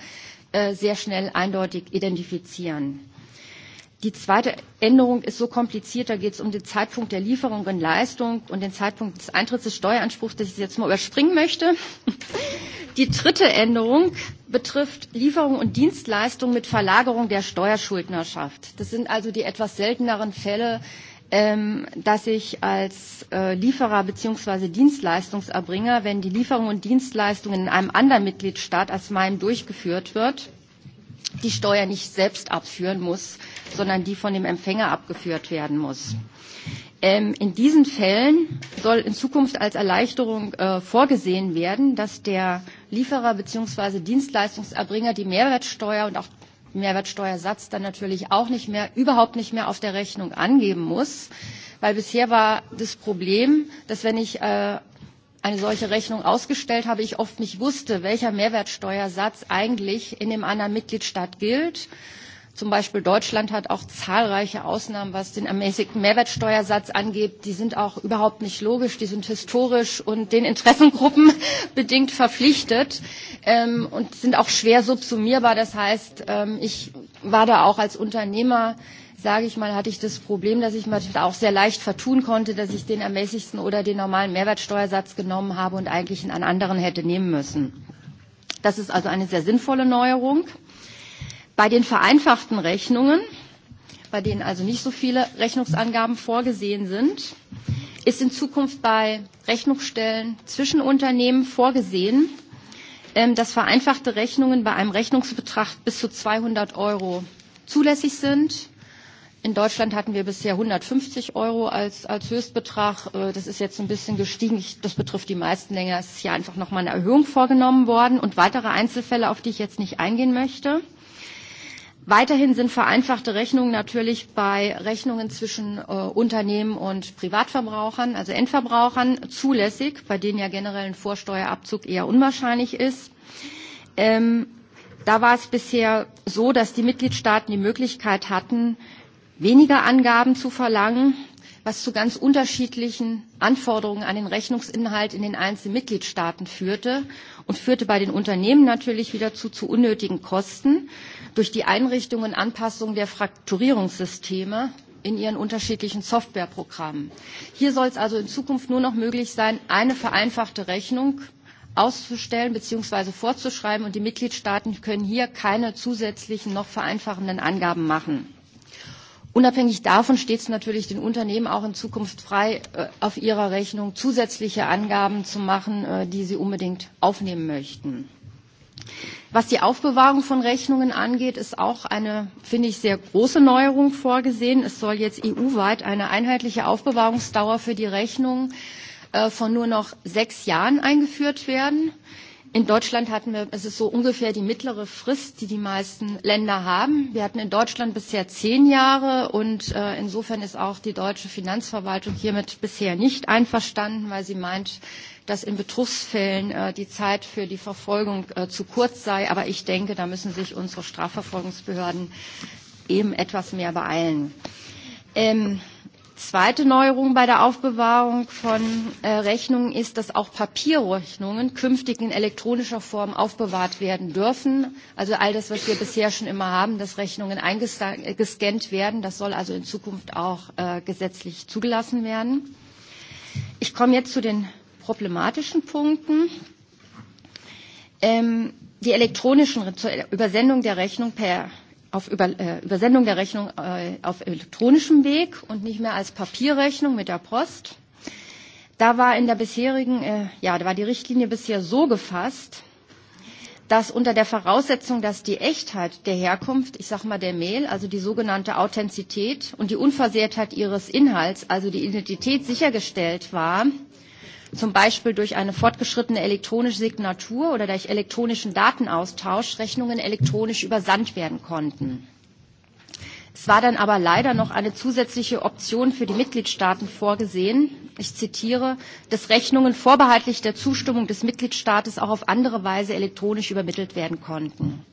Äh, sehr schnell eindeutig identifizieren. Die zweite Änderung ist so kompliziert, da geht es um den Zeitpunkt der Lieferung und Leistung und den Zeitpunkt des Eintritts des Steueranspruchs, das ich jetzt mal überspringen möchte. *laughs* Die dritte Änderung betrifft Lieferung und Dienstleistung mit Verlagerung der Steuerschuldnerschaft. Das sind also die etwas selteneren Fälle, ähm, dass ich als äh, Lieferer bzw. Dienstleistungserbringer, wenn die Lieferung und Dienstleistung in einem anderen Mitgliedstaat als meinem durchgeführt wird, die Steuer nicht selbst abführen muss, sondern die von dem Empfänger abgeführt werden muss. Ähm, in diesen Fällen soll in Zukunft als Erleichterung äh, vorgesehen werden, dass der Lieferer bzw. Dienstleistungserbringer die Mehrwertsteuer und auch Mehrwertsteuersatz dann natürlich auch nicht mehr, überhaupt nicht mehr auf der Rechnung angeben muss. Weil bisher war das Problem, dass wenn ich äh, eine solche Rechnung ausgestellt habe, ich oft nicht wusste, welcher Mehrwertsteuersatz eigentlich in dem anderen Mitgliedstaat gilt. Zum Beispiel Deutschland hat auch zahlreiche Ausnahmen, was den ermäßigten Mehrwertsteuersatz angeht. Die sind auch überhaupt nicht logisch, die sind historisch und den Interessengruppen *laughs* bedingt verpflichtet ähm, und sind auch schwer subsumierbar. Das heißt, ähm, ich war da auch als Unternehmer, sage ich mal, hatte ich das Problem, dass ich mich da auch sehr leicht vertun konnte, dass ich den ermäßigsten oder den normalen Mehrwertsteuersatz genommen habe und eigentlich einen anderen hätte nehmen müssen. Das ist also eine sehr sinnvolle Neuerung. Bei den vereinfachten Rechnungen, bei denen also nicht so viele Rechnungsangaben vorgesehen sind, ist in Zukunft bei Rechnungsstellen zwischen Unternehmen vorgesehen, Ähm, dass vereinfachte Rechnungen bei einem Rechnungsbetrag bis zu 200 Euro zulässig sind. In Deutschland hatten wir bisher 150 Euro als, als Höchstbetrag. Äh, das ist jetzt ein bisschen gestiegen. Ich, das betrifft die meisten länger. Es ist hier einfach nochmal eine Erhöhung vorgenommen worden und weitere Einzelfälle, auf die ich jetzt nicht eingehen möchte. Weiterhin sind vereinfachte Rechnungen natürlich bei Rechnungen zwischen äh, Unternehmen und Privatverbrauchern, also Endverbrauchern, zulässig, bei denen ja generell ein Vorsteuerabzug eher unwahrscheinlich ist. Ähm, da war es bisher so, dass die Mitgliedstaaten die Möglichkeit hatten, weniger Angaben zu verlangen, was zu ganz unterschiedlichen Anforderungen an den Rechnungsinhalt in den einzelnen Mitgliedstaaten führte und führte bei den Unternehmen natürlich wieder zu, zu unnötigen Kosten durch die Einrichtung und Anpassung der Frakturierungssysteme in ihren unterschiedlichen Softwareprogrammen. Hier soll es also in Zukunft nur noch möglich sein, eine vereinfachte Rechnung auszustellen bzw. vorzuschreiben, und die Mitgliedstaaten können hier keine zusätzlichen noch vereinfachenden Angaben machen. Unabhängig davon steht es natürlich den Unternehmen auch in Zukunft frei, äh, auf ihrer Rechnung zusätzliche Angaben zu machen, äh, die sie unbedingt aufnehmen möchten. Was die Aufbewahrung von Rechnungen angeht, ist auch eine, finde ich, sehr große Neuerung vorgesehen. Es soll jetzt EU-weit eine einheitliche Aufbewahrungsdauer für die Rechnung äh, von nur noch sechs Jahren eingeführt werden. In Deutschland hatten wir, es ist so ungefähr die mittlere Frist, die die meisten Länder haben. Wir hatten in Deutschland bisher zehn Jahre und äh, insofern ist auch die deutsche Finanzverwaltung hiermit bisher nicht einverstanden, weil sie meint, dass in Betrugsfällen äh, die Zeit für die Verfolgung äh, zu kurz sei. Aber ich denke, da müssen sich unsere Strafverfolgungsbehörden eben etwas mehr beeilen. Ähm, Zweite Neuerung bei der Aufbewahrung von äh, Rechnungen ist, dass auch Papierrechnungen künftig in elektronischer Form aufbewahrt werden dürfen. Also all das, was wir bisher schon immer haben, dass Rechnungen eingescannt äh, werden, das soll also in Zukunft auch äh, gesetzlich zugelassen werden. Ich komme jetzt zu den problematischen Punkten. Ähm, die elektronischen zur Übersendung der Rechnung per auf Über, äh, Übersendung der Rechnung äh, auf elektronischem Weg und nicht mehr als Papierrechnung mit der Post. Da war in der bisherigen, äh, ja, da war die Richtlinie bisher so gefasst, dass unter der Voraussetzung, dass die Echtheit der Herkunft, ich sage mal der Mail, also die sogenannte Authentizität und die Unversehrtheit ihres Inhalts, also die Identität sichergestellt war, äh, zum Beispiel durch eine fortgeschrittene elektronische Signatur oder durch elektronischen Datenaustausch Rechnungen elektronisch übersandt werden konnten. Es war dann aber leider noch eine zusätzliche Option für die Mitgliedstaaten vorgesehen, ich zitiere, dass Rechnungen vorbehaltlich der Zustimmung des Mitgliedstaates auch auf andere Weise elektronisch übermittelt werden konnten.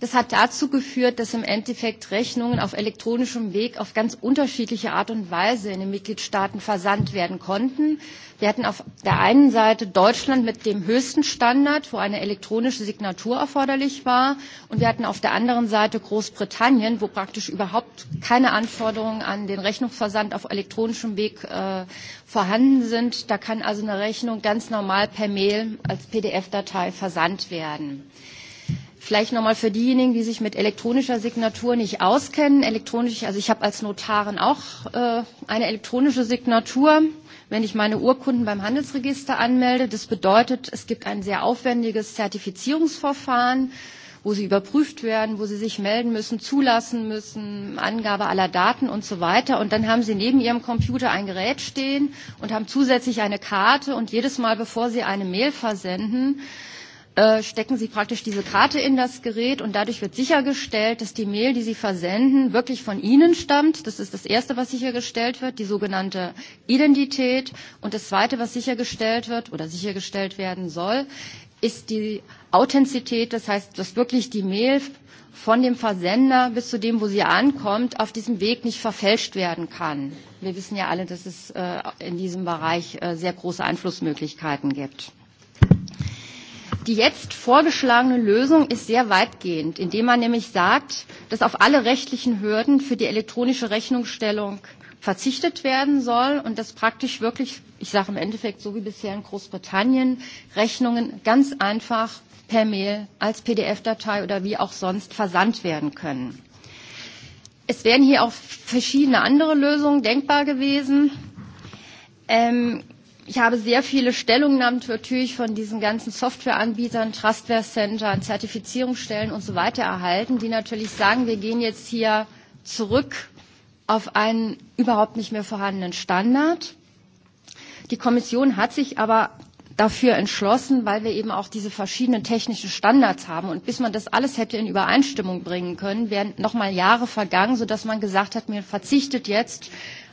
Das hat dazu geführt, dass im Endeffekt Rechnungen auf elektronischem Weg auf ganz unterschiedliche Art und Weise in den Mitgliedstaaten versandt werden konnten. Wir hatten auf der einen Seite Deutschland mit dem höchsten Standard, wo eine elektronische Signatur erforderlich war, und wir hatten auf der anderen Seite Großbritannien, wo praktisch überhaupt keine Anforderungen an den Rechnungsversand auf elektronischem Weg äh, vorhanden sind. Da kann also eine Rechnung ganz normal per Mail als PDF-Datei versandt werden. Vielleicht nochmal für diejenigen, die sich mit elektronischer Signatur nicht auskennen. Elektronisch, also ich habe als Notarin auch äh, eine elektronische Signatur, wenn ich meine Urkunden beim Handelsregister anmelde. Das bedeutet, es gibt ein sehr aufwendiges Zertifizierungsverfahren, wo sie überprüft werden, wo sie sich melden müssen, zulassen müssen, Angabe aller Daten und so weiter. Und dann haben sie neben ihrem Computer ein Gerät stehen und haben zusätzlich eine Karte. Und jedes Mal, bevor sie eine Mail versenden, äh, Äh, stecken Sie praktisch diese Karte in das Gerät und dadurch wird sichergestellt, dass die Mail, die Sie versenden, wirklich von Ihnen stammt. Das ist das Erste, was sichergestellt wird, die sogenannte Identität. Und das Zweite, was sichergestellt wird oder sichergestellt werden soll, ist die Authentizität, das heißt, dass wirklich die Mail von dem Versender bis zu dem, wo sie ankommt, auf diesem Weg nicht verfälscht werden kann. Wir wissen ja alle, dass es äh, in diesem Bereich äh, sehr große Einflussmöglichkeiten gibt. Die jetzt vorgeschlagene Lösung ist sehr weitgehend, indem man nämlich sagt, dass auf alle rechtlichen Hürden für die elektronische Rechnungsstellung verzichtet werden soll und dass praktisch wirklich, ich sage im Endeffekt so wie bisher in Großbritannien, Rechnungen ganz einfach per Mail als PDF-Datei oder wie auch sonst versandt werden können. Es wären hier auch verschiedene andere Lösungen denkbar gewesen. Ähm, ich habe sehr viele Stellungnahmen natürlich von diesen ganzen Softwareanbietern, Trustware Center, Zertifizierungsstellen und so weiter erhalten, die natürlich sagen, wir gehen jetzt hier zurück auf einen überhaupt nicht mehr vorhandenen Standard. Die Kommission hat sich aber dafür entschlossen, weil wir eben auch diese verschiedenen technischen Standards haben. Und bis man das alles hätte in Übereinstimmung bringen können, wären nochmal Jahre vergangen, sodass man gesagt hat, man verzichtet jetzt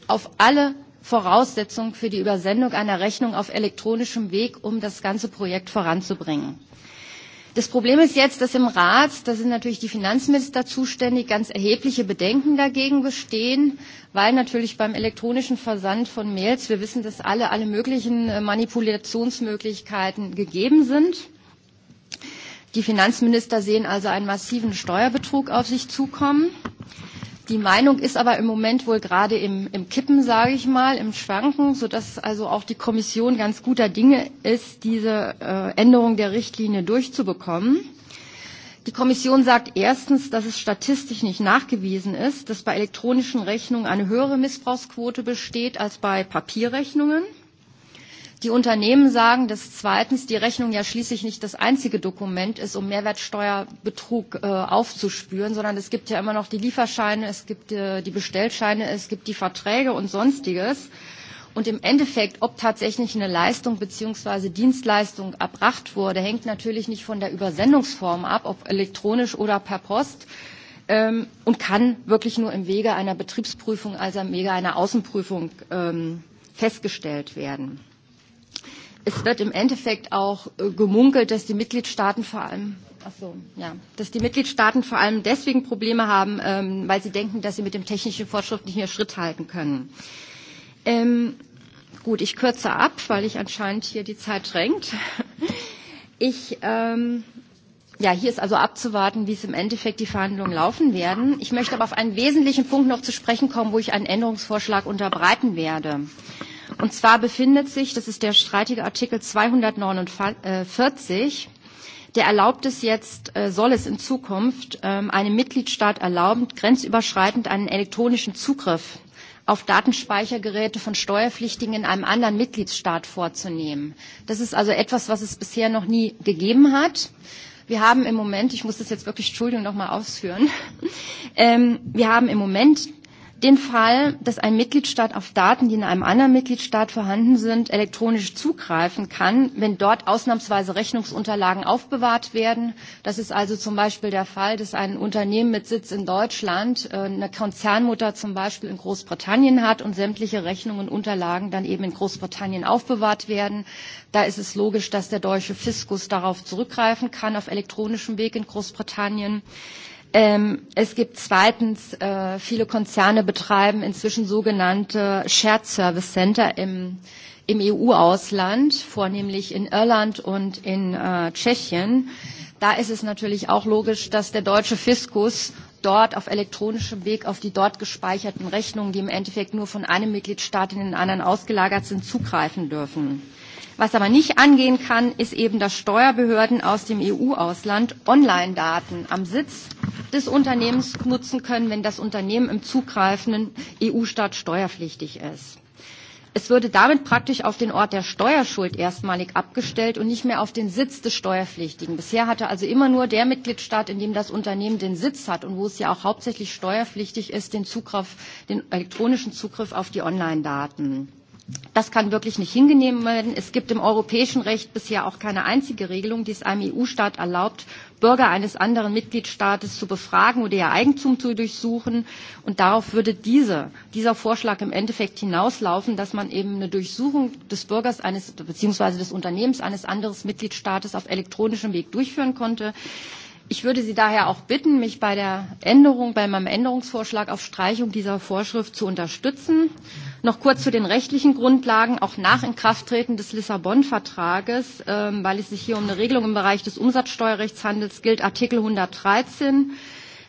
auf alle Voraussetzung für die Übersendung einer Rechnung auf elektronischem Weg, um das ganze Projekt voranzubringen. Das Problem ist jetzt, dass im Rat, da sind natürlich die Finanzminister zuständig, ganz erhebliche Bedenken dagegen bestehen, weil natürlich beim elektronischen Versand von Mails, wir wissen das alle, alle möglichen äh, Manipulationsmöglichkeiten gegeben sind. Die Finanzminister sehen also einen massiven Steuerbetrug auf sich zukommen. Die Meinung ist aber im Moment wohl gerade im, im Kippen, sage ich mal, im Schwanken, sodass also auch die Kommission ganz guter Dinge ist, diese äh, Änderung der Richtlinie durchzubekommen. Die Kommission sagt erstens, dass es statistisch nicht nachgewiesen ist, dass bei elektronischen Rechnungen eine höhere Missbrauchsquote besteht als bei Papierrechnungen. Die Unternehmen sagen, dass zweitens die Rechnung ja schließlich nicht das einzige Dokument ist, um Mehrwertsteuerbetrug äh, aufzuspüren, sondern es gibt ja immer noch die Lieferscheine, es gibt äh, die Bestellscheine, es gibt die Verträge und sonstiges. Und im Endeffekt, ob tatsächlich eine Leistung bzw. Dienstleistung erbracht wurde, hängt natürlich nicht von der Übersendungsform ab, ob elektronisch oder per Post ähm, und kann wirklich nur im Wege einer Betriebsprüfung, also im Wege einer Außenprüfung ähm, festgestellt werden es wird im Endeffekt auch äh, gemunkelt, dass die Mitgliedstaaten vor allem Ach so, ja. Dass die Mitgliedstaaten vor allem deswegen Probleme haben, ähm, weil sie denken, dass sie mit dem technischen Fortschritt nicht mehr Schritt halten können. Ähm, gut, ich kürze ab, weil ich anscheinend hier die Zeit drängt. Ich, ähm, ja, hier ist also abzuwarten, wie es im Endeffekt die Verhandlungen laufen werden. Ich möchte aber auf einen wesentlichen Punkt noch zu sprechen kommen, wo ich einen Änderungsvorschlag unterbreiten werde. Äh, Und zwar befindet sich, das ist der streitige Artikel 249, der erlaubt es jetzt, äh, soll es in Zukunft ähm, einem Mitgliedstaat erlauben, grenzüberschreitend einen elektronischen Zugriff auf Datenspeichergeräte von Steuerpflichtigen in einem anderen Mitgliedstaat vorzunehmen. Das ist also etwas, was es bisher noch nie gegeben hat. Wir haben im Moment, ich muss das jetzt wirklich, Entschuldigung, nochmal ausführen, *laughs* ähm, wir haben im Moment den Fall, dass ein Mitgliedstaat auf Daten, die in einem anderen Mitgliedstaat vorhanden sind, elektronisch zugreifen kann, wenn dort ausnahmsweise Rechnungsunterlagen aufbewahrt werden. Das ist also zum Beispiel der Fall, dass ein Unternehmen mit Sitz in Deutschland äh, eine Konzernmutter zum Beispiel in Großbritannien hat und sämtliche Rechnungen und Unterlagen dann eben in Großbritannien aufbewahrt werden. Da ist es logisch, dass der deutsche Fiskus darauf zurückgreifen kann, auf elektronischem Weg in Großbritannien. Ähm, es gibt zweitens, äh, viele Konzerne betreiben inzwischen sogenannte Shared Service Center im, im EU-Ausland, vornehmlich in Irland und in äh, Tschechien. Da ist es natürlich auch logisch, dass der deutsche Fiskus dort auf elektronischem Weg auf die dort gespeicherten Rechnungen, die im Endeffekt nur von einem Mitgliedstaat in den anderen ausgelagert sind, zugreifen dürfen. Was aber nicht angehen kann, ist eben, dass Steuerbehörden aus dem EU-Ausland Online-Daten am Sitz des Unternehmens nutzen können, wenn das Unternehmen im zugreifenden EU-Staat steuerpflichtig ist. Es würde damit praktisch auf den Ort der Steuerschuld erstmalig abgestellt und nicht mehr auf den Sitz des Steuerpflichtigen. Bisher hatte also immer nur der Mitgliedstaat, in dem das Unternehmen den Sitz hat und wo es ja auch hauptsächlich steuerpflichtig ist, den, Zugriff, den elektronischen Zugriff auf die Online-Daten. Das kann wirklich nicht hingenommen werden. Es gibt im europäischen Recht bisher auch keine einzige Regelung, die es einem EU-Staat erlaubt, Bürger eines anderen Mitgliedstaates zu befragen oder ihr Eigentum zu durchsuchen. Und darauf würde diese, dieser Vorschlag im Endeffekt hinauslaufen, dass man eben eine Durchsuchung des Bürgers eines bzw. des Unternehmens eines anderen Mitgliedstaates auf elektronischem Weg durchführen konnte. Ich würde Sie daher auch bitten, mich bei der Änderung, bei meinem Änderungsvorschlag auf Streichung dieser Vorschrift zu unterstützen. Mhm Noch kurz zu den rechtlichen Grundlagen, auch nach Inkrafttreten des Lissabon-Vertrages, ähm, weil es sich hier um eine Regelung im Bereich des Umsatzsteuerrechts handelt, gilt Artikel 113.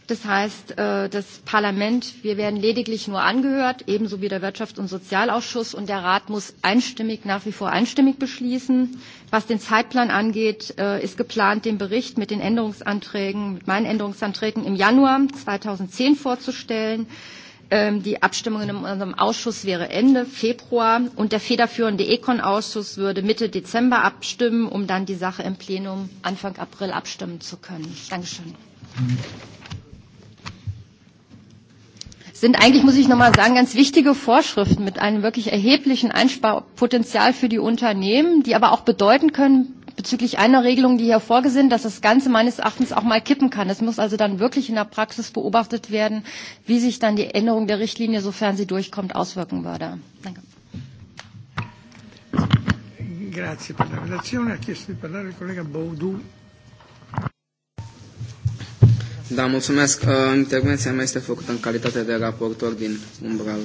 Das heißt, äh, das Parlament, wir werden lediglich nur angehört, ebenso wie der Wirtschafts- und Sozialausschuss. Und der Rat muss einstimmig, nach wie vor einstimmig beschließen. Was den Zeitplan angeht, äh, ist geplant, den Bericht mit den Änderungsanträgen, mit meinen Änderungsanträgen im Januar 2010 vorzustellen. Ähm, die Abstimmung in unserem Ausschuss wäre Ende Februar und der federführende Econ-Ausschuss würde Mitte Dezember abstimmen, um dann die Sache im Plenum Anfang April abstimmen zu können. Dankeschön. Sind eigentlich, muss ich nochmal sagen, ganz wichtige Vorschriften mit einem wirklich erheblichen Einsparpotenzial für die Unternehmen, die aber auch bedeuten können, bezüglich einer Regelung, die hier vorgesehen, dass das Ganze meines Erachtens auch mal kippen kann. Es muss also dann wirklich in der Praxis beobachtet werden, wie sich dann die Änderung der Richtlinie, sofern sie durchkommt, auswirken würde. Danke. Grazie per la relazione. Ha chiesto di parlare il collega Da, mulțumesc. Uh, intervenția mea este făcută în calitate de raportor din umbral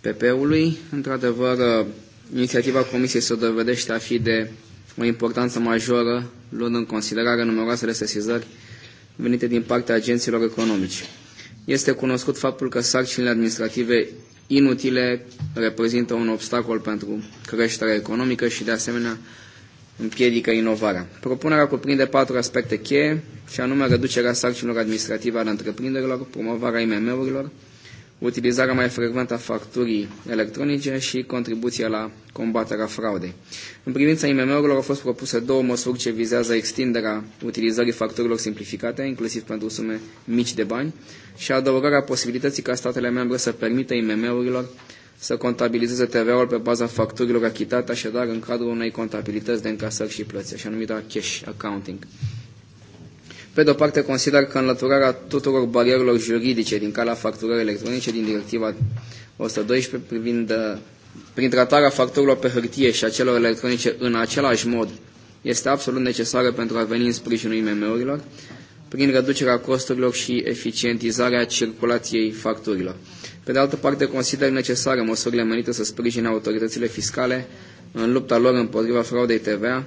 PP-ului. Într-adevăr, uh, inițiativa Comisiei se dovedește a fi de o importanță majoră, luând în considerare numeroasele sesizări venite din partea agenților economici. Este cunoscut faptul că sarcinile administrative inutile reprezintă un obstacol pentru creșterea economică și, de asemenea, împiedică inovarea. Propunerea cuprinde patru aspecte cheie, și anume reducerea sarcinilor administrative ale întreprinderilor, promovarea IMM-urilor, utilizarea mai frecventă a facturii electronice și contribuția la combaterea fraudei. În privința IMM-urilor au fost propuse două măsuri ce vizează extinderea utilizării facturilor simplificate, inclusiv pentru sume mici de bani, și adăugarea posibilității ca statele membre să permită IMM-urilor să contabilizeze TVA-ul pe baza facturilor achitate, așadar în cadrul unei contabilități de încasări și plăți, așa numită cash accounting. Pe de o parte, consider că înlăturarea tuturor barierelor juridice din calea facturării electronice din directiva 112 privind uh, prin tratarea facturilor pe hârtie și a celor electronice în același mod este absolut necesară pentru a veni în sprijinul IMM-urilor prin reducerea costurilor și eficientizarea circulației facturilor. Pe de altă parte, consider necesare măsurile menite să sprijine autoritățile fiscale în lupta lor împotriva fraudei TVA,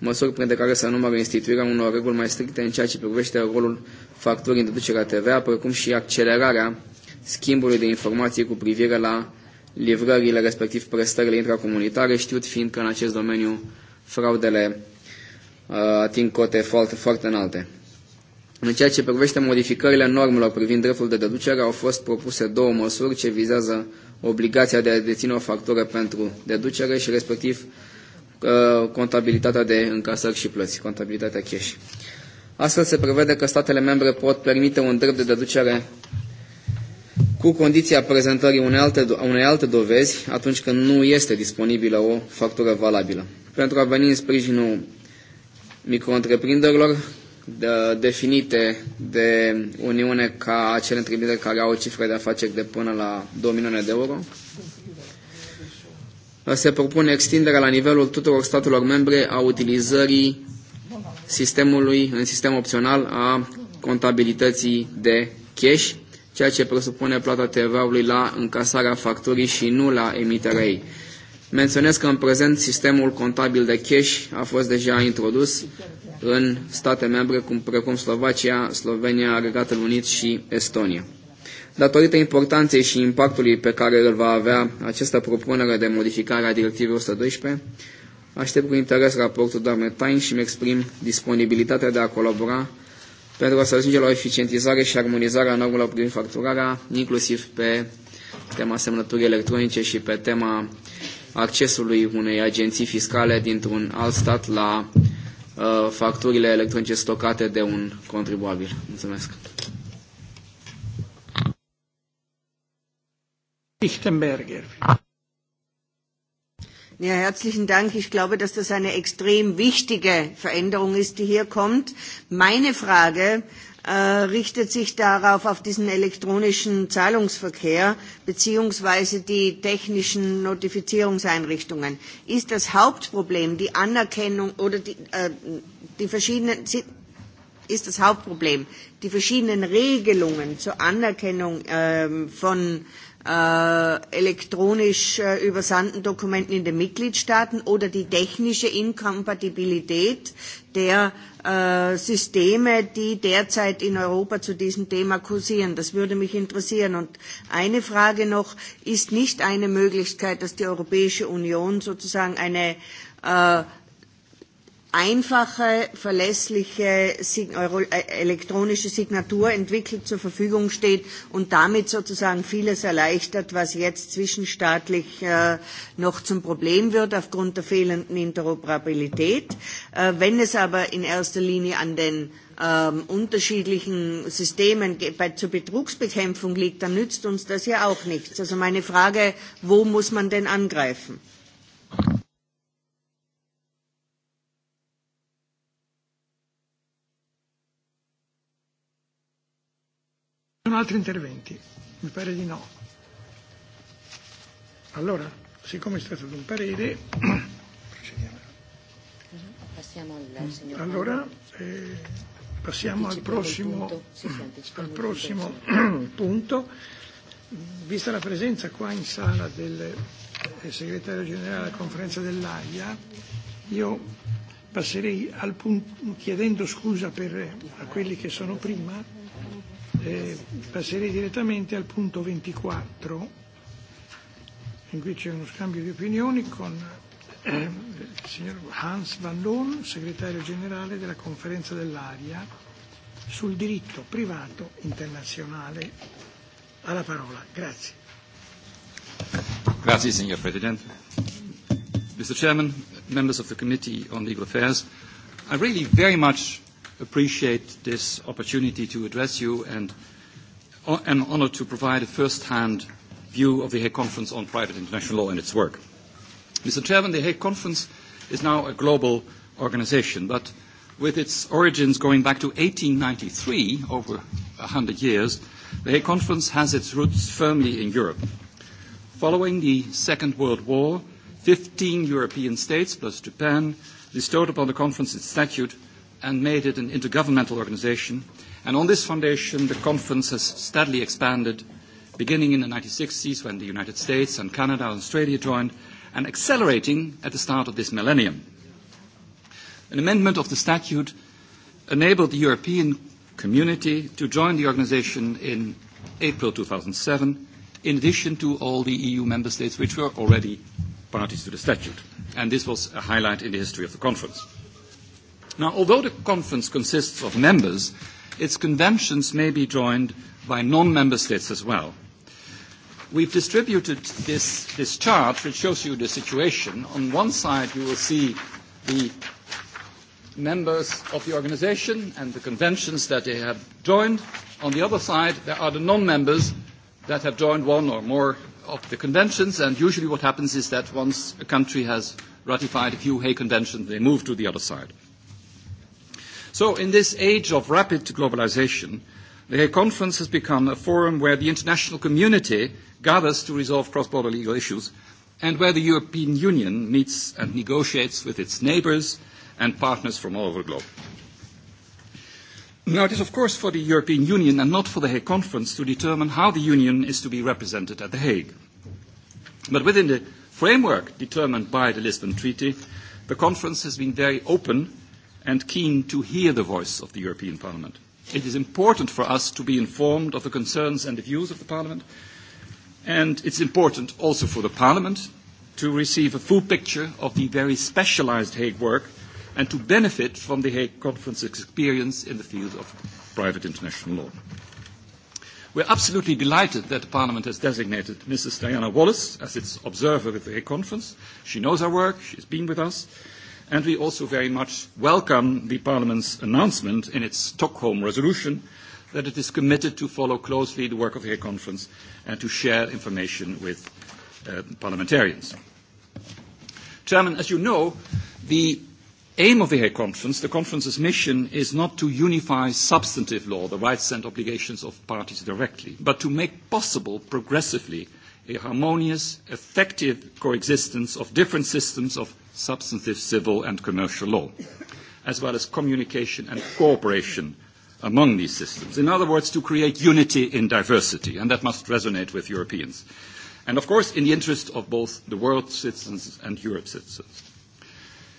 măsuri prin care să nu anum instituirea unor reguli mai stricte în ceea ce privește rolul facturii în deducerea TVA, precum și accelerarea schimbului de informații cu privire la livrările, respectiv prestările intracomunitare, știut fiind că în acest domeniu fraudele uh, ating cote foarte, foarte înalte. În ceea ce privește modificările normelor privind dreptul de deducere, au fost propuse două măsuri ce vizează obligația de a deține o factură pentru deducere și respectiv Uh, contabilitatea de încasări și plăți, contabilitatea cash. Astfel se prevede că statele membre pot permite un drept de deducere cu condiția prezentării unei alte, unei alte dovezi atunci când nu este disponibilă o factură valabilă. Pentru a veni în sprijinul micro-întreprinderilor de, definite de Uniune ca acele întreprinderi care au o cifră de afaceri de până la 2 milioane de euro, se propune extinderea la nivelul tuturor statelor membre a utilizării sistemului în sistem opțional a contabilității de cash, ceea ce presupune plata TVA-ului la încasarea facturii și nu la emiterea ei. Menționez că în prezent sistemul contabil de cash a fost deja introdus în state membre cum, precum Slovacia, Slovenia, Regatul Unit și Estonia datorită importanței și impactului pe care îl va avea această propunere de modificare a directivei 112, aștept cu interes raportul doamnei Tain și îmi exprim disponibilitatea de a colabora pentru a se ajunge la o eficientizare și armonizare a normelor privind facturarea, inclusiv pe tema semnăturii electronice și pe tema accesului unei agenții fiscale dintr-un alt stat la uh, facturile electronice stocate de un contribuabil. Mulțumesc! Lichtenberger. Ja, herzlichen Dank. Ich glaube, dass das eine extrem wichtige Veränderung ist, die hier kommt. Meine Frage äh, richtet sich darauf auf diesen elektronischen Zahlungsverkehr bzw. die technischen Notifizierungseinrichtungen. Ist das Hauptproblem die Anerkennung oder die, äh, die verschiedenen ist das Hauptproblem die verschiedenen Regelungen zur Anerkennung äh, von äh, äh, elektronisch äh, übersandten Dokumenten in den Mitgliedstaaten oder die technische Inkompatibilität der äh, Systeme, die derzeit in Europa zu diesem Thema kursieren. Das würde mich interessieren. Und eine Frage noch, ist nicht eine Möglichkeit, dass die Europäische Union sozusagen eine äh, einfache, verlässliche äh, elektronische Signatur entwickelt zur Verfügung steht und damit sozusagen vieles erleichtert, was jetzt zwischenstaatlich äh, noch zum Problem wird aufgrund der fehlenden Interoperabilität. Äh, wenn es aber in erster Linie an den ähm, unterschiedlichen Systemen zur Betrugsbekämpfung liegt, dann nützt uns das ja auch nichts. Also meine Frage, wo muss man denn angreifen? sono altri interventi? Mi pare di no. Allora, siccome è stato un parere, *clears throat* procediamo. Passiamo al signor allora, eh, passiamo al prossimo, al prossimo *clears throat* punto. Vista la presenza qua in sala del segretario generale della conferenza dell'AIA, io passerei al punto, chiedendo scusa per, a quelli che sono prima, E passerei direttamente al punto 24, in cui c'è uno scambio di opinioni con eh, il signor Hans Van Loon, segretario generale della conferenza dell'ARIA, sul diritto privato internazionale. Alla parola. Grazie. Grazie, signor Presidente. Mr. Chairman, members of the Committee on Legal Affairs, I really very much appreciate this opportunity to address you and uh, am honored to provide a first-hand view of the Hague Conference on Private International Law and its work. Mr. Chairman, the Hague Conference is now a global organization, but with its origins going back to 1893, over 100 years, the Hague Conference has its roots firmly in Europe. Following the Second World War, 15 European states, plus Japan, bestowed upon the conference its statute and made it an intergovernmental organization. And on this foundation, the conference has steadily expanded, beginning in the 1960s when the United States and Canada and Australia joined, and accelerating at the start of this millennium. An amendment of the statute enabled the European community to join the organization in April 2007, in addition to all the EU member states which were already parties to the statute. And this was a highlight in the history of the conference. Now, although the conference consists of members, its conventions may be joined by non-member states as well. We've distributed this, this chart, which shows you the situation. On one side, you will see the members of the organization and the conventions that they have joined. On the other side, there are the non-members that have joined one or more of the conventions, and usually what happens is that once a country has ratified a few Hague conventions, they move to the other side. So in this age of rapid globalization, the Hague Conference has become a forum where the international community gathers to resolve cross-border legal issues and where the European Union meets and negotiates with its neighbors and partners from all over the globe. Now, it is, of course, for the European Union and not for the Hague Conference to determine how the Union is to be represented at The Hague. But within the framework determined by the Lisbon Treaty, the Conference has been very open and keen to hear the voice of the European Parliament. It is important for us to be informed of the concerns and the views of the Parliament, and it's important also for the Parliament to receive a full picture of the very specialized Hague work and to benefit from the Hague Conference experience in the field of private international law. We're absolutely delighted that the Parliament has designated Mrs. Diana Wallace as its observer with the Hague Conference. She knows our work, she's been with us, and we also very much welcome the Parliament's announcement in its Stockholm resolution that it is committed to follow closely the work of the Hague Conference and to share information with uh, parliamentarians. Chairman, as you know, the aim of the Hague Conference, the conference's mission, is not to unify substantive law, the rights and obligations of parties directly, but to make possible progressively a harmonious, effective coexistence of different systems of substantive civil and commercial law, as well as communication and cooperation among these systems. In other words, to create unity in diversity, and that must resonate with Europeans. And of course, in the interest of both the world's citizens and Europe's citizens.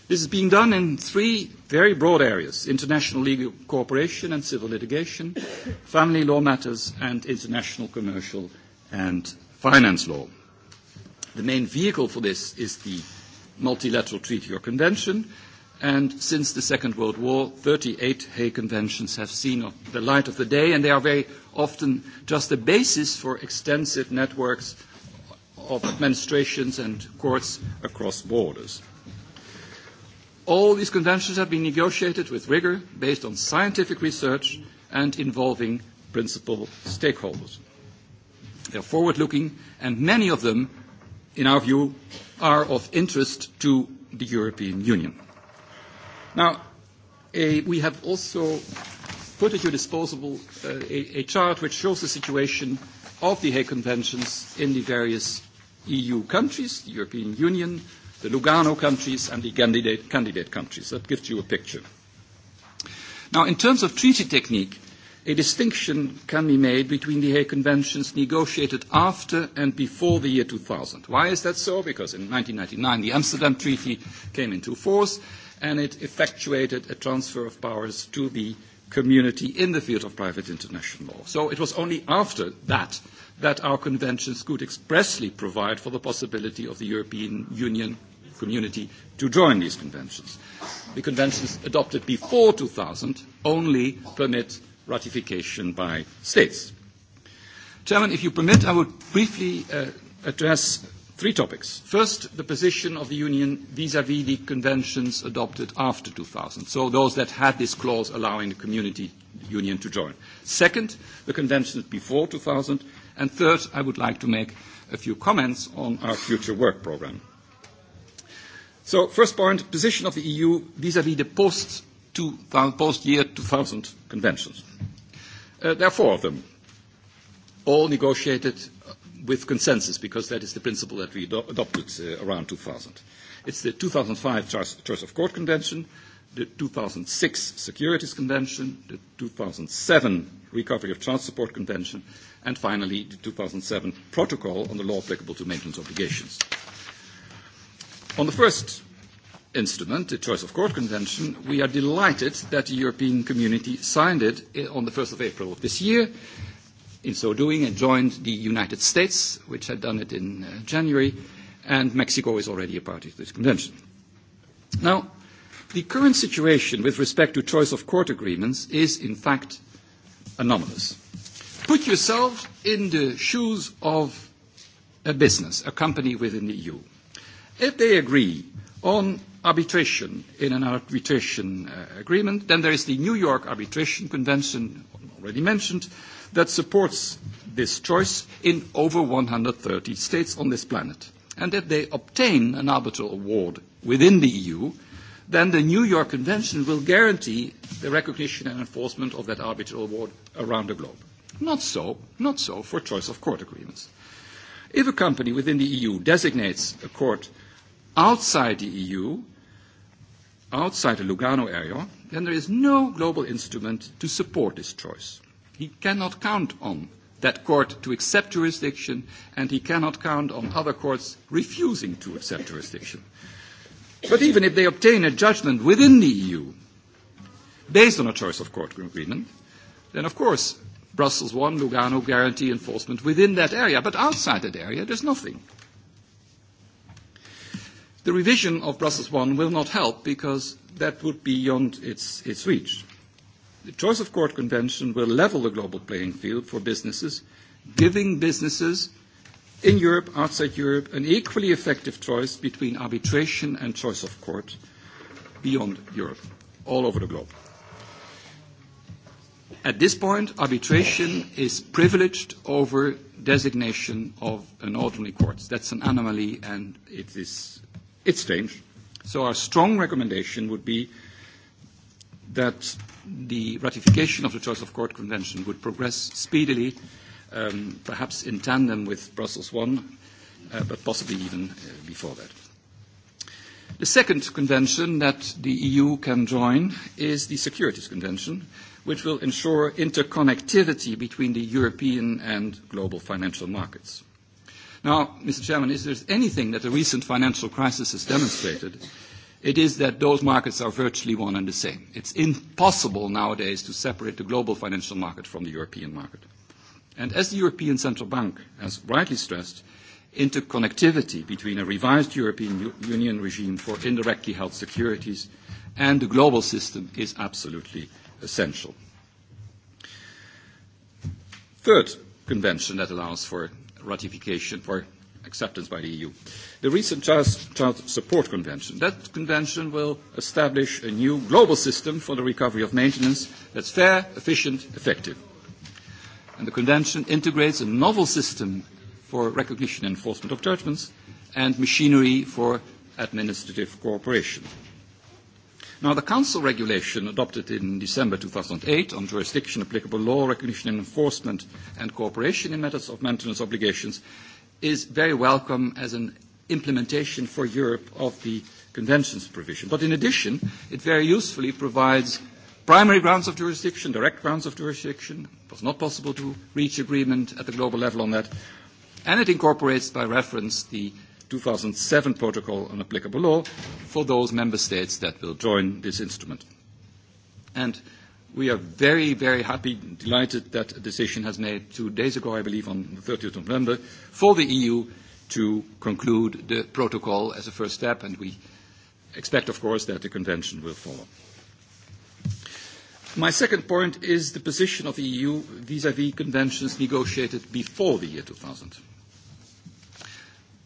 This is being done in three very broad areas international legal cooperation and civil litigation, family law matters, and international commercial and finance law. The main vehicle for this is the multilateral treaty or convention. And since the Second World War, 38 Hague Conventions have seen the light of the day, and they are very often just the basis for extensive networks of administrations and courts across borders. All these conventions have been negotiated with rigor, based on scientific research, and involving principal stakeholders. They are forward-looking, and many of them in our view, are of interest to the European Union. Now, a, we have also put at your disposal uh, a, a chart which shows the situation of the Hague Conventions in the various EU countries, the European Union, the Lugano countries, and the candidate, candidate countries. That gives you a picture. Now, in terms of treaty technique, a distinction can be made between the Hague Conventions negotiated after and before the year 2000. Why is that so? Because in 1999 the Amsterdam Treaty came into force and it effectuated a transfer of powers to the community in the field of private international law. So it was only after that that our conventions could expressly provide for the possibility of the European Union community to join these conventions. The conventions adopted before 2000 only permit ratification by states. Chairman, if you permit, I would briefly uh, address three topics. First, the position of the Union vis-à-vis -vis the conventions adopted after 2000, so those that had this clause allowing the community union to join. Second, the conventions before 2000. And third, I would like to make a few comments on our future work programme. So, first point, position of the EU vis-à-vis -vis the post Uh, post-year 2000 conventions. Uh, there are four of them, all negotiated with consensus, because that is the principle that we adopted uh, around 2000. It's the 2005 Choice of Court Convention, the 2006 Securities Convention, the 2007 Recovery of Child Support Convention, and finally the 2007 Protocol on the Law Applicable to Maintenance Obligations. On the first instrument, the Choice of Court Convention, we are delighted that the European community signed it eh, on the 1st of April of this year. In so doing, it joined the United States, which had done it in uh, January, and Mexico is already a party to this convention. Now, the current situation with respect to choice of court agreements is, in fact, anomalous. Put yourself in the shoes of a business, a company within the EU. If they agree on arbitration in an arbitration uh, agreement. Then there is the New York Arbitration Convention, already mentioned, that supports this choice in over 130 states on this planet. And if they obtain an arbitral award within the EU, then the New York Convention will guarantee the recognition and enforcement of that arbitral award around the globe. Not so, not so for choice of court agreements. If a company within the EU designates a court outside the EU, outside the Lugano area, then there is no global instrument to support this choice. He cannot count on that court to accept jurisdiction, and he cannot count on other courts refusing to accept jurisdiction. But even if they obtain a judgment within the EU, based on a choice of court agreement, then of course Brussels I, Lugano guarantee enforcement within that area, but outside that area there's nothing. The revision of Brussels I will not help because that would be beyond its, its reach. The Choice of Court Convention will level the global playing field for businesses, giving businesses in Europe, outside Europe, an equally effective choice between arbitration and choice of court beyond Europe, all over the globe. At this point, arbitration is privileged over designation of an ordinary court. That's an anomaly, and it is It's strange. So our strong recommendation would be that the ratification of the Choice of Court Convention would progress speedily, um, perhaps in tandem with Brussels I, uh, but possibly even uh, before that. The second convention that the EU can join is the Securities Convention, which will ensure interconnectivity between the European and global financial markets. Now, Mr. Chairman, if there's anything that the recent financial crisis has demonstrated, it is that those markets are virtually one and the same. It's impossible nowadays to separate the global financial market from the European market. And as the European Central Bank has rightly stressed, interconnectivity between a revised European Union regime for indirectly held securities and the global system is absolutely essential. Third convention that allows for ratification for acceptance by the EU. The recent Child Support Convention. That convention will establish a new global system for the recovery of maintenance that's fair, efficient, effective. And the convention integrates a novel system for recognition and enforcement of judgments and machinery for administrative cooperation. Now, the Council regulation adopted in December 2008 on jurisdiction, applicable law, recognition and enforcement, and cooperation in matters of maintenance obligations is very welcome as an implementation for Europe of the Convention's provision. But in addition, it very usefully provides primary grounds of jurisdiction, direct grounds of jurisdiction. It was not possible to reach agreement at the global level on that. And it incorporates by reference the 2007 Protocol on Applicable Law for those member states that will join this instrument. And we are very, very happy, delighted that a decision has made two days ago, I believe, on the 30th of November, for the EU to conclude the protocol as a first step, and we expect, of course, that the convention will follow. My second point is the position of the EU vis-à-vis conventions negotiated before the year 2000.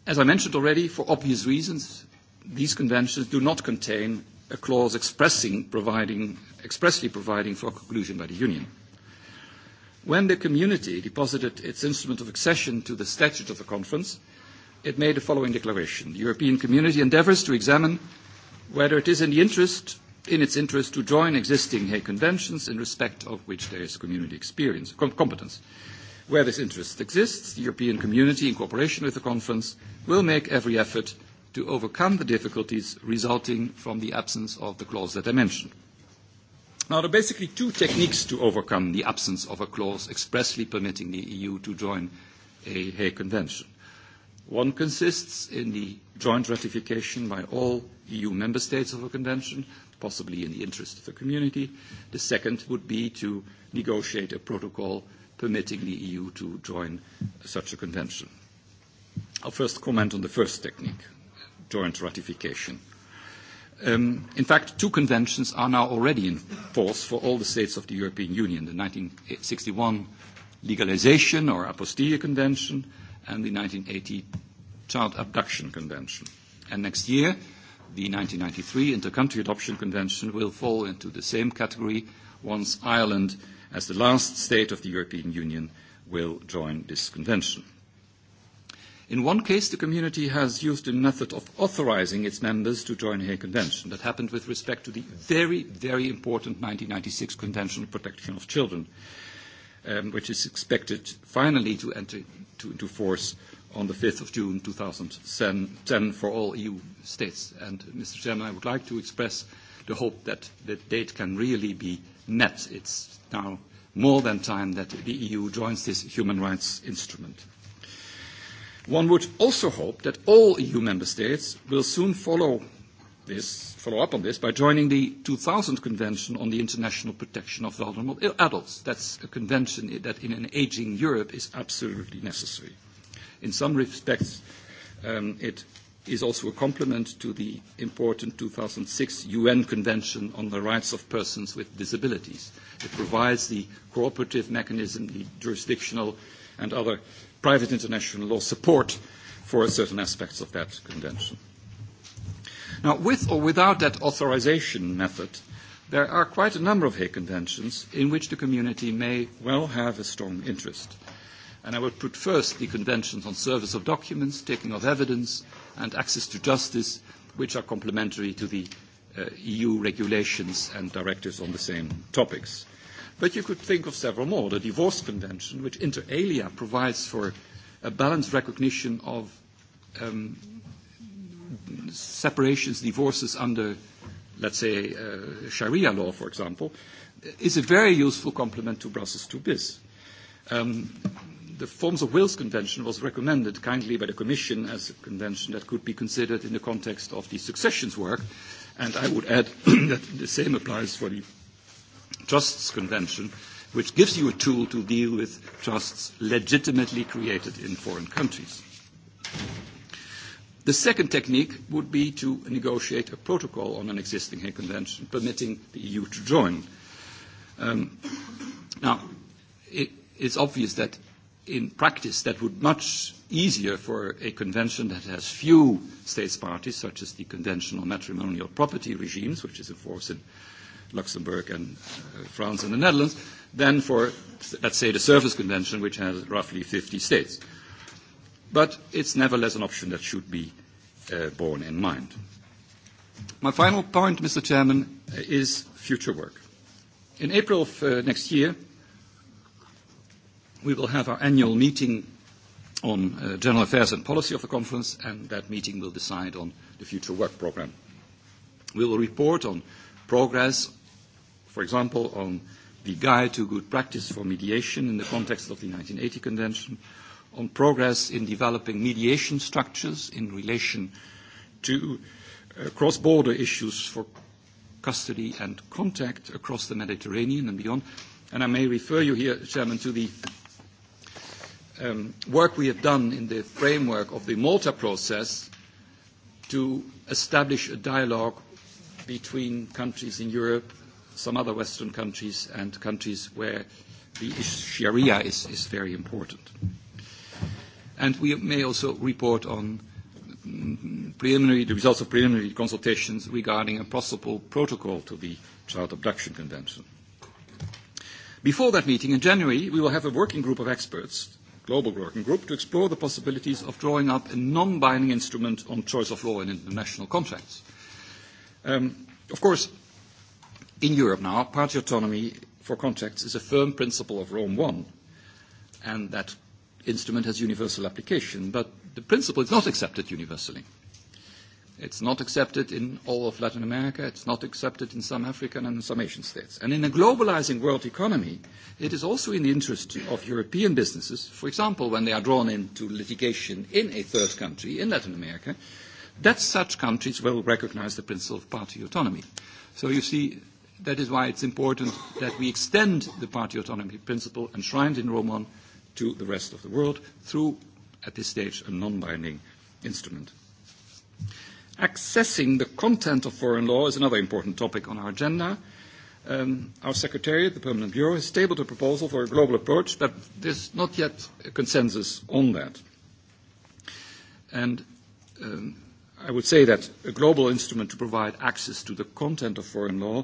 As I mentioned already, for obvious reasons, these conventions do not contain a clause expressing, providing, expressly providing for conclusion by the Union. When the Community deposited its instrument of accession to the statute of the Conference, it made the following declaration. The European Community endeavours to examine whether it is in, the interest, in its interest to join existing Hague Conventions in respect of which there is community experience, com- competence. Where this interest exists, the European community, in cooperation with the conference, will make every effort to overcome the difficulties resulting from the absence of the clause that I mentioned. Now, there are basically two techniques to overcome the absence of a clause expressly permitting the EU to join a Hague Convention. One consists in the joint ratification by all EU member states of a convention, possibly in the interest of the community. The second would be to negotiate a protocol permitting the EU to join such a convention. I'll first comment on the first technique, joint ratification. Um, in fact, two conventions are now already in force for all the states of the European Union, the 1961 Legalization or Apostille Convention and the 1980 Child Abduction Convention. And next year, the 1993 Intercountry Adoption Convention will fall into the same category once Ireland as the last state of the European Union will join this convention. In one case, the community has used the method of authorizing its members to join a convention. That happened with respect to the very, very important 1996 Convention on Protection of Children, um, which is expected finally to enter to, into force on the 5th of June 2010 for all EU states. And, Mr. Chairman, I would like to express the hope that the date can really be net. It's now more than time that the EU joins this human rights instrument. One would also hope that all EU member states will soon follow this, follow up on this by joining the 2000 Convention on the International Protection of Vulnerable Adults. That's a convention that in an aging Europe is absolutely necessary. In some respects, um, it is also a complement to the important 2006 UN Convention on the Rights of Persons with Disabilities. It provides the cooperative mechanism, the jurisdictional and other private international law support for certain aspects of that convention. Now, with or without that authorization method, there are quite a number of Hague Conventions in which the community may well have a strong interest. And I would put first the conventions on service of documents, taking of evidence, and access to justice, which are complementary to the uh, EU regulations and directives on the same topics. But you could think of several more. The Divorce Convention, which inter alia provides for a balanced recognition of um, separations, divorces under, let's say, uh, Sharia law, for example, is a very useful complement to Brussels 2 bis. Um, the Forms of Wills Convention was recommended kindly by the Commission as a convention that could be considered in the context of the successions work. And I would add *clears throat* that the same applies for the Trusts Convention, which gives you a tool to deal with trusts legitimately created in foreign countries. The second technique would be to negotiate a protocol on an existing Hague Convention permitting the EU to join. Um, *clears throat* now, it, it's obvious that in practice that would much easier for a convention that has few states parties, such as the convention on matrimonial property regimes, which is in force in Luxembourg and uh, France and the Netherlands, than for, let's say, the Service Convention, which has roughly 50 states. But it's nevertheless an option that should be uh, borne in mind. My final point, Mr. Chairman, uh, is future work. In April of uh, next year, we will have our annual meeting on uh, general affairs and policy of the conference, and that meeting will decide on the future work program. We will report on progress, for example, on the Guide to Good Practice for Mediation in the context of the 1980 Convention, on progress in developing mediation structures in relation to uh, cross-border issues for custody and contact across the Mediterranean and beyond. And I may refer you here, Chairman, to the um, work we have done in the framework of the Malta process to establish a dialogue between countries in Europe, some other Western countries, and countries where the Sharia is, is very important. And we may also report on mm, preliminary, the results of preliminary consultations regarding a possible protocol to the Child Abduction Convention. Before that meeting in January, we will have a working group of experts Global Working Group to explore the possibilities of drawing up a non-binding instrument on choice of law in international contracts. Um, of course, in Europe now, party autonomy for contracts is a firm principle of Rome I, and that instrument has universal application, but the principle is not accepted universally. It's not accepted in all of Latin America. It's not accepted in some African and some Asian states. And in a globalizing world economy, it is also in the interest of European businesses, for example, when they are drawn into litigation in a third country, in Latin America, that such countries will recognize the principle of party autonomy. So you see, that is why it's important that we extend the party autonomy principle enshrined in Rome 1 to the rest of the world through, at this stage, a non-binding instrument. Accessing the content of foreign law is another important topic on our agenda. Um, our secretariat, the Permanent Bureau, has tabled a proposal for a global approach, but there's not yet a consensus on that. And um, I would say that a global instrument to provide access to the content of foreign law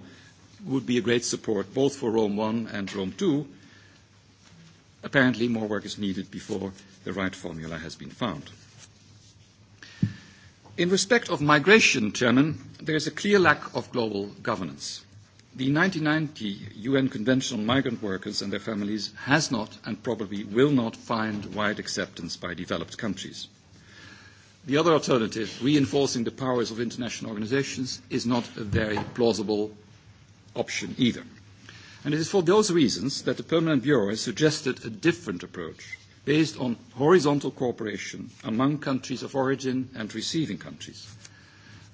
would be a great support both for Rome I and Rome II. Apparently, more work is needed before the right formula has been found. In respect of migration, Chairman, there is a clear lack of global governance. The 1990 UN Convention on Migrant Workers and Their Families has not and probably will not find wide acceptance by developed countries. The other alternative, reinforcing the powers of international organizations, is not a very plausible option either. And it is for those reasons that the Permanent Bureau has suggested a different approach based on horizontal cooperation among countries of origin and receiving countries.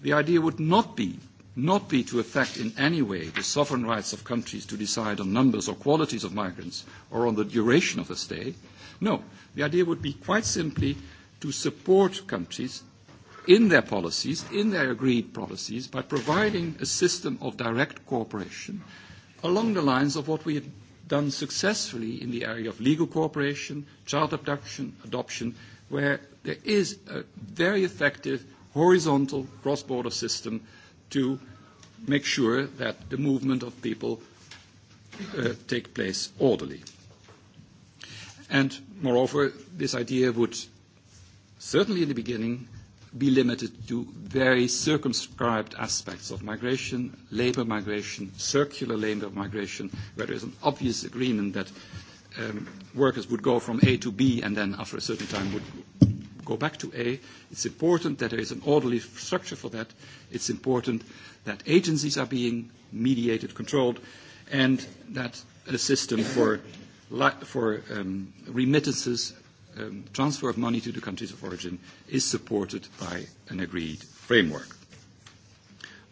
The idea would not be, not be to affect in any way the sovereign rights of countries to decide on numbers or qualities of migrants or on the duration of the stay. No, the idea would be quite simply to support countries in their policies, in their agreed policies, by providing a system of direct cooperation along the lines of what we done successfully in the area of legal cooperation, child abduction, adoption, where there is a very effective horizontal cross-border system to make sure that the movement of people uh, take place orderly. And moreover, this idea would certainly in the beginning be limited to very circumscribed aspects of migration, labour migration, circular labour migration, where there is an obvious agreement that um, workers would go from A to B and then after a certain time would go back to A. It's important that there is an orderly structure for that. It's important that agencies are being mediated, controlled, and that a system for, for um, remittances um, transfer of money to the countries of origin is supported by an agreed framework.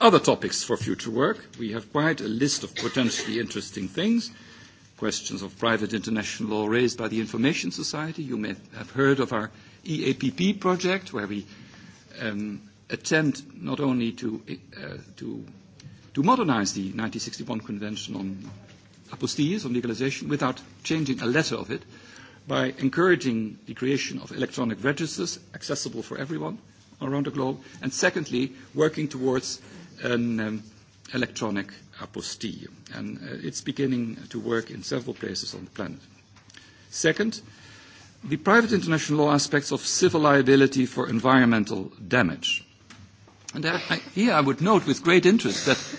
Other topics for future work. We have quite a list of potentially interesting things. Questions of private international law raised by the Information Society. You may have heard of our EAPP project, where we um, attempt not only to, uh, to, to modernize the 1961 Convention on apostilles, on legalization, without changing a letter of it, by encouraging the creation of electronic registers accessible for everyone around the globe, and secondly, working towards an um, electronic apostille. And uh, it's beginning to work in several places on the planet. Second, the private international law aspects of civil liability for environmental damage. And there, I, here I would note with great interest that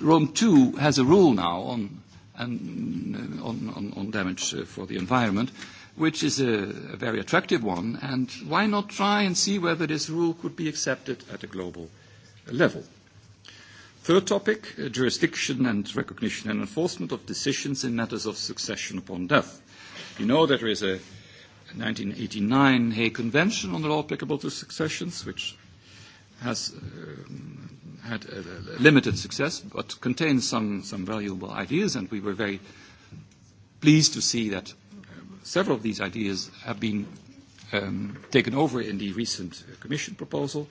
Rome II has a rule now on, and, um, on, on, on damage uh, for the environment, which is a, a very attractive one, and why not try and see whether this rule could be accepted at a global level? Third topic, uh, jurisdiction and recognition and enforcement of decisions in matters of succession upon death. You know that there is a 1989 Hague Convention on the law applicable to successions, which has um, had a, a limited success, but contains some, some valuable ideas, and we were very pleased to see that several of these ideas have been um, taken over in the recent Commission proposal.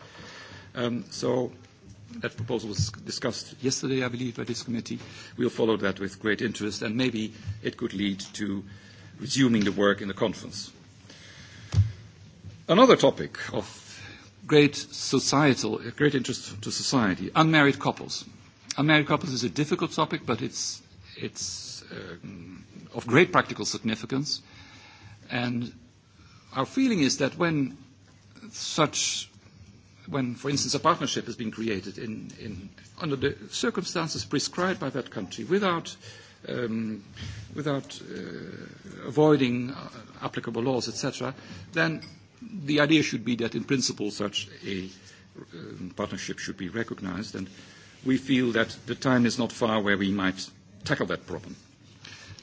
Um, so that proposal was discussed yesterday, I believe, by this committee. We'll follow that with great interest, and maybe it could lead to resuming the work in the conference. Another topic of great societal, great interest to society, unmarried couples. Unmarried couples is a difficult topic, but it's, it's um, of great practical significance. Uh, And our feeling is that when such, when, for instance, a partnership has been created in, in, under the circumstances prescribed by that country without, um, without uh, avoiding uh, applicable laws, etc., then the idea should be that in principle such a um, partnership should be recognized. And we feel that the time is not far where we might tackle that problem.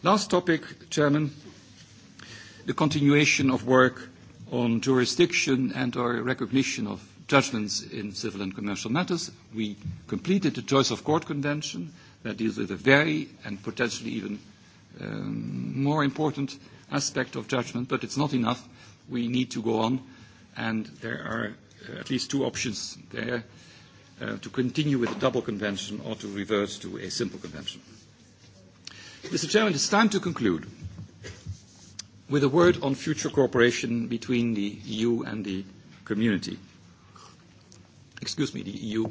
Last topic, Chairman the continuation of work on jurisdiction and or recognition of judgments in civil and commercial matters. We completed the Choice of Court Convention that deals with a very and potentially even um, more important aspect of judgment, but it's not enough. We need to go on, and there are uh, at least two options there uh, to continue with a double convention or to revert to a simple convention. Mr. Chairman, it's time to conclude with a word on future cooperation between the EU and the community. Excuse me, the EU,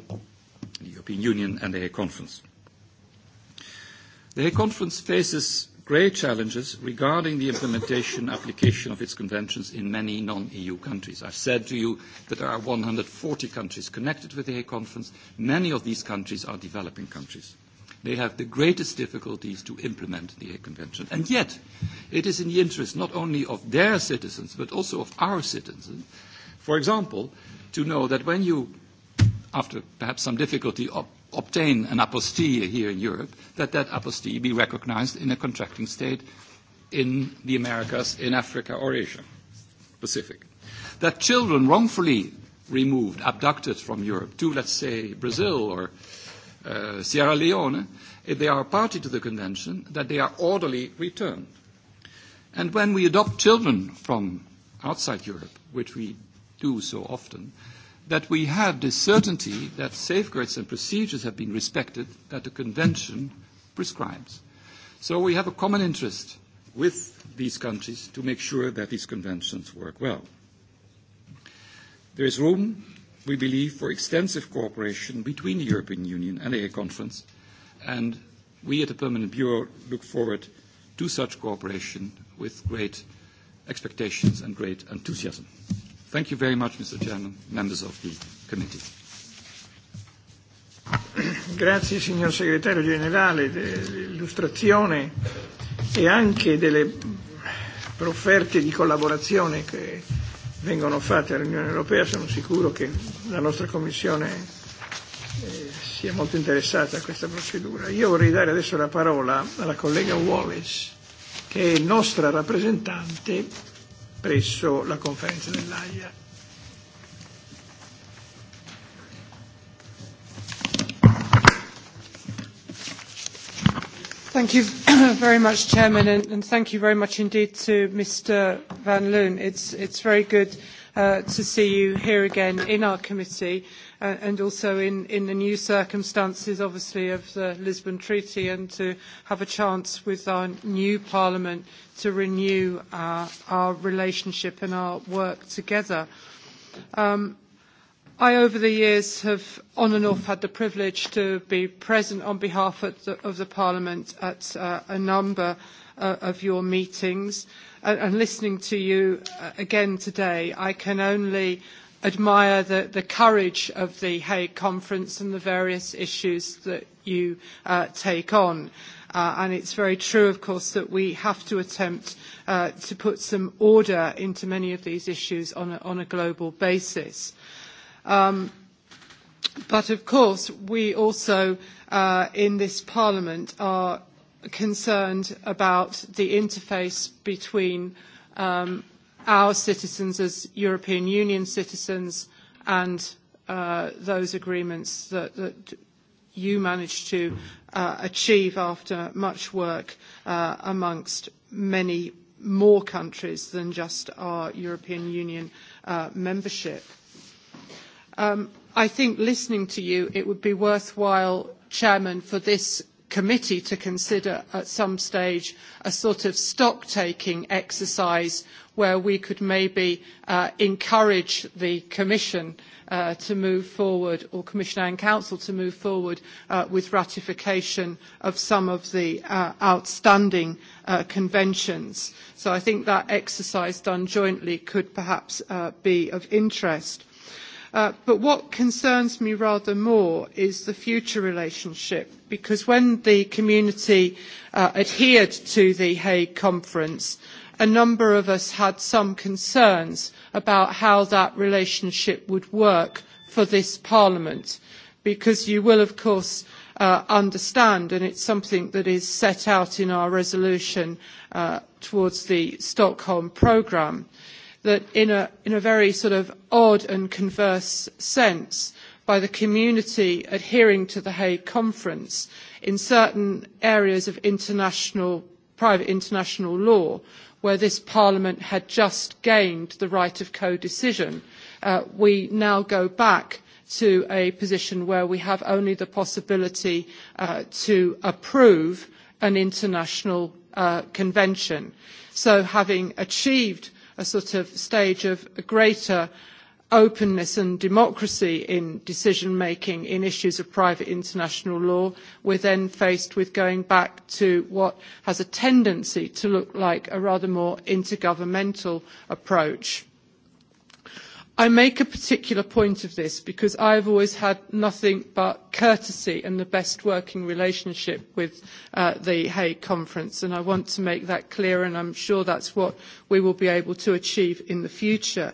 the European Union and the Hague Conference. The Hague Conference faces great challenges regarding the implementation application of its conventions in many non-EU countries. I've said to you that there are 140 countries connected with the Hague Conference. Many of these countries are developing countries. They have the greatest difficulties to implement the Hague Convention. And yet, it is in the interest not only of their citizens, but also of our citizens, for example, to know that when you, after perhaps some difficulty, obtain an apostille here in Europe, that that apostille be recognized in a contracting state in the Americas, in Africa or Asia Pacific. That children wrongfully removed, abducted from Europe to, let's say, Brazil or uh, Sierra Leone, if eh, they are a party to the convention, that they are orderly returned. And when we adopt children from outside Europe, which we do so often, that we have the certainty that safeguards and procedures have been respected that the convention prescribes. So we have a common interest with these countries to make sure that these conventions work well. There is room we believe, for extensive cooperation between the European Union and the Hague Conference, and we at the Permanent Bureau look forward to such cooperation with great expectations and great enthusiasm. Thank you very much, Mr. Chairman, members of the committee. Grazie signor segretario generale dell'illustrazione e anche delle profferte di collaborazione che vengono fatte all'Unione Europea sono sicuro che la nostra Commissione eh, sia molto interessata a questa procedura. Io vorrei dare adesso la parola alla collega Wallace, che è nostra rappresentante presso la conferenza dell'AIA. Thank you *coughs* very much, Chairman, and, and thank you very much indeed to Mr Van Loon. It's, it's very good uh, to see you here again in our committee uh, and also in, in the new circumstances, obviously, of the Lisbon Treaty and to have a chance with our new Parliament to renew our, our relationship and our work together. Um, I, over the years, have on and off had the privilege to be present on behalf of the, of the Parliament at uh, a number uh, of your meetings. And, and listening to you uh, again today, I can only admire the, the courage of the Hague Conference and the various issues that you uh, take on. Uh, and it's very true, of course, that we have to attempt uh, to put some order into many of these issues on a, on a global basis. Um, but of course, we also uh, in this Parliament are concerned about the interface between um, our citizens as European Union citizens and uh, those agreements that, that you managed to uh, achieve after much work uh, amongst many more countries than just our European Union uh, membership. Um, I think listening to you, it would be worthwhile, Chairman, for this committee to consider at some stage a sort of stock-taking exercise where we could maybe uh, encourage the Commission uh, to move forward, or Commissioner and Council to move forward uh, with ratification of some of the uh, outstanding uh, conventions. So I think that exercise done jointly could perhaps uh, be of interest. Uh, but what concerns me rather more is the future relationship, because when the community uh, adhered to the Hague Conference, a number of us had some concerns about how that relationship would work for this Parliament, because you will, of course, uh, understand, and it's something that is set out in our resolution uh, towards the Stockholm programme, uh, that in a, in a very sort of odd and converse sense, by the community adhering to the Hague Conference in certain areas of international, private international law where this Parliament had just gained the right of co-decision, uh, we now go back to a position where we have only the possibility uh, to approve an international uh, convention. So having achieved a sort of stage of greater openness and democracy in decision making in issues of private international law, we're then faced with going back to what has a tendency to look like a rather more intergovernmental approach. I make a particular point of this because I have always had nothing but courtesy and the best working relationship with uh, the Hague Conference, and I want to make that clear, and I'm sure that's what we will be able to achieve in the future.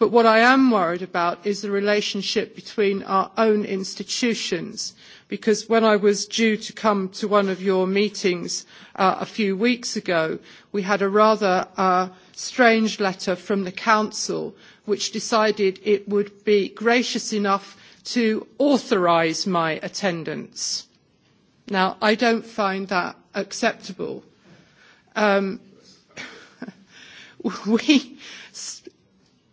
But what I am worried about is the relationship between our own institutions, because when I was due to come to one of your meetings uh, a few weeks ago, we had a rather uh, strange letter from the Council which decided it would be gracious enough to authorise my attendance. Now, I don't find that acceptable. Um, *laughs* we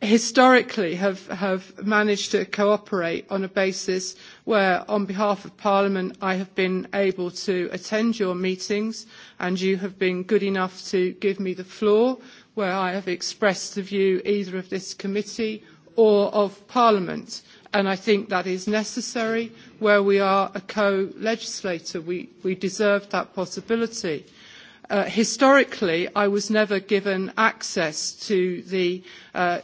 historically have, have managed to cooperate on a basis where, on behalf of Parliament, I have been able to attend your meetings and you have been good enough to give me the floor where I have expressed the view either of this committee or of Parliament. And I think that is necessary where we are a co-legislator. We, we deserve that possibility. Uh, historically, I was never given access to the uh,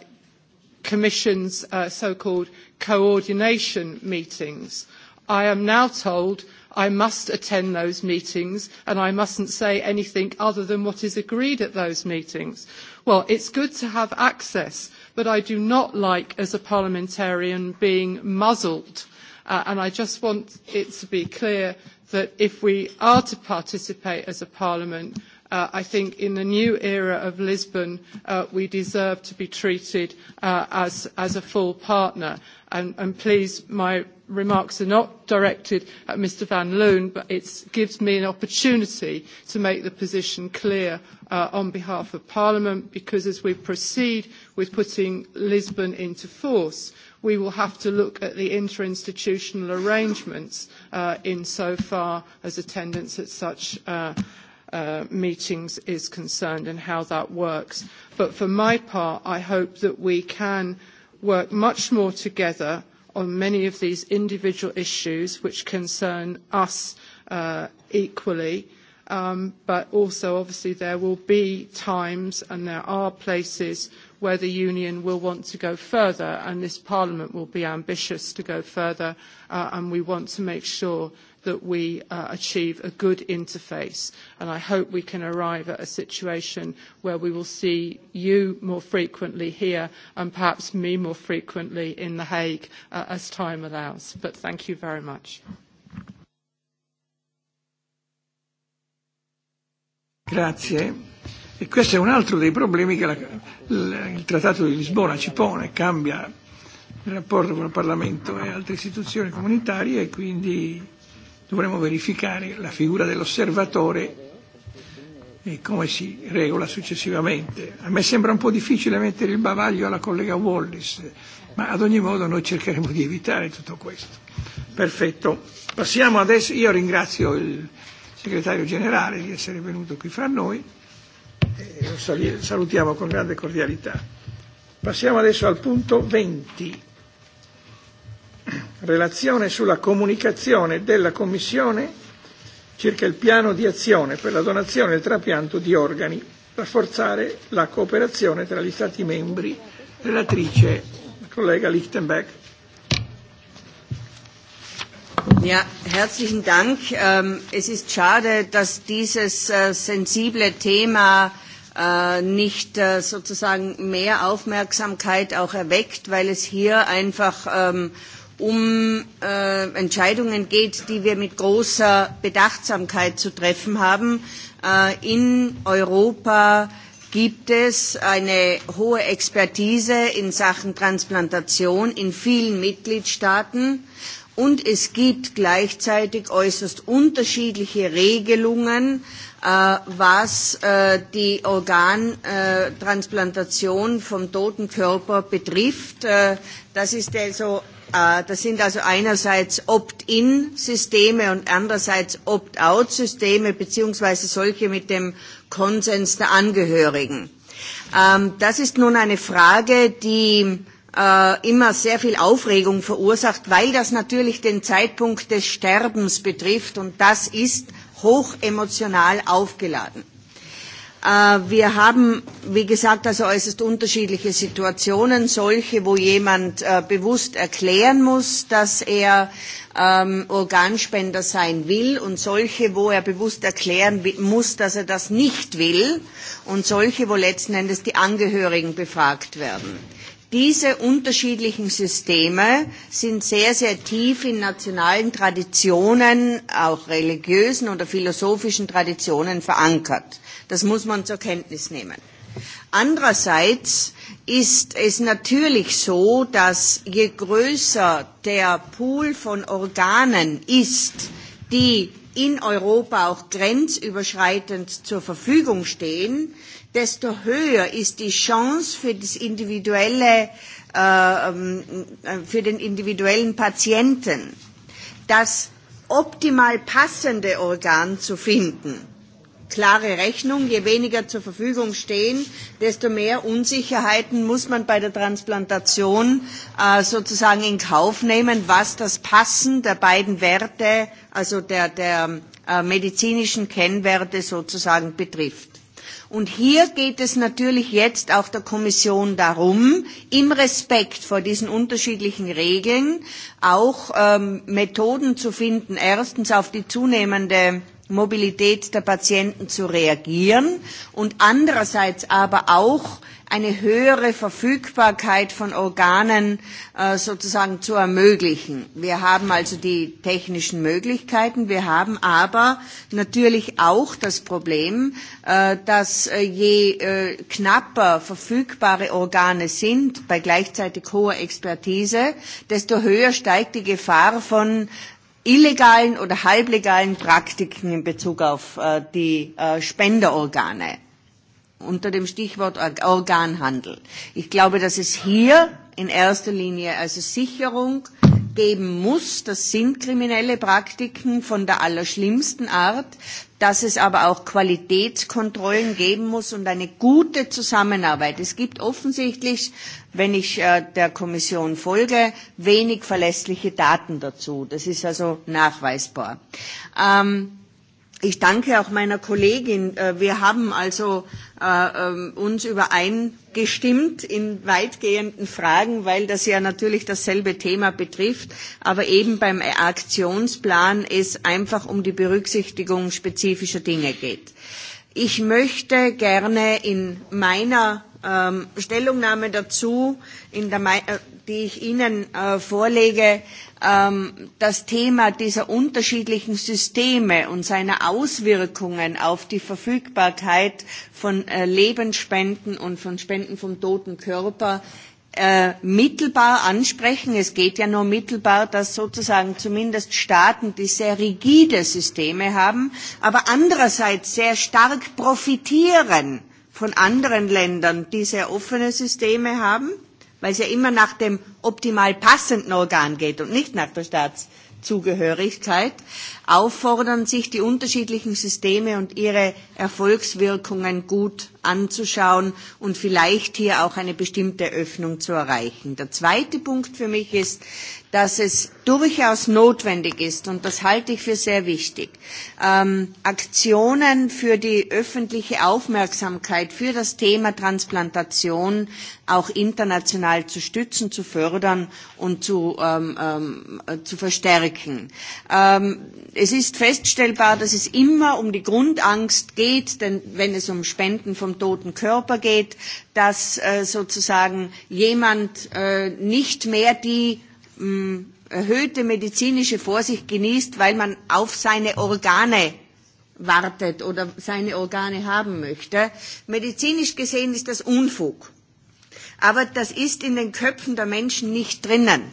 Commission's uh, so-called coordination meetings. I am now told I must attend those meetings and I mustn't say anything other than what is agreed at those meetings. Well, it's good to have access, but I do not like, as a parliamentarian, being muzzled. Uh, and I just want it to be clear that if we are to participate as a parliament, Uh, I think in the new era of Lisbon, uh, we deserve to be treated uh, as, as a full partner. And, and please, my remarks are not directed at Mr Van Loon, but it gives me an opportunity to make the position clear uh, on behalf of Parliament, because as we proceed with putting Lisbon into force, we will have to look at the interinstitutional arrangements uh, insofar as attendance at such uh, uh, meetings is concerned and how that works. But for my part, I hope that we can work much more together on many of these individual issues which concern us uh, equally. Um, but also, obviously, there will be times and there are places where the union will want to go further, and this parliament will be ambitious to go further, uh, and we want to make sure that we uh, achieve a good interface. And I hope we can arrive at a situation where we will see you more frequently here and perhaps me more frequently in The Hague uh, as time allows. But thank you very much. Grazie. E questo è un altro dei problemi che la, la, il Trattato di Lisbona ci pone, cambia il rapporto con il Parlamento e altre istituzioni comunitarie e quindi dovremmo verificare la figura dell'osservatore e come si regola successivamente. A me sembra un po' difficile mettere il bavaglio alla collega Wallis, ma ad ogni modo noi cercheremo di evitare tutto questo. Perfetto. Passiamo adesso, io ringrazio il segretario generale di essere venuto qui fra noi e lo salutiamo con grande cordialità. Passiamo adesso al punto 20 relazione sulla comunicazione della Commissione circa il piano di azione per la donazione e il trapianto di organi, rafforzare la cooperazione tra gli Stati membri, relatrice collega Lichtenberg. Ja, herzlichen Dank. Ähm, Es ist schade, dass dieses äh, sensible Thema äh, nicht äh, sozusagen mehr Aufmerksamkeit auch erweckt, weil es hier einfach ähm, um äh, Entscheidungen geht, die wir mit großer Bedachtsamkeit zu treffen haben. Äh, in Europa gibt es eine hohe Expertise in Sachen Transplantation in vielen Mitgliedstaaten und es gibt gleichzeitig äußerst unterschiedliche Regelungen, äh, was äh, die Organtransplantation äh, vom toten Körper betrifft. Äh, das ist also Äh, das sind also einerseits Opt-in-Systeme und andererseits Opt-out-Systeme beziehungsweise solche mit dem Konsens der Angehörigen. Ähm, das ist nun eine Frage, die äh, immer sehr viel Aufregung verursacht, weil das natürlich den Zeitpunkt des Sterbens betrifft und das ist hochemotional aufgeladen. Äh, wir haben, wie gesagt, also äußerst unterschiedliche Situationen, solche, wo jemand äh, bewusst erklären muss, dass er ähm, Organspender sein will und solche, wo er bewusst erklären muss, dass er das nicht will und solche, wo letzten Endes die Angehörigen befragt werden. Diese unterschiedlichen Systeme sind sehr, sehr tief in nationalen Traditionen, auch religiösen oder philosophischen Traditionen verankert. Das muss man zur Kenntnis nehmen. Andererseits ist es natürlich so, dass je größer der Pool von Organen ist, die in Europa auch grenzüberschreitend zur Verfügung stehen, desto höher ist die Chance für, das individuelle, äh, für den individuellen Patienten, das optimal passende Organ zu finden klare Rechnung. Je weniger zur Verfügung stehen, desto mehr Unsicherheiten muss man bei der Transplantation äh, sozusagen in Kauf nehmen, was das Passen der beiden Werte, also der, der äh, medizinischen Kennwerte sozusagen betrifft. Und hier geht es natürlich jetzt auch der Kommission darum, im Respekt vor diesen unterschiedlichen Regeln auch ähm, Methoden zu finden, erstens auf die zunehmende Mobilität der Patienten zu reagieren und andererseits aber auch eine höhere Verfügbarkeit von Organen äh, sozusagen zu ermöglichen. Wir haben also die technischen Möglichkeiten, wir haben aber natürlich auch das Problem, äh, dass äh, je äh, knapper verfügbare Organe sind bei gleichzeitig hoher Expertise, desto höher steigt die Gefahr von illegalen oder halblegalen Praktiken in Bezug auf äh, die äh, Spenderorgane unter dem Stichwort Organhandel. Ich glaube, dass es hier in erster Linie also Sicherung geben muss. Das sind kriminelle Praktiken von der allerschlimmsten Art, dass es aber auch Qualitätskontrollen geben muss und eine gute Zusammenarbeit. Es gibt offensichtlich wenn ich äh, der Kommission folge, wenig verlässliche Daten dazu. Das ist also nachweisbar. Ähm, ich danke auch meiner Kollegin. Äh, wir haben also äh, ähm, uns übereingestimmt in weitgehenden Fragen, weil das ja natürlich dasselbe Thema betrifft, aber eben beim Aktionsplan es einfach um die Berücksichtigung spezifischer Dinge geht. Ich möchte gerne in meiner ähm, Stellungnahme dazu, in der, äh, die ich Ihnen äh, vorlege, ähm, das Thema dieser unterschiedlichen Systeme und seiner Auswirkungen auf die Verfügbarkeit von äh, Lebensspenden und von Spenden vom toten Körper Äh, mittelbar ansprechen. Es geht ja nur mittelbar, dass sozusagen zumindest Staaten, die sehr rigide Systeme haben, aber andererseits sehr stark profitieren von anderen Ländern, die sehr offene Systeme haben, weil es ja immer nach dem optimal passenden Organ geht und nicht nach der Staatszugehörigkeit auffordern, sich die unterschiedlichen Systeme und ihre Erfolgswirkungen gut anzuschauen und vielleicht hier auch eine bestimmte Öffnung zu erreichen. Der zweite Punkt für mich ist, dass es durchaus notwendig ist, und das halte ich für sehr wichtig, ähm, Aktionen für die öffentliche Aufmerksamkeit für das Thema Transplantation auch international zu stützen, zu fördern und zu, ähm, ähm, äh, zu verstärken. Ähm, Es ist feststellbar, dass es immer um die Grundangst geht, denn wenn es um Spenden vom toten Körper geht, dass äh, sozusagen jemand äh, nicht mehr die mh, hm, erhöhte medizinische Vorsicht genießt, weil man auf seine Organe wartet oder seine Organe haben möchte. Medizinisch gesehen ist das Unfug. Aber das ist in den Köpfen der Menschen nicht drinnen.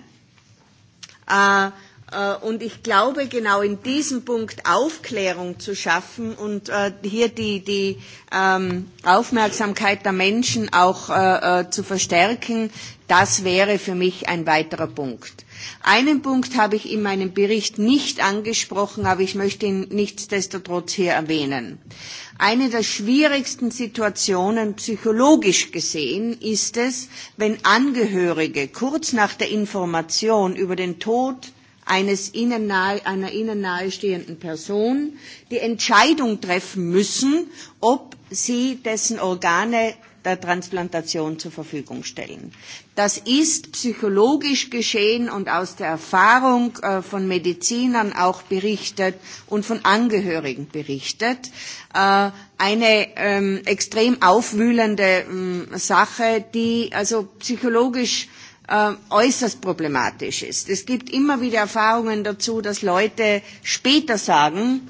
Äh, Äh, und ich glaube, genau in diesem Punkt Aufklärung zu schaffen und äh, hier die, die ähm, Aufmerksamkeit der Menschen auch äh, zu verstärken, das wäre für mich ein weiterer Punkt. Einen Punkt habe ich in meinem Bericht nicht angesprochen, aber ich möchte ihn nichtsdestotrotz hier erwähnen. Eine der schwierigsten Situationen psychologisch gesehen ist es, wenn Angehörige kurz nach der Information über den Tod eines ihnen nahe, einer ihnen nahestehenden Person die Entscheidung treffen müssen, ob sie dessen Organe der Transplantation zur Verfügung stellen. Das ist psychologisch geschehen und aus der Erfahrung äh, von Medizinern auch berichtet und von Angehörigen berichtet. Äh, eine ähm, extrem aufwühlende ähm, Sache, die also psychologisch Ähm, äußerst problematisch ist. Es gibt immer wieder Erfahrungen dazu, dass Leute später sagen,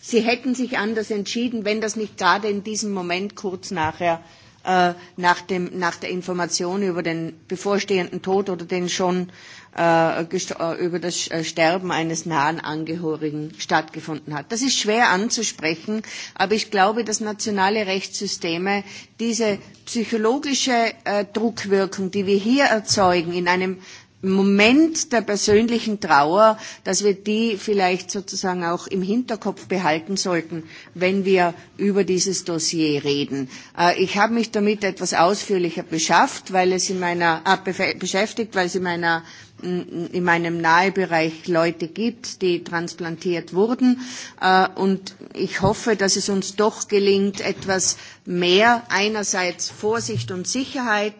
sie hätten sich anders entschieden, wenn das nicht gerade in diesem Moment kurz nachher äh, nach, dem, nach der Information über den bevorstehenden Tod oder den schon äh, äh über das äh, Sterben eines nahen Angehörigen stattgefunden hat. Das ist schwer anzusprechen, aber ich glaube, dass nationale Rechtssysteme diese psychologische äh, Druckwirkung, die wir hier erzeugen, in einem Moment der persönlichen Trauer, dass wir die vielleicht sozusagen auch im Hinterkopf behalten sollten, wenn wir über dieses Dossier reden. Äh, ich habe mich damit etwas ausführlicher beschafft, weil es in meiner, ah, beschäftigt, weil es in meiner mm, in meinem Nahebereich Leute gibt, die transplantiert wurden. Äh, und ich hoffe, dass es uns doch gelingt, etwas mehr einerseits Vorsicht und Sicherheit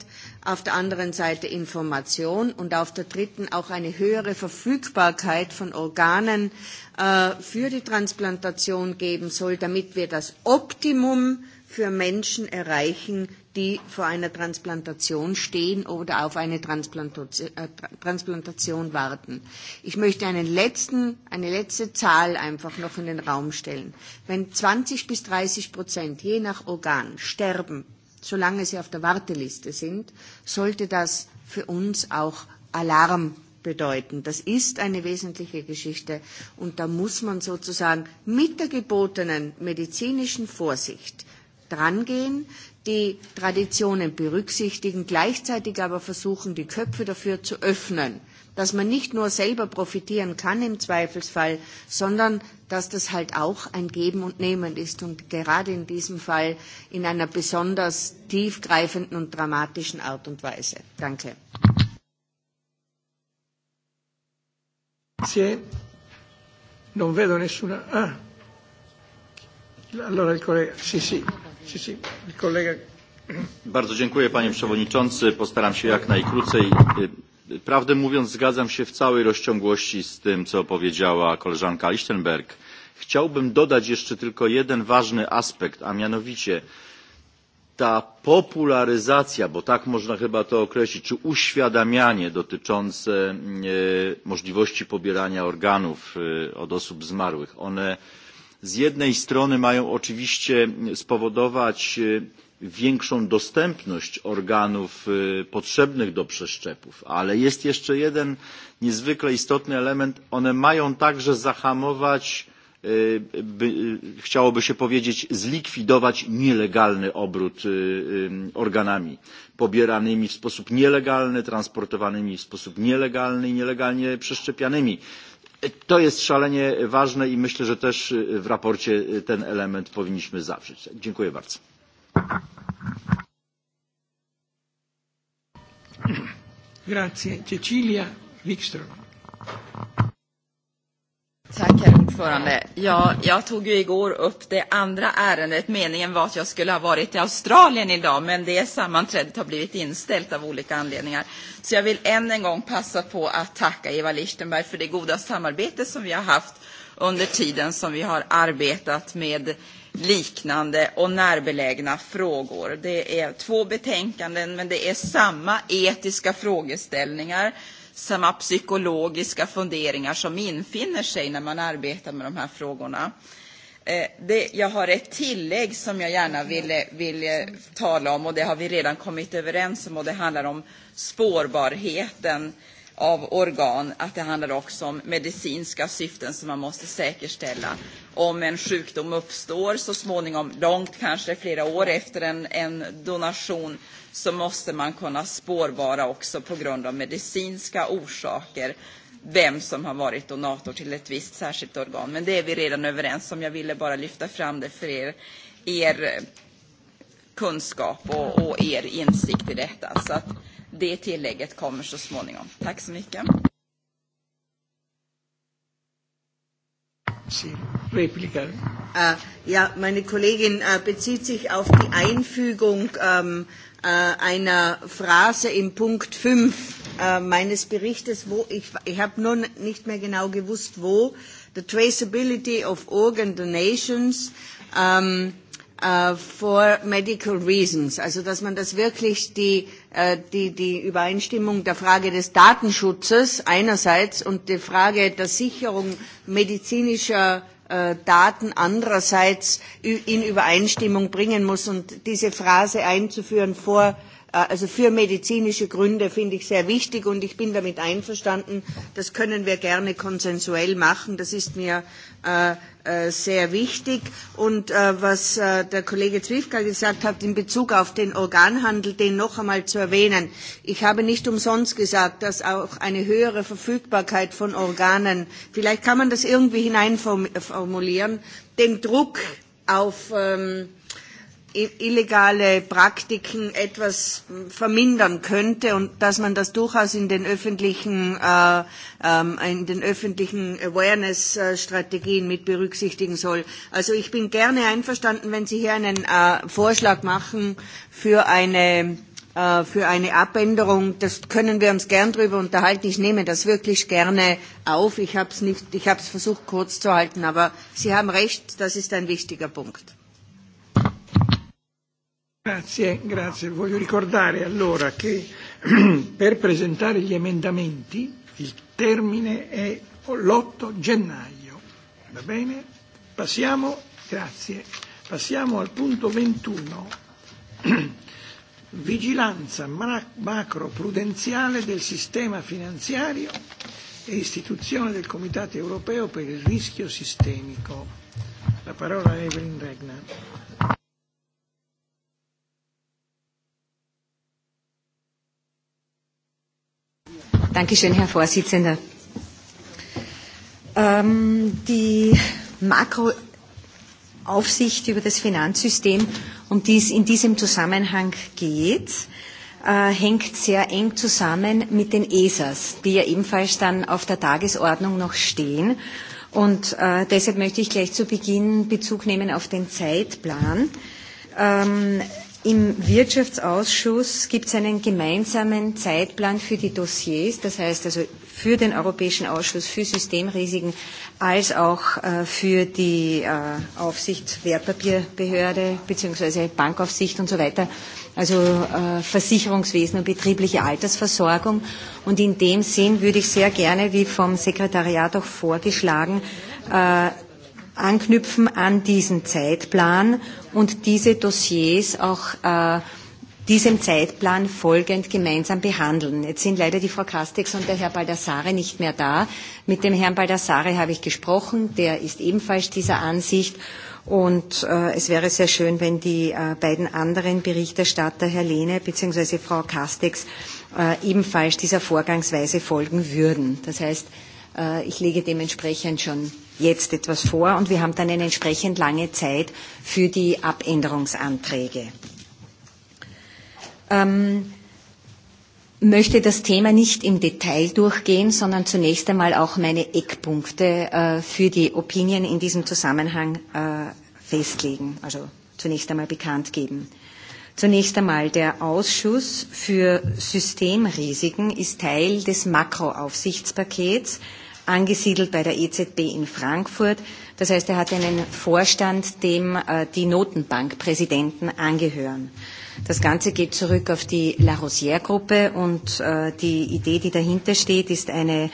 auf der anderen Seite Information und auf der dritten auch eine höhere Verfügbarkeit von Organen äh, für die Transplantation geben soll, damit wir das Optimum für Menschen erreichen, die vor einer Transplantation stehen oder auf eine Transplantation, äh, Transplantation warten. Ich möchte einen letzten, eine letzte Zahl einfach noch in den Raum stellen. Wenn 20 bis 30 Prozent je nach Organ sterben solange sie auf der Warteliste sind, sollte das für uns auch Alarm bedeuten. Das ist eine wesentliche Geschichte und da muss man sozusagen mit der gebotenen medizinischen Vorsicht drangehen, die Traditionen berücksichtigen, gleichzeitig aber versuchen, die Köpfe dafür zu öffnen, dass man nicht nur selber profitieren kann im Zweifelsfall, sondern dass das halt auch ein Geben und Nehmen ist und gerade in diesem Fall in einer besonders tiefgreifenden und dramatischen Art und Weise. Danke. Grazie. Non vedo nessuna. Ah. Allora il collega. Sì, sì. Sì, sì. Il collega. Bardzo dziękuję panie przewodniczący. Postaram się jak najkrócej Prawdę mówiąc, zgadzam się w całej rozciągłości z tym, co powiedziała koleżanka Lichtenberg. Chciałbym dodać jeszcze tylko jeden ważny aspekt, a mianowicie ta popularyzacja, bo tak można chyba to określić, czy uświadamianie dotyczące e, możliwości pobierania organów e, od osób zmarłych, one z jednej strony mają oczywiście spowodować e, większą dostępność organów potrzebnych do przeszczepów, ale jest jeszcze jeden niezwykle istotny element. One mają także zahamować, by, chciałoby się powiedzieć, zlikwidować nielegalny obrót organami pobieranymi w sposób nielegalny, transportowanymi w sposób nielegalny i nielegalnie przeszczepianymi. To jest szalenie ważne i myślę, że też w raporcie ten element powinniśmy zawrzeć. Dziękuję bardzo. Grazie. Cecilia Wikström. Tack, herr ordförande. Jag, jag tog ju igår upp det andra ärendet. Meningen var att jag skulle ha varit i Australien idag, men det sammanträdet har blivit inställt av olika anledningar. Så jag vill än en gång passa på att tacka Eva Lichtenberg för det goda samarbete som vi har haft under tiden som vi har arbetat med liknande och närbelägna frågor. Det är två betänkanden men det är samma etiska frågeställningar, samma psykologiska funderingar som infinner sig när man arbetar med de här frågorna. Eh, det, jag har ett tillägg som jag gärna vill, eh, vill eh, tala om och det har vi redan kommit överens om och det handlar om spårbarheten av organ, att det handlar också om medicinska syften som man måste säkerställa. Om en sjukdom uppstår så småningom, långt kanske flera år efter en, en donation, så måste man kunna spårbara också på grund av medicinska orsaker vem som har varit donator till ett visst särskilt organ. Men det är vi redan överens om. Jag ville bara lyfta fram det för er, er kunskap och, och er insikt i detta. Så att det tillägget kommer så småningom. Tack så mycket. Äh, ja, meine Kollegin äh, bezieht sich auf die Einfügung ähm, äh, einer Phrase im Punkt 5 äh, meines Berichtes, wo ich, ich habe nur nicht mehr genau gewusst, wo, the traceability of organ donations ähm, äh, for medical reasons. Also, dass man das wirklich die Äh, die, die Übereinstimmung der Frage des Datenschutzes einerseits und die Frage der Sicherung medizinischer äh, Daten andererseits in Übereinstimmung bringen muss. Und diese Phrase einzuführen vor, äh, also für medizinische Gründe finde ich sehr wichtig und ich bin damit einverstanden. Das können wir gerne konsensuell machen. Das ist mir Äh, sehr wichtig. Und äh, was äh, der Kollege Zwiefka gesagt hat in Bezug auf den Organhandel, den noch einmal zu erwähnen. Ich habe nicht umsonst gesagt, dass auch eine höhere Verfügbarkeit von Organen, vielleicht kann man das irgendwie hineinformulieren, den Druck auf ähm, illegale Praktiken etwas hm, vermindern könnte und dass man das durchaus in den öffentlichen, äh, ähm, in den öffentlichen Awareness-Strategien mit berücksichtigen soll. Also ich bin gerne einverstanden, wenn Sie hier einen äh, Vorschlag machen für eine äh, für eine Abänderung. Das können wir uns gern darüber unterhalten. Ich nehme das wirklich gerne auf. Ich habe es versucht kurz zu halten, aber Sie haben recht, das ist ein wichtiger Punkt. Grazie, grazie. Voglio ricordare allora che *clears throat* per presentare gli emendamenti il termine è l'8 gennaio. Va bene? Passiamo, grazie. Passiamo al punto 21. *clears throat* Vigilanza macroprudenziale del sistema finanziario e istituzione del Comitato europeo per il rischio sistemico. La parola a Evelyn Regner. Dankeschön, Herr Vorsitzender. Ähm, die Makroaufsicht über das Finanzsystem, um die es in diesem Zusammenhang geht, äh, hängt sehr eng zusammen mit den ESAs, die ja ebenfalls dann auf der Tagesordnung noch stehen. Und äh, deshalb möchte ich gleich zu Beginn Bezug nehmen auf den Zeitplan. Ähm, Im Wirtschaftsausschuss gibt es einen gemeinsamen Zeitplan für die Dossiers, das heißt also für den Europäischen Ausschuss für Systemrisiken als auch äh, für die äh, Aufsicht Wertpapierbehörde bzw. Bankaufsicht und so weiter, also äh, Versicherungswesen und betriebliche Altersversorgung. Und in dem Sinn würde ich sehr gerne, wie vom Sekretariat auch vorgeschlagen, äh, anknüpfen an diesen Zeitplan und diese Dossiers auch äh, diesem Zeitplan folgend gemeinsam behandeln. Jetzt sind leider die Frau Kastex und der Herr Baldassare nicht mehr da. Mit dem Herrn Baldassare habe ich gesprochen. Der ist ebenfalls dieser Ansicht. Und äh, es wäre sehr schön, wenn die äh, beiden anderen Berichterstatter, Herr Lehne bzw. Frau Kastex, äh, ebenfalls dieser Vorgangsweise folgen würden. Das heißt, Äh, ich lege dementsprechend schon jetzt etwas vor und wir haben dann eine entsprechend lange Zeit für die Abänderungsanträge. Ähm, möchte das Thema nicht im Detail durchgehen, sondern zunächst einmal auch meine Eckpunkte äh, für die Opinion in diesem Zusammenhang äh, festlegen, also zunächst einmal bekannt geben. Zunächst einmal, der Ausschuss für Systemrisiken ist Teil des Makroaufsichtspakets, äh, angesiedelt bei der EZB in Frankfurt. Das heißt, er hat einen Vorstand, dem äh, die Notenbankpräsidenten angehören. Das Ganze geht zurück auf die La Rosière-Gruppe und äh, die Idee, die dahinter steht, ist eine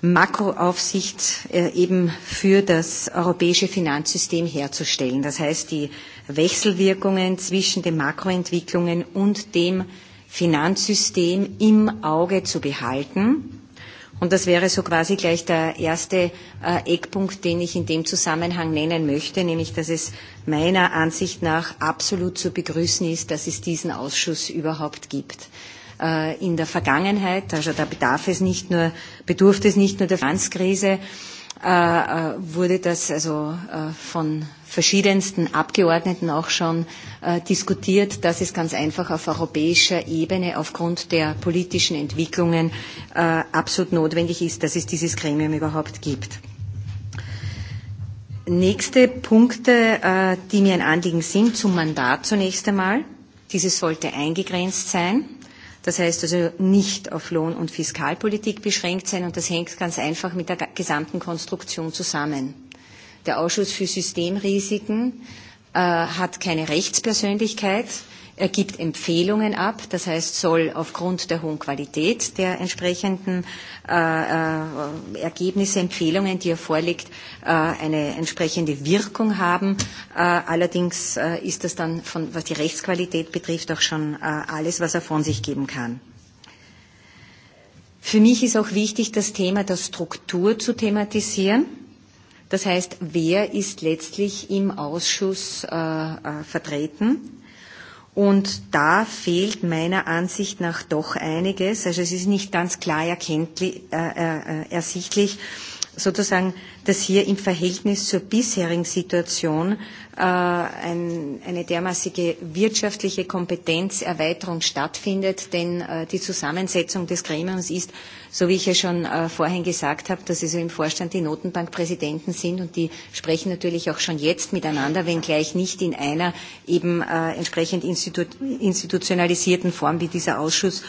Makroaufsicht äh, eben für das europäische Finanzsystem herzustellen. Das heißt, die Wechselwirkungen zwischen den Makroentwicklungen und dem Finanzsystem im Auge zu behalten Und das wäre so quasi gleich der erste äh, Eckpunkt, den ich in dem Zusammenhang nennen möchte, nämlich dass es meiner Ansicht nach absolut zu begrüßen ist, dass es diesen Ausschuss überhaupt gibt. Äh, in der Vergangenheit, also da bedarf es nicht nur, bedurfte es nicht nur der Finanzkrise, äh, äh wurde das also äh, von verschiedensten Abgeordneten auch schon äh, diskutiert, dass es ganz einfach auf europäischer Ebene aufgrund der politischen Entwicklungen äh, absolut notwendig ist, dass es dieses Gremium überhaupt gibt. Nächste Punkte, äh, die mir ein Anliegen sind, zum Mandat zunächst einmal. Dieses sollte eingegrenzt sein. Das heißt also nicht auf Lohn- und Fiskalpolitik beschränkt sein und das hängt ganz einfach mit der gesamten Konstruktion zusammen. Der Ausschuss für Systemrisiken äh, hat keine Rechtspersönlichkeit. Er gibt Empfehlungen ab, das heißt, soll aufgrund der hohen Qualität der entsprechenden äh, äh, Ergebnisse, Empfehlungen, die er vorlegt, äh, eine entsprechende Wirkung haben. Äh, allerdings äh, ist das dann, von, was die Rechtsqualität betrifft, auch schon äh, alles, was er von sich geben kann. Für mich ist auch wichtig, das Thema der Struktur zu thematisieren. Das heißt, wer ist letztlich im Ausschuss äh, äh, vertreten? Und da fehlt meiner Ansicht nach doch einiges. Also es ist nicht ganz klar erkenntlich, äh, äh, äh, ersichtlich, äh, sozusagen, dass hier im Verhältnis zur bisherigen Situation äh, ein, eine dermaßige wirtschaftliche Kompetenzerweiterung stattfindet, denn äh, die Zusammensetzung des Gremiums ist, so wie ich ja schon äh, vorhin gesagt habe, dass also im Vorstand die Notenbankpräsidenten sind und die sprechen natürlich auch schon jetzt miteinander, wenngleich nicht in einer eben äh, entsprechend institu institutionalisierten Form wie dieser Ausschuss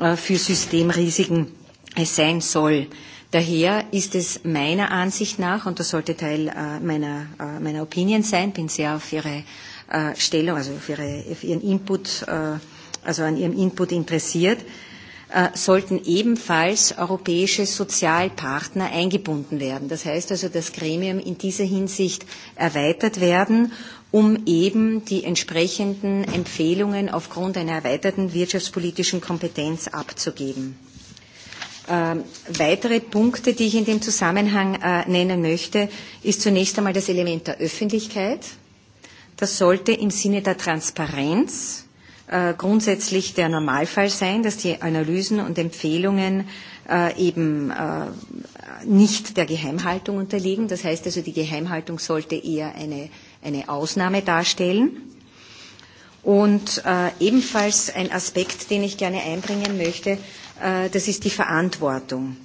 äh, für Systemrisiken es sein soll. Daher ist es meiner Ansicht nach, und das sollte Teil äh, meiner, äh, meiner Opinion sein, bin sehr auf Ihre äh, Stellung, also auf, ihre, auf Ihren Input, äh, also an Ihrem Input interessiert, äh, sollten ebenfalls europäische Sozialpartner eingebunden werden. Das heißt also, das Gremium in dieser Hinsicht erweitert werden um eben die entsprechenden Empfehlungen aufgrund einer erweiterten wirtschaftspolitischen Kompetenz abzugeben. Ähm, weitere Punkte, die ich in dem Zusammenhang äh, nennen möchte, ist zunächst einmal das Element der Öffentlichkeit. Das sollte im Sinne der Transparenz äh, grundsätzlich der Normalfall sein, dass die Analysen und Empfehlungen äh, eben äh, nicht der Geheimhaltung unterliegen. Das heißt also, die Geheimhaltung sollte eher eine, eine Ausnahme darstellen. Und äh, ebenfalls ein Aspekt, den ich gerne einbringen möchte, Äh, das ist die Verantwortung.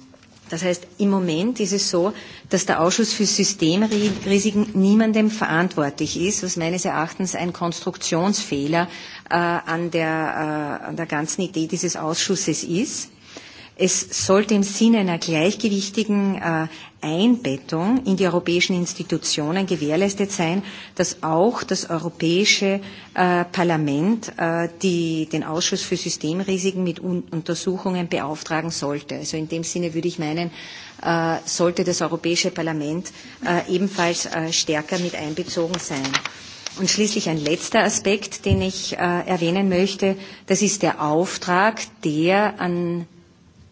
Das heißt, im Moment ist es so, dass der Ausschuss für Systemrisiken niemandem verantwortlich ist, was meines Erachtens ein Konstruktionsfehler äh, an, der, äh, an der ganzen Idee dieses Ausschusses ist. Es sollte im Sinne einer gleichgewichtigen äh, Einbettung in die europäischen Institutionen gewährleistet sein, dass auch das Europäische äh, Parlament äh, die, den Ausschuss für Systemrisiken mit Un Untersuchungen beauftragen sollte. Also in dem Sinne würde ich meinen, äh, sollte das Europäische Parlament äh, ebenfalls äh, stärker mit einbezogen sein. Und schließlich ein letzter Aspekt, den ich äh, erwähnen möchte, das ist der Auftrag, der an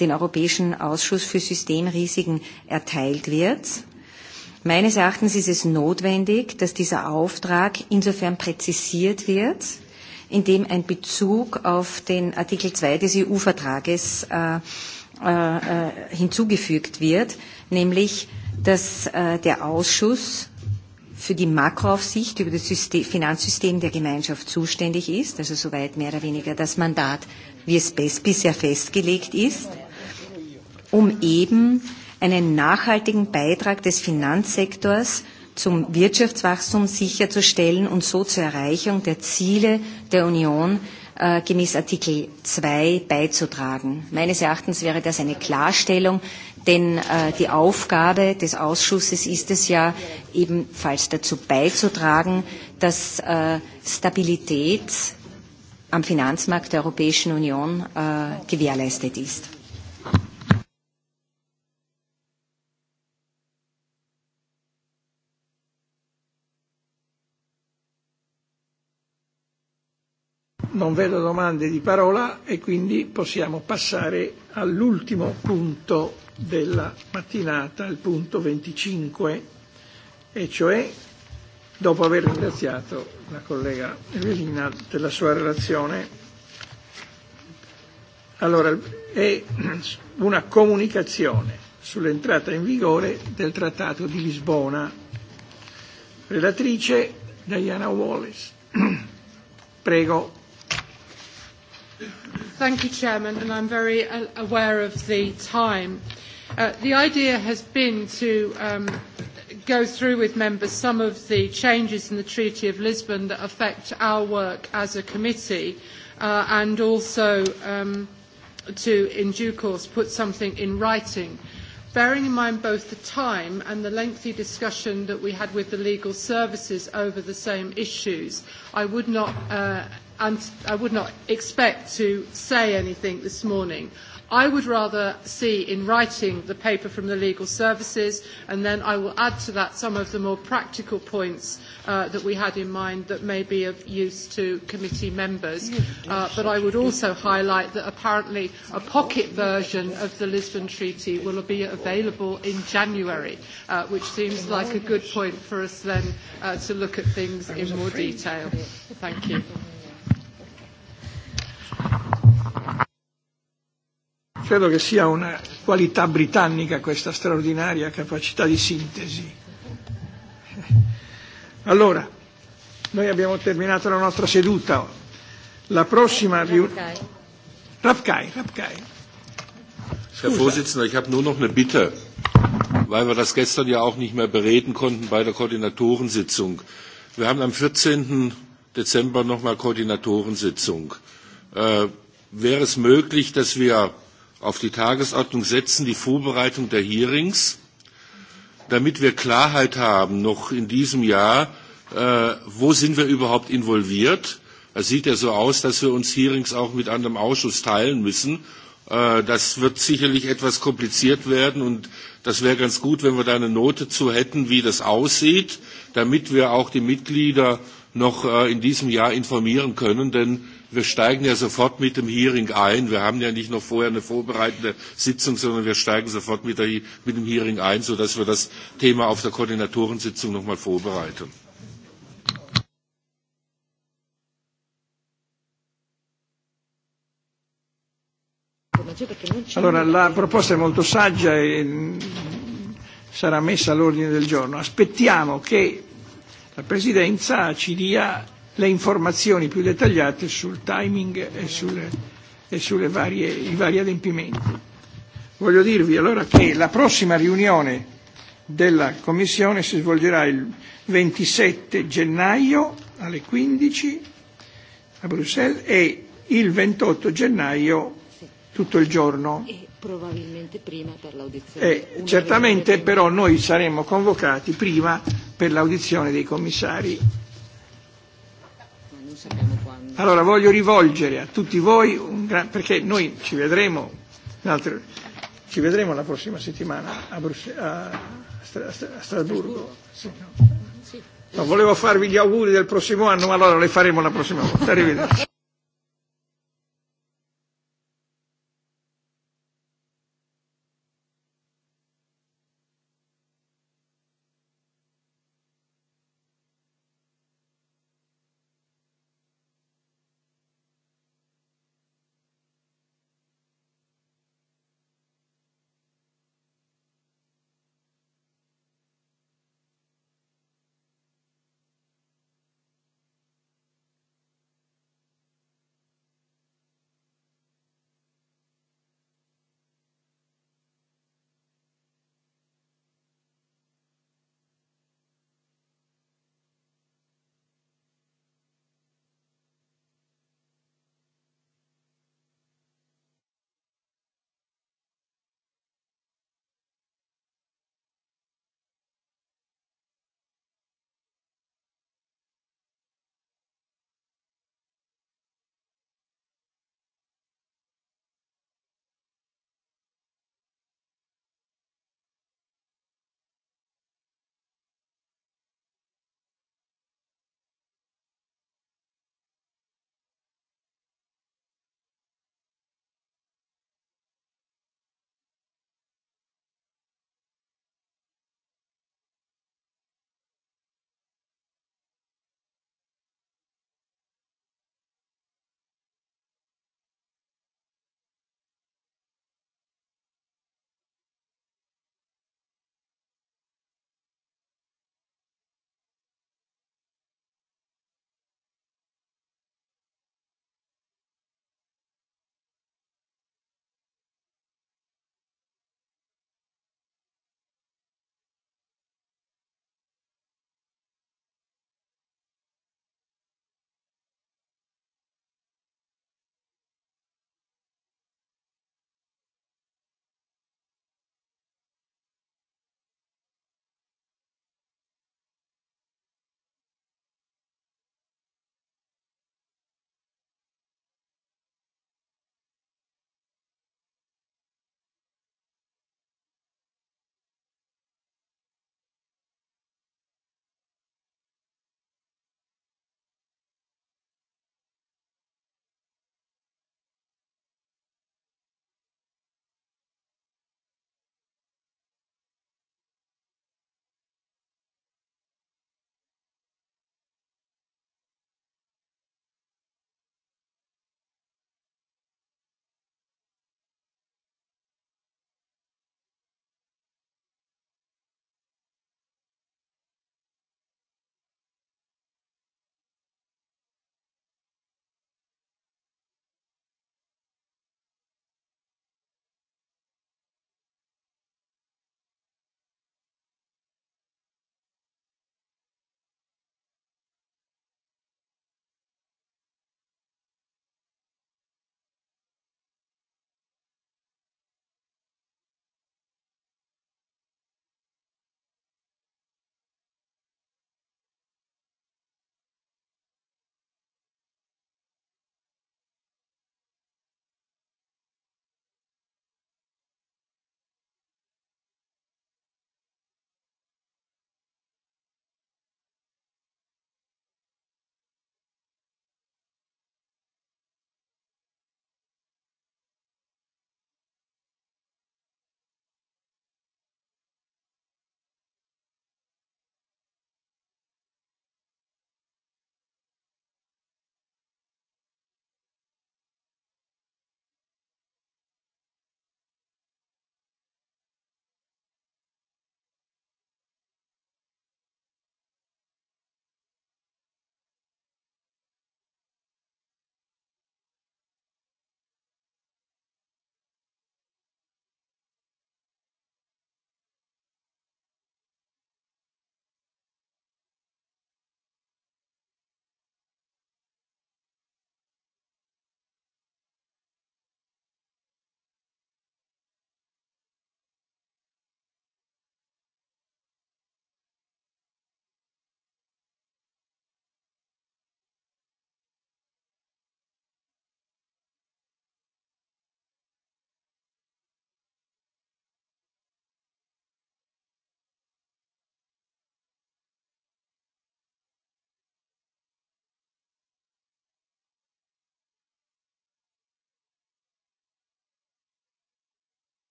den Europäischen Ausschuss für Systemrisiken erteilt wird. Meines Erachtens ist es notwendig, dass dieser Auftrag insofern präzisiert wird, indem ein Bezug auf den Artikel 2 des EU-Vertrages äh, äh, äh, hinzugefügt wird, nämlich dass äh, der Ausschuss für die Makroaufsicht über das System, Finanzsystem der Gemeinschaft zuständig ist, also soweit mehr oder weniger das Mandat, wie es bisher festgelegt ist um eben einen nachhaltigen Beitrag des Finanzsektors zum Wirtschaftswachstum sicherzustellen und so zur Erreichung der Ziele der Union äh, gemäß Artikel 2 beizutragen. Meines Erachtens wäre das eine Klarstellung, denn äh, die Aufgabe des Ausschusses ist es ja ebenfalls dazu beizutragen, dass äh, Stabilität am Finanzmarkt der Europäischen Union äh, gewährleistet ist. non vedo domande di parola e quindi possiamo passare all'ultimo punto della mattinata, il punto 25, e cioè dopo aver ringraziato la collega Evelina della sua relazione. Allora, è una comunicazione sull'entrata in vigore del Trattato di Lisbona. Relatrice Diana Wallace. Prego. Thank you, Chairman, and I'm very uh, aware of the time. Uh, the idea has been to um, go through with members some of the changes in the Treaty of Lisbon that affect our work as a committee uh, and also um, to, in due course, put something in writing. Bearing in mind both the time and the lengthy discussion that we had with the legal services over the same issues, I would not uh, and I would not expect to say anything this morning. I would rather see in writing the paper from the legal services, and then I will add to that some of the more practical points uh, that we had in mind that may be of use to committee members. Uh, but I would also highlight that apparently a pocket version of the Lisbon Treaty will be available in January, uh, which seems like a good point for us then uh, to look at things in more detail. Thank you. Credo che sia una qualità britannica questa straordinaria capacità di sintesi. Allora, noi abbiamo terminato la nostra seduta. La prossima riunione. Rapkai, Rapkai. Herr Vorsitzender, ich habe nur noch eine Bitte, weil wir das gestern ja auch nicht mehr bereden konnten bei der Koordinatorensitzung. Wir haben am 14. Dezember mal Koordinatorensitzung äh, wäre es möglich, dass wir auf die Tagesordnung setzen die Vorbereitung der Hearings, damit wir Klarheit haben, noch in diesem Jahr, äh, wo sind wir überhaupt involviert. Es sieht ja so aus, dass wir uns Hearings auch mit anderem Ausschuss teilen müssen. Äh, das wird sicherlich etwas kompliziert werden und das wäre ganz gut, wenn wir da eine Note zu hätten, wie das aussieht, damit wir auch die Mitglieder noch äh, in diesem Jahr informieren können, denn wir steigen ja sofort mit dem Hearing ein. Wir haben ja nicht noch vorher eine vorbereitende Sitzung, sondern wir steigen sofort mit, der, mit dem Hearing ein, sodass wir das Thema auf der Koordinatorensitzung nochmal vorbereiten. Allora, la proposta è molto saggia e mm, sarà messa all'ordine del giorno. Aspettiamo che la Presidenza ci dia le informazioni più dettagliate sul timing e sulle e sui vari adempimenti. Voglio dirvi allora che la prossima riunione della Commissione si svolgerà il 27 gennaio alle 15 a Bruxelles e il 28 gennaio tutto il giorno. E probabilmente prima per l'audizione. E certamente però noi saremo convocati prima per l'audizione dei commissari Allora voglio rivolgere a tutti voi, un gran, perché noi ci vedremo, altro, ci vedremo la prossima settimana a, Bruxelles, a, Stra, a Strasburgo. Sì, no? sì. No, volevo farvi gli auguri del prossimo anno, ma allora le faremo la prossima volta. Arrivederci.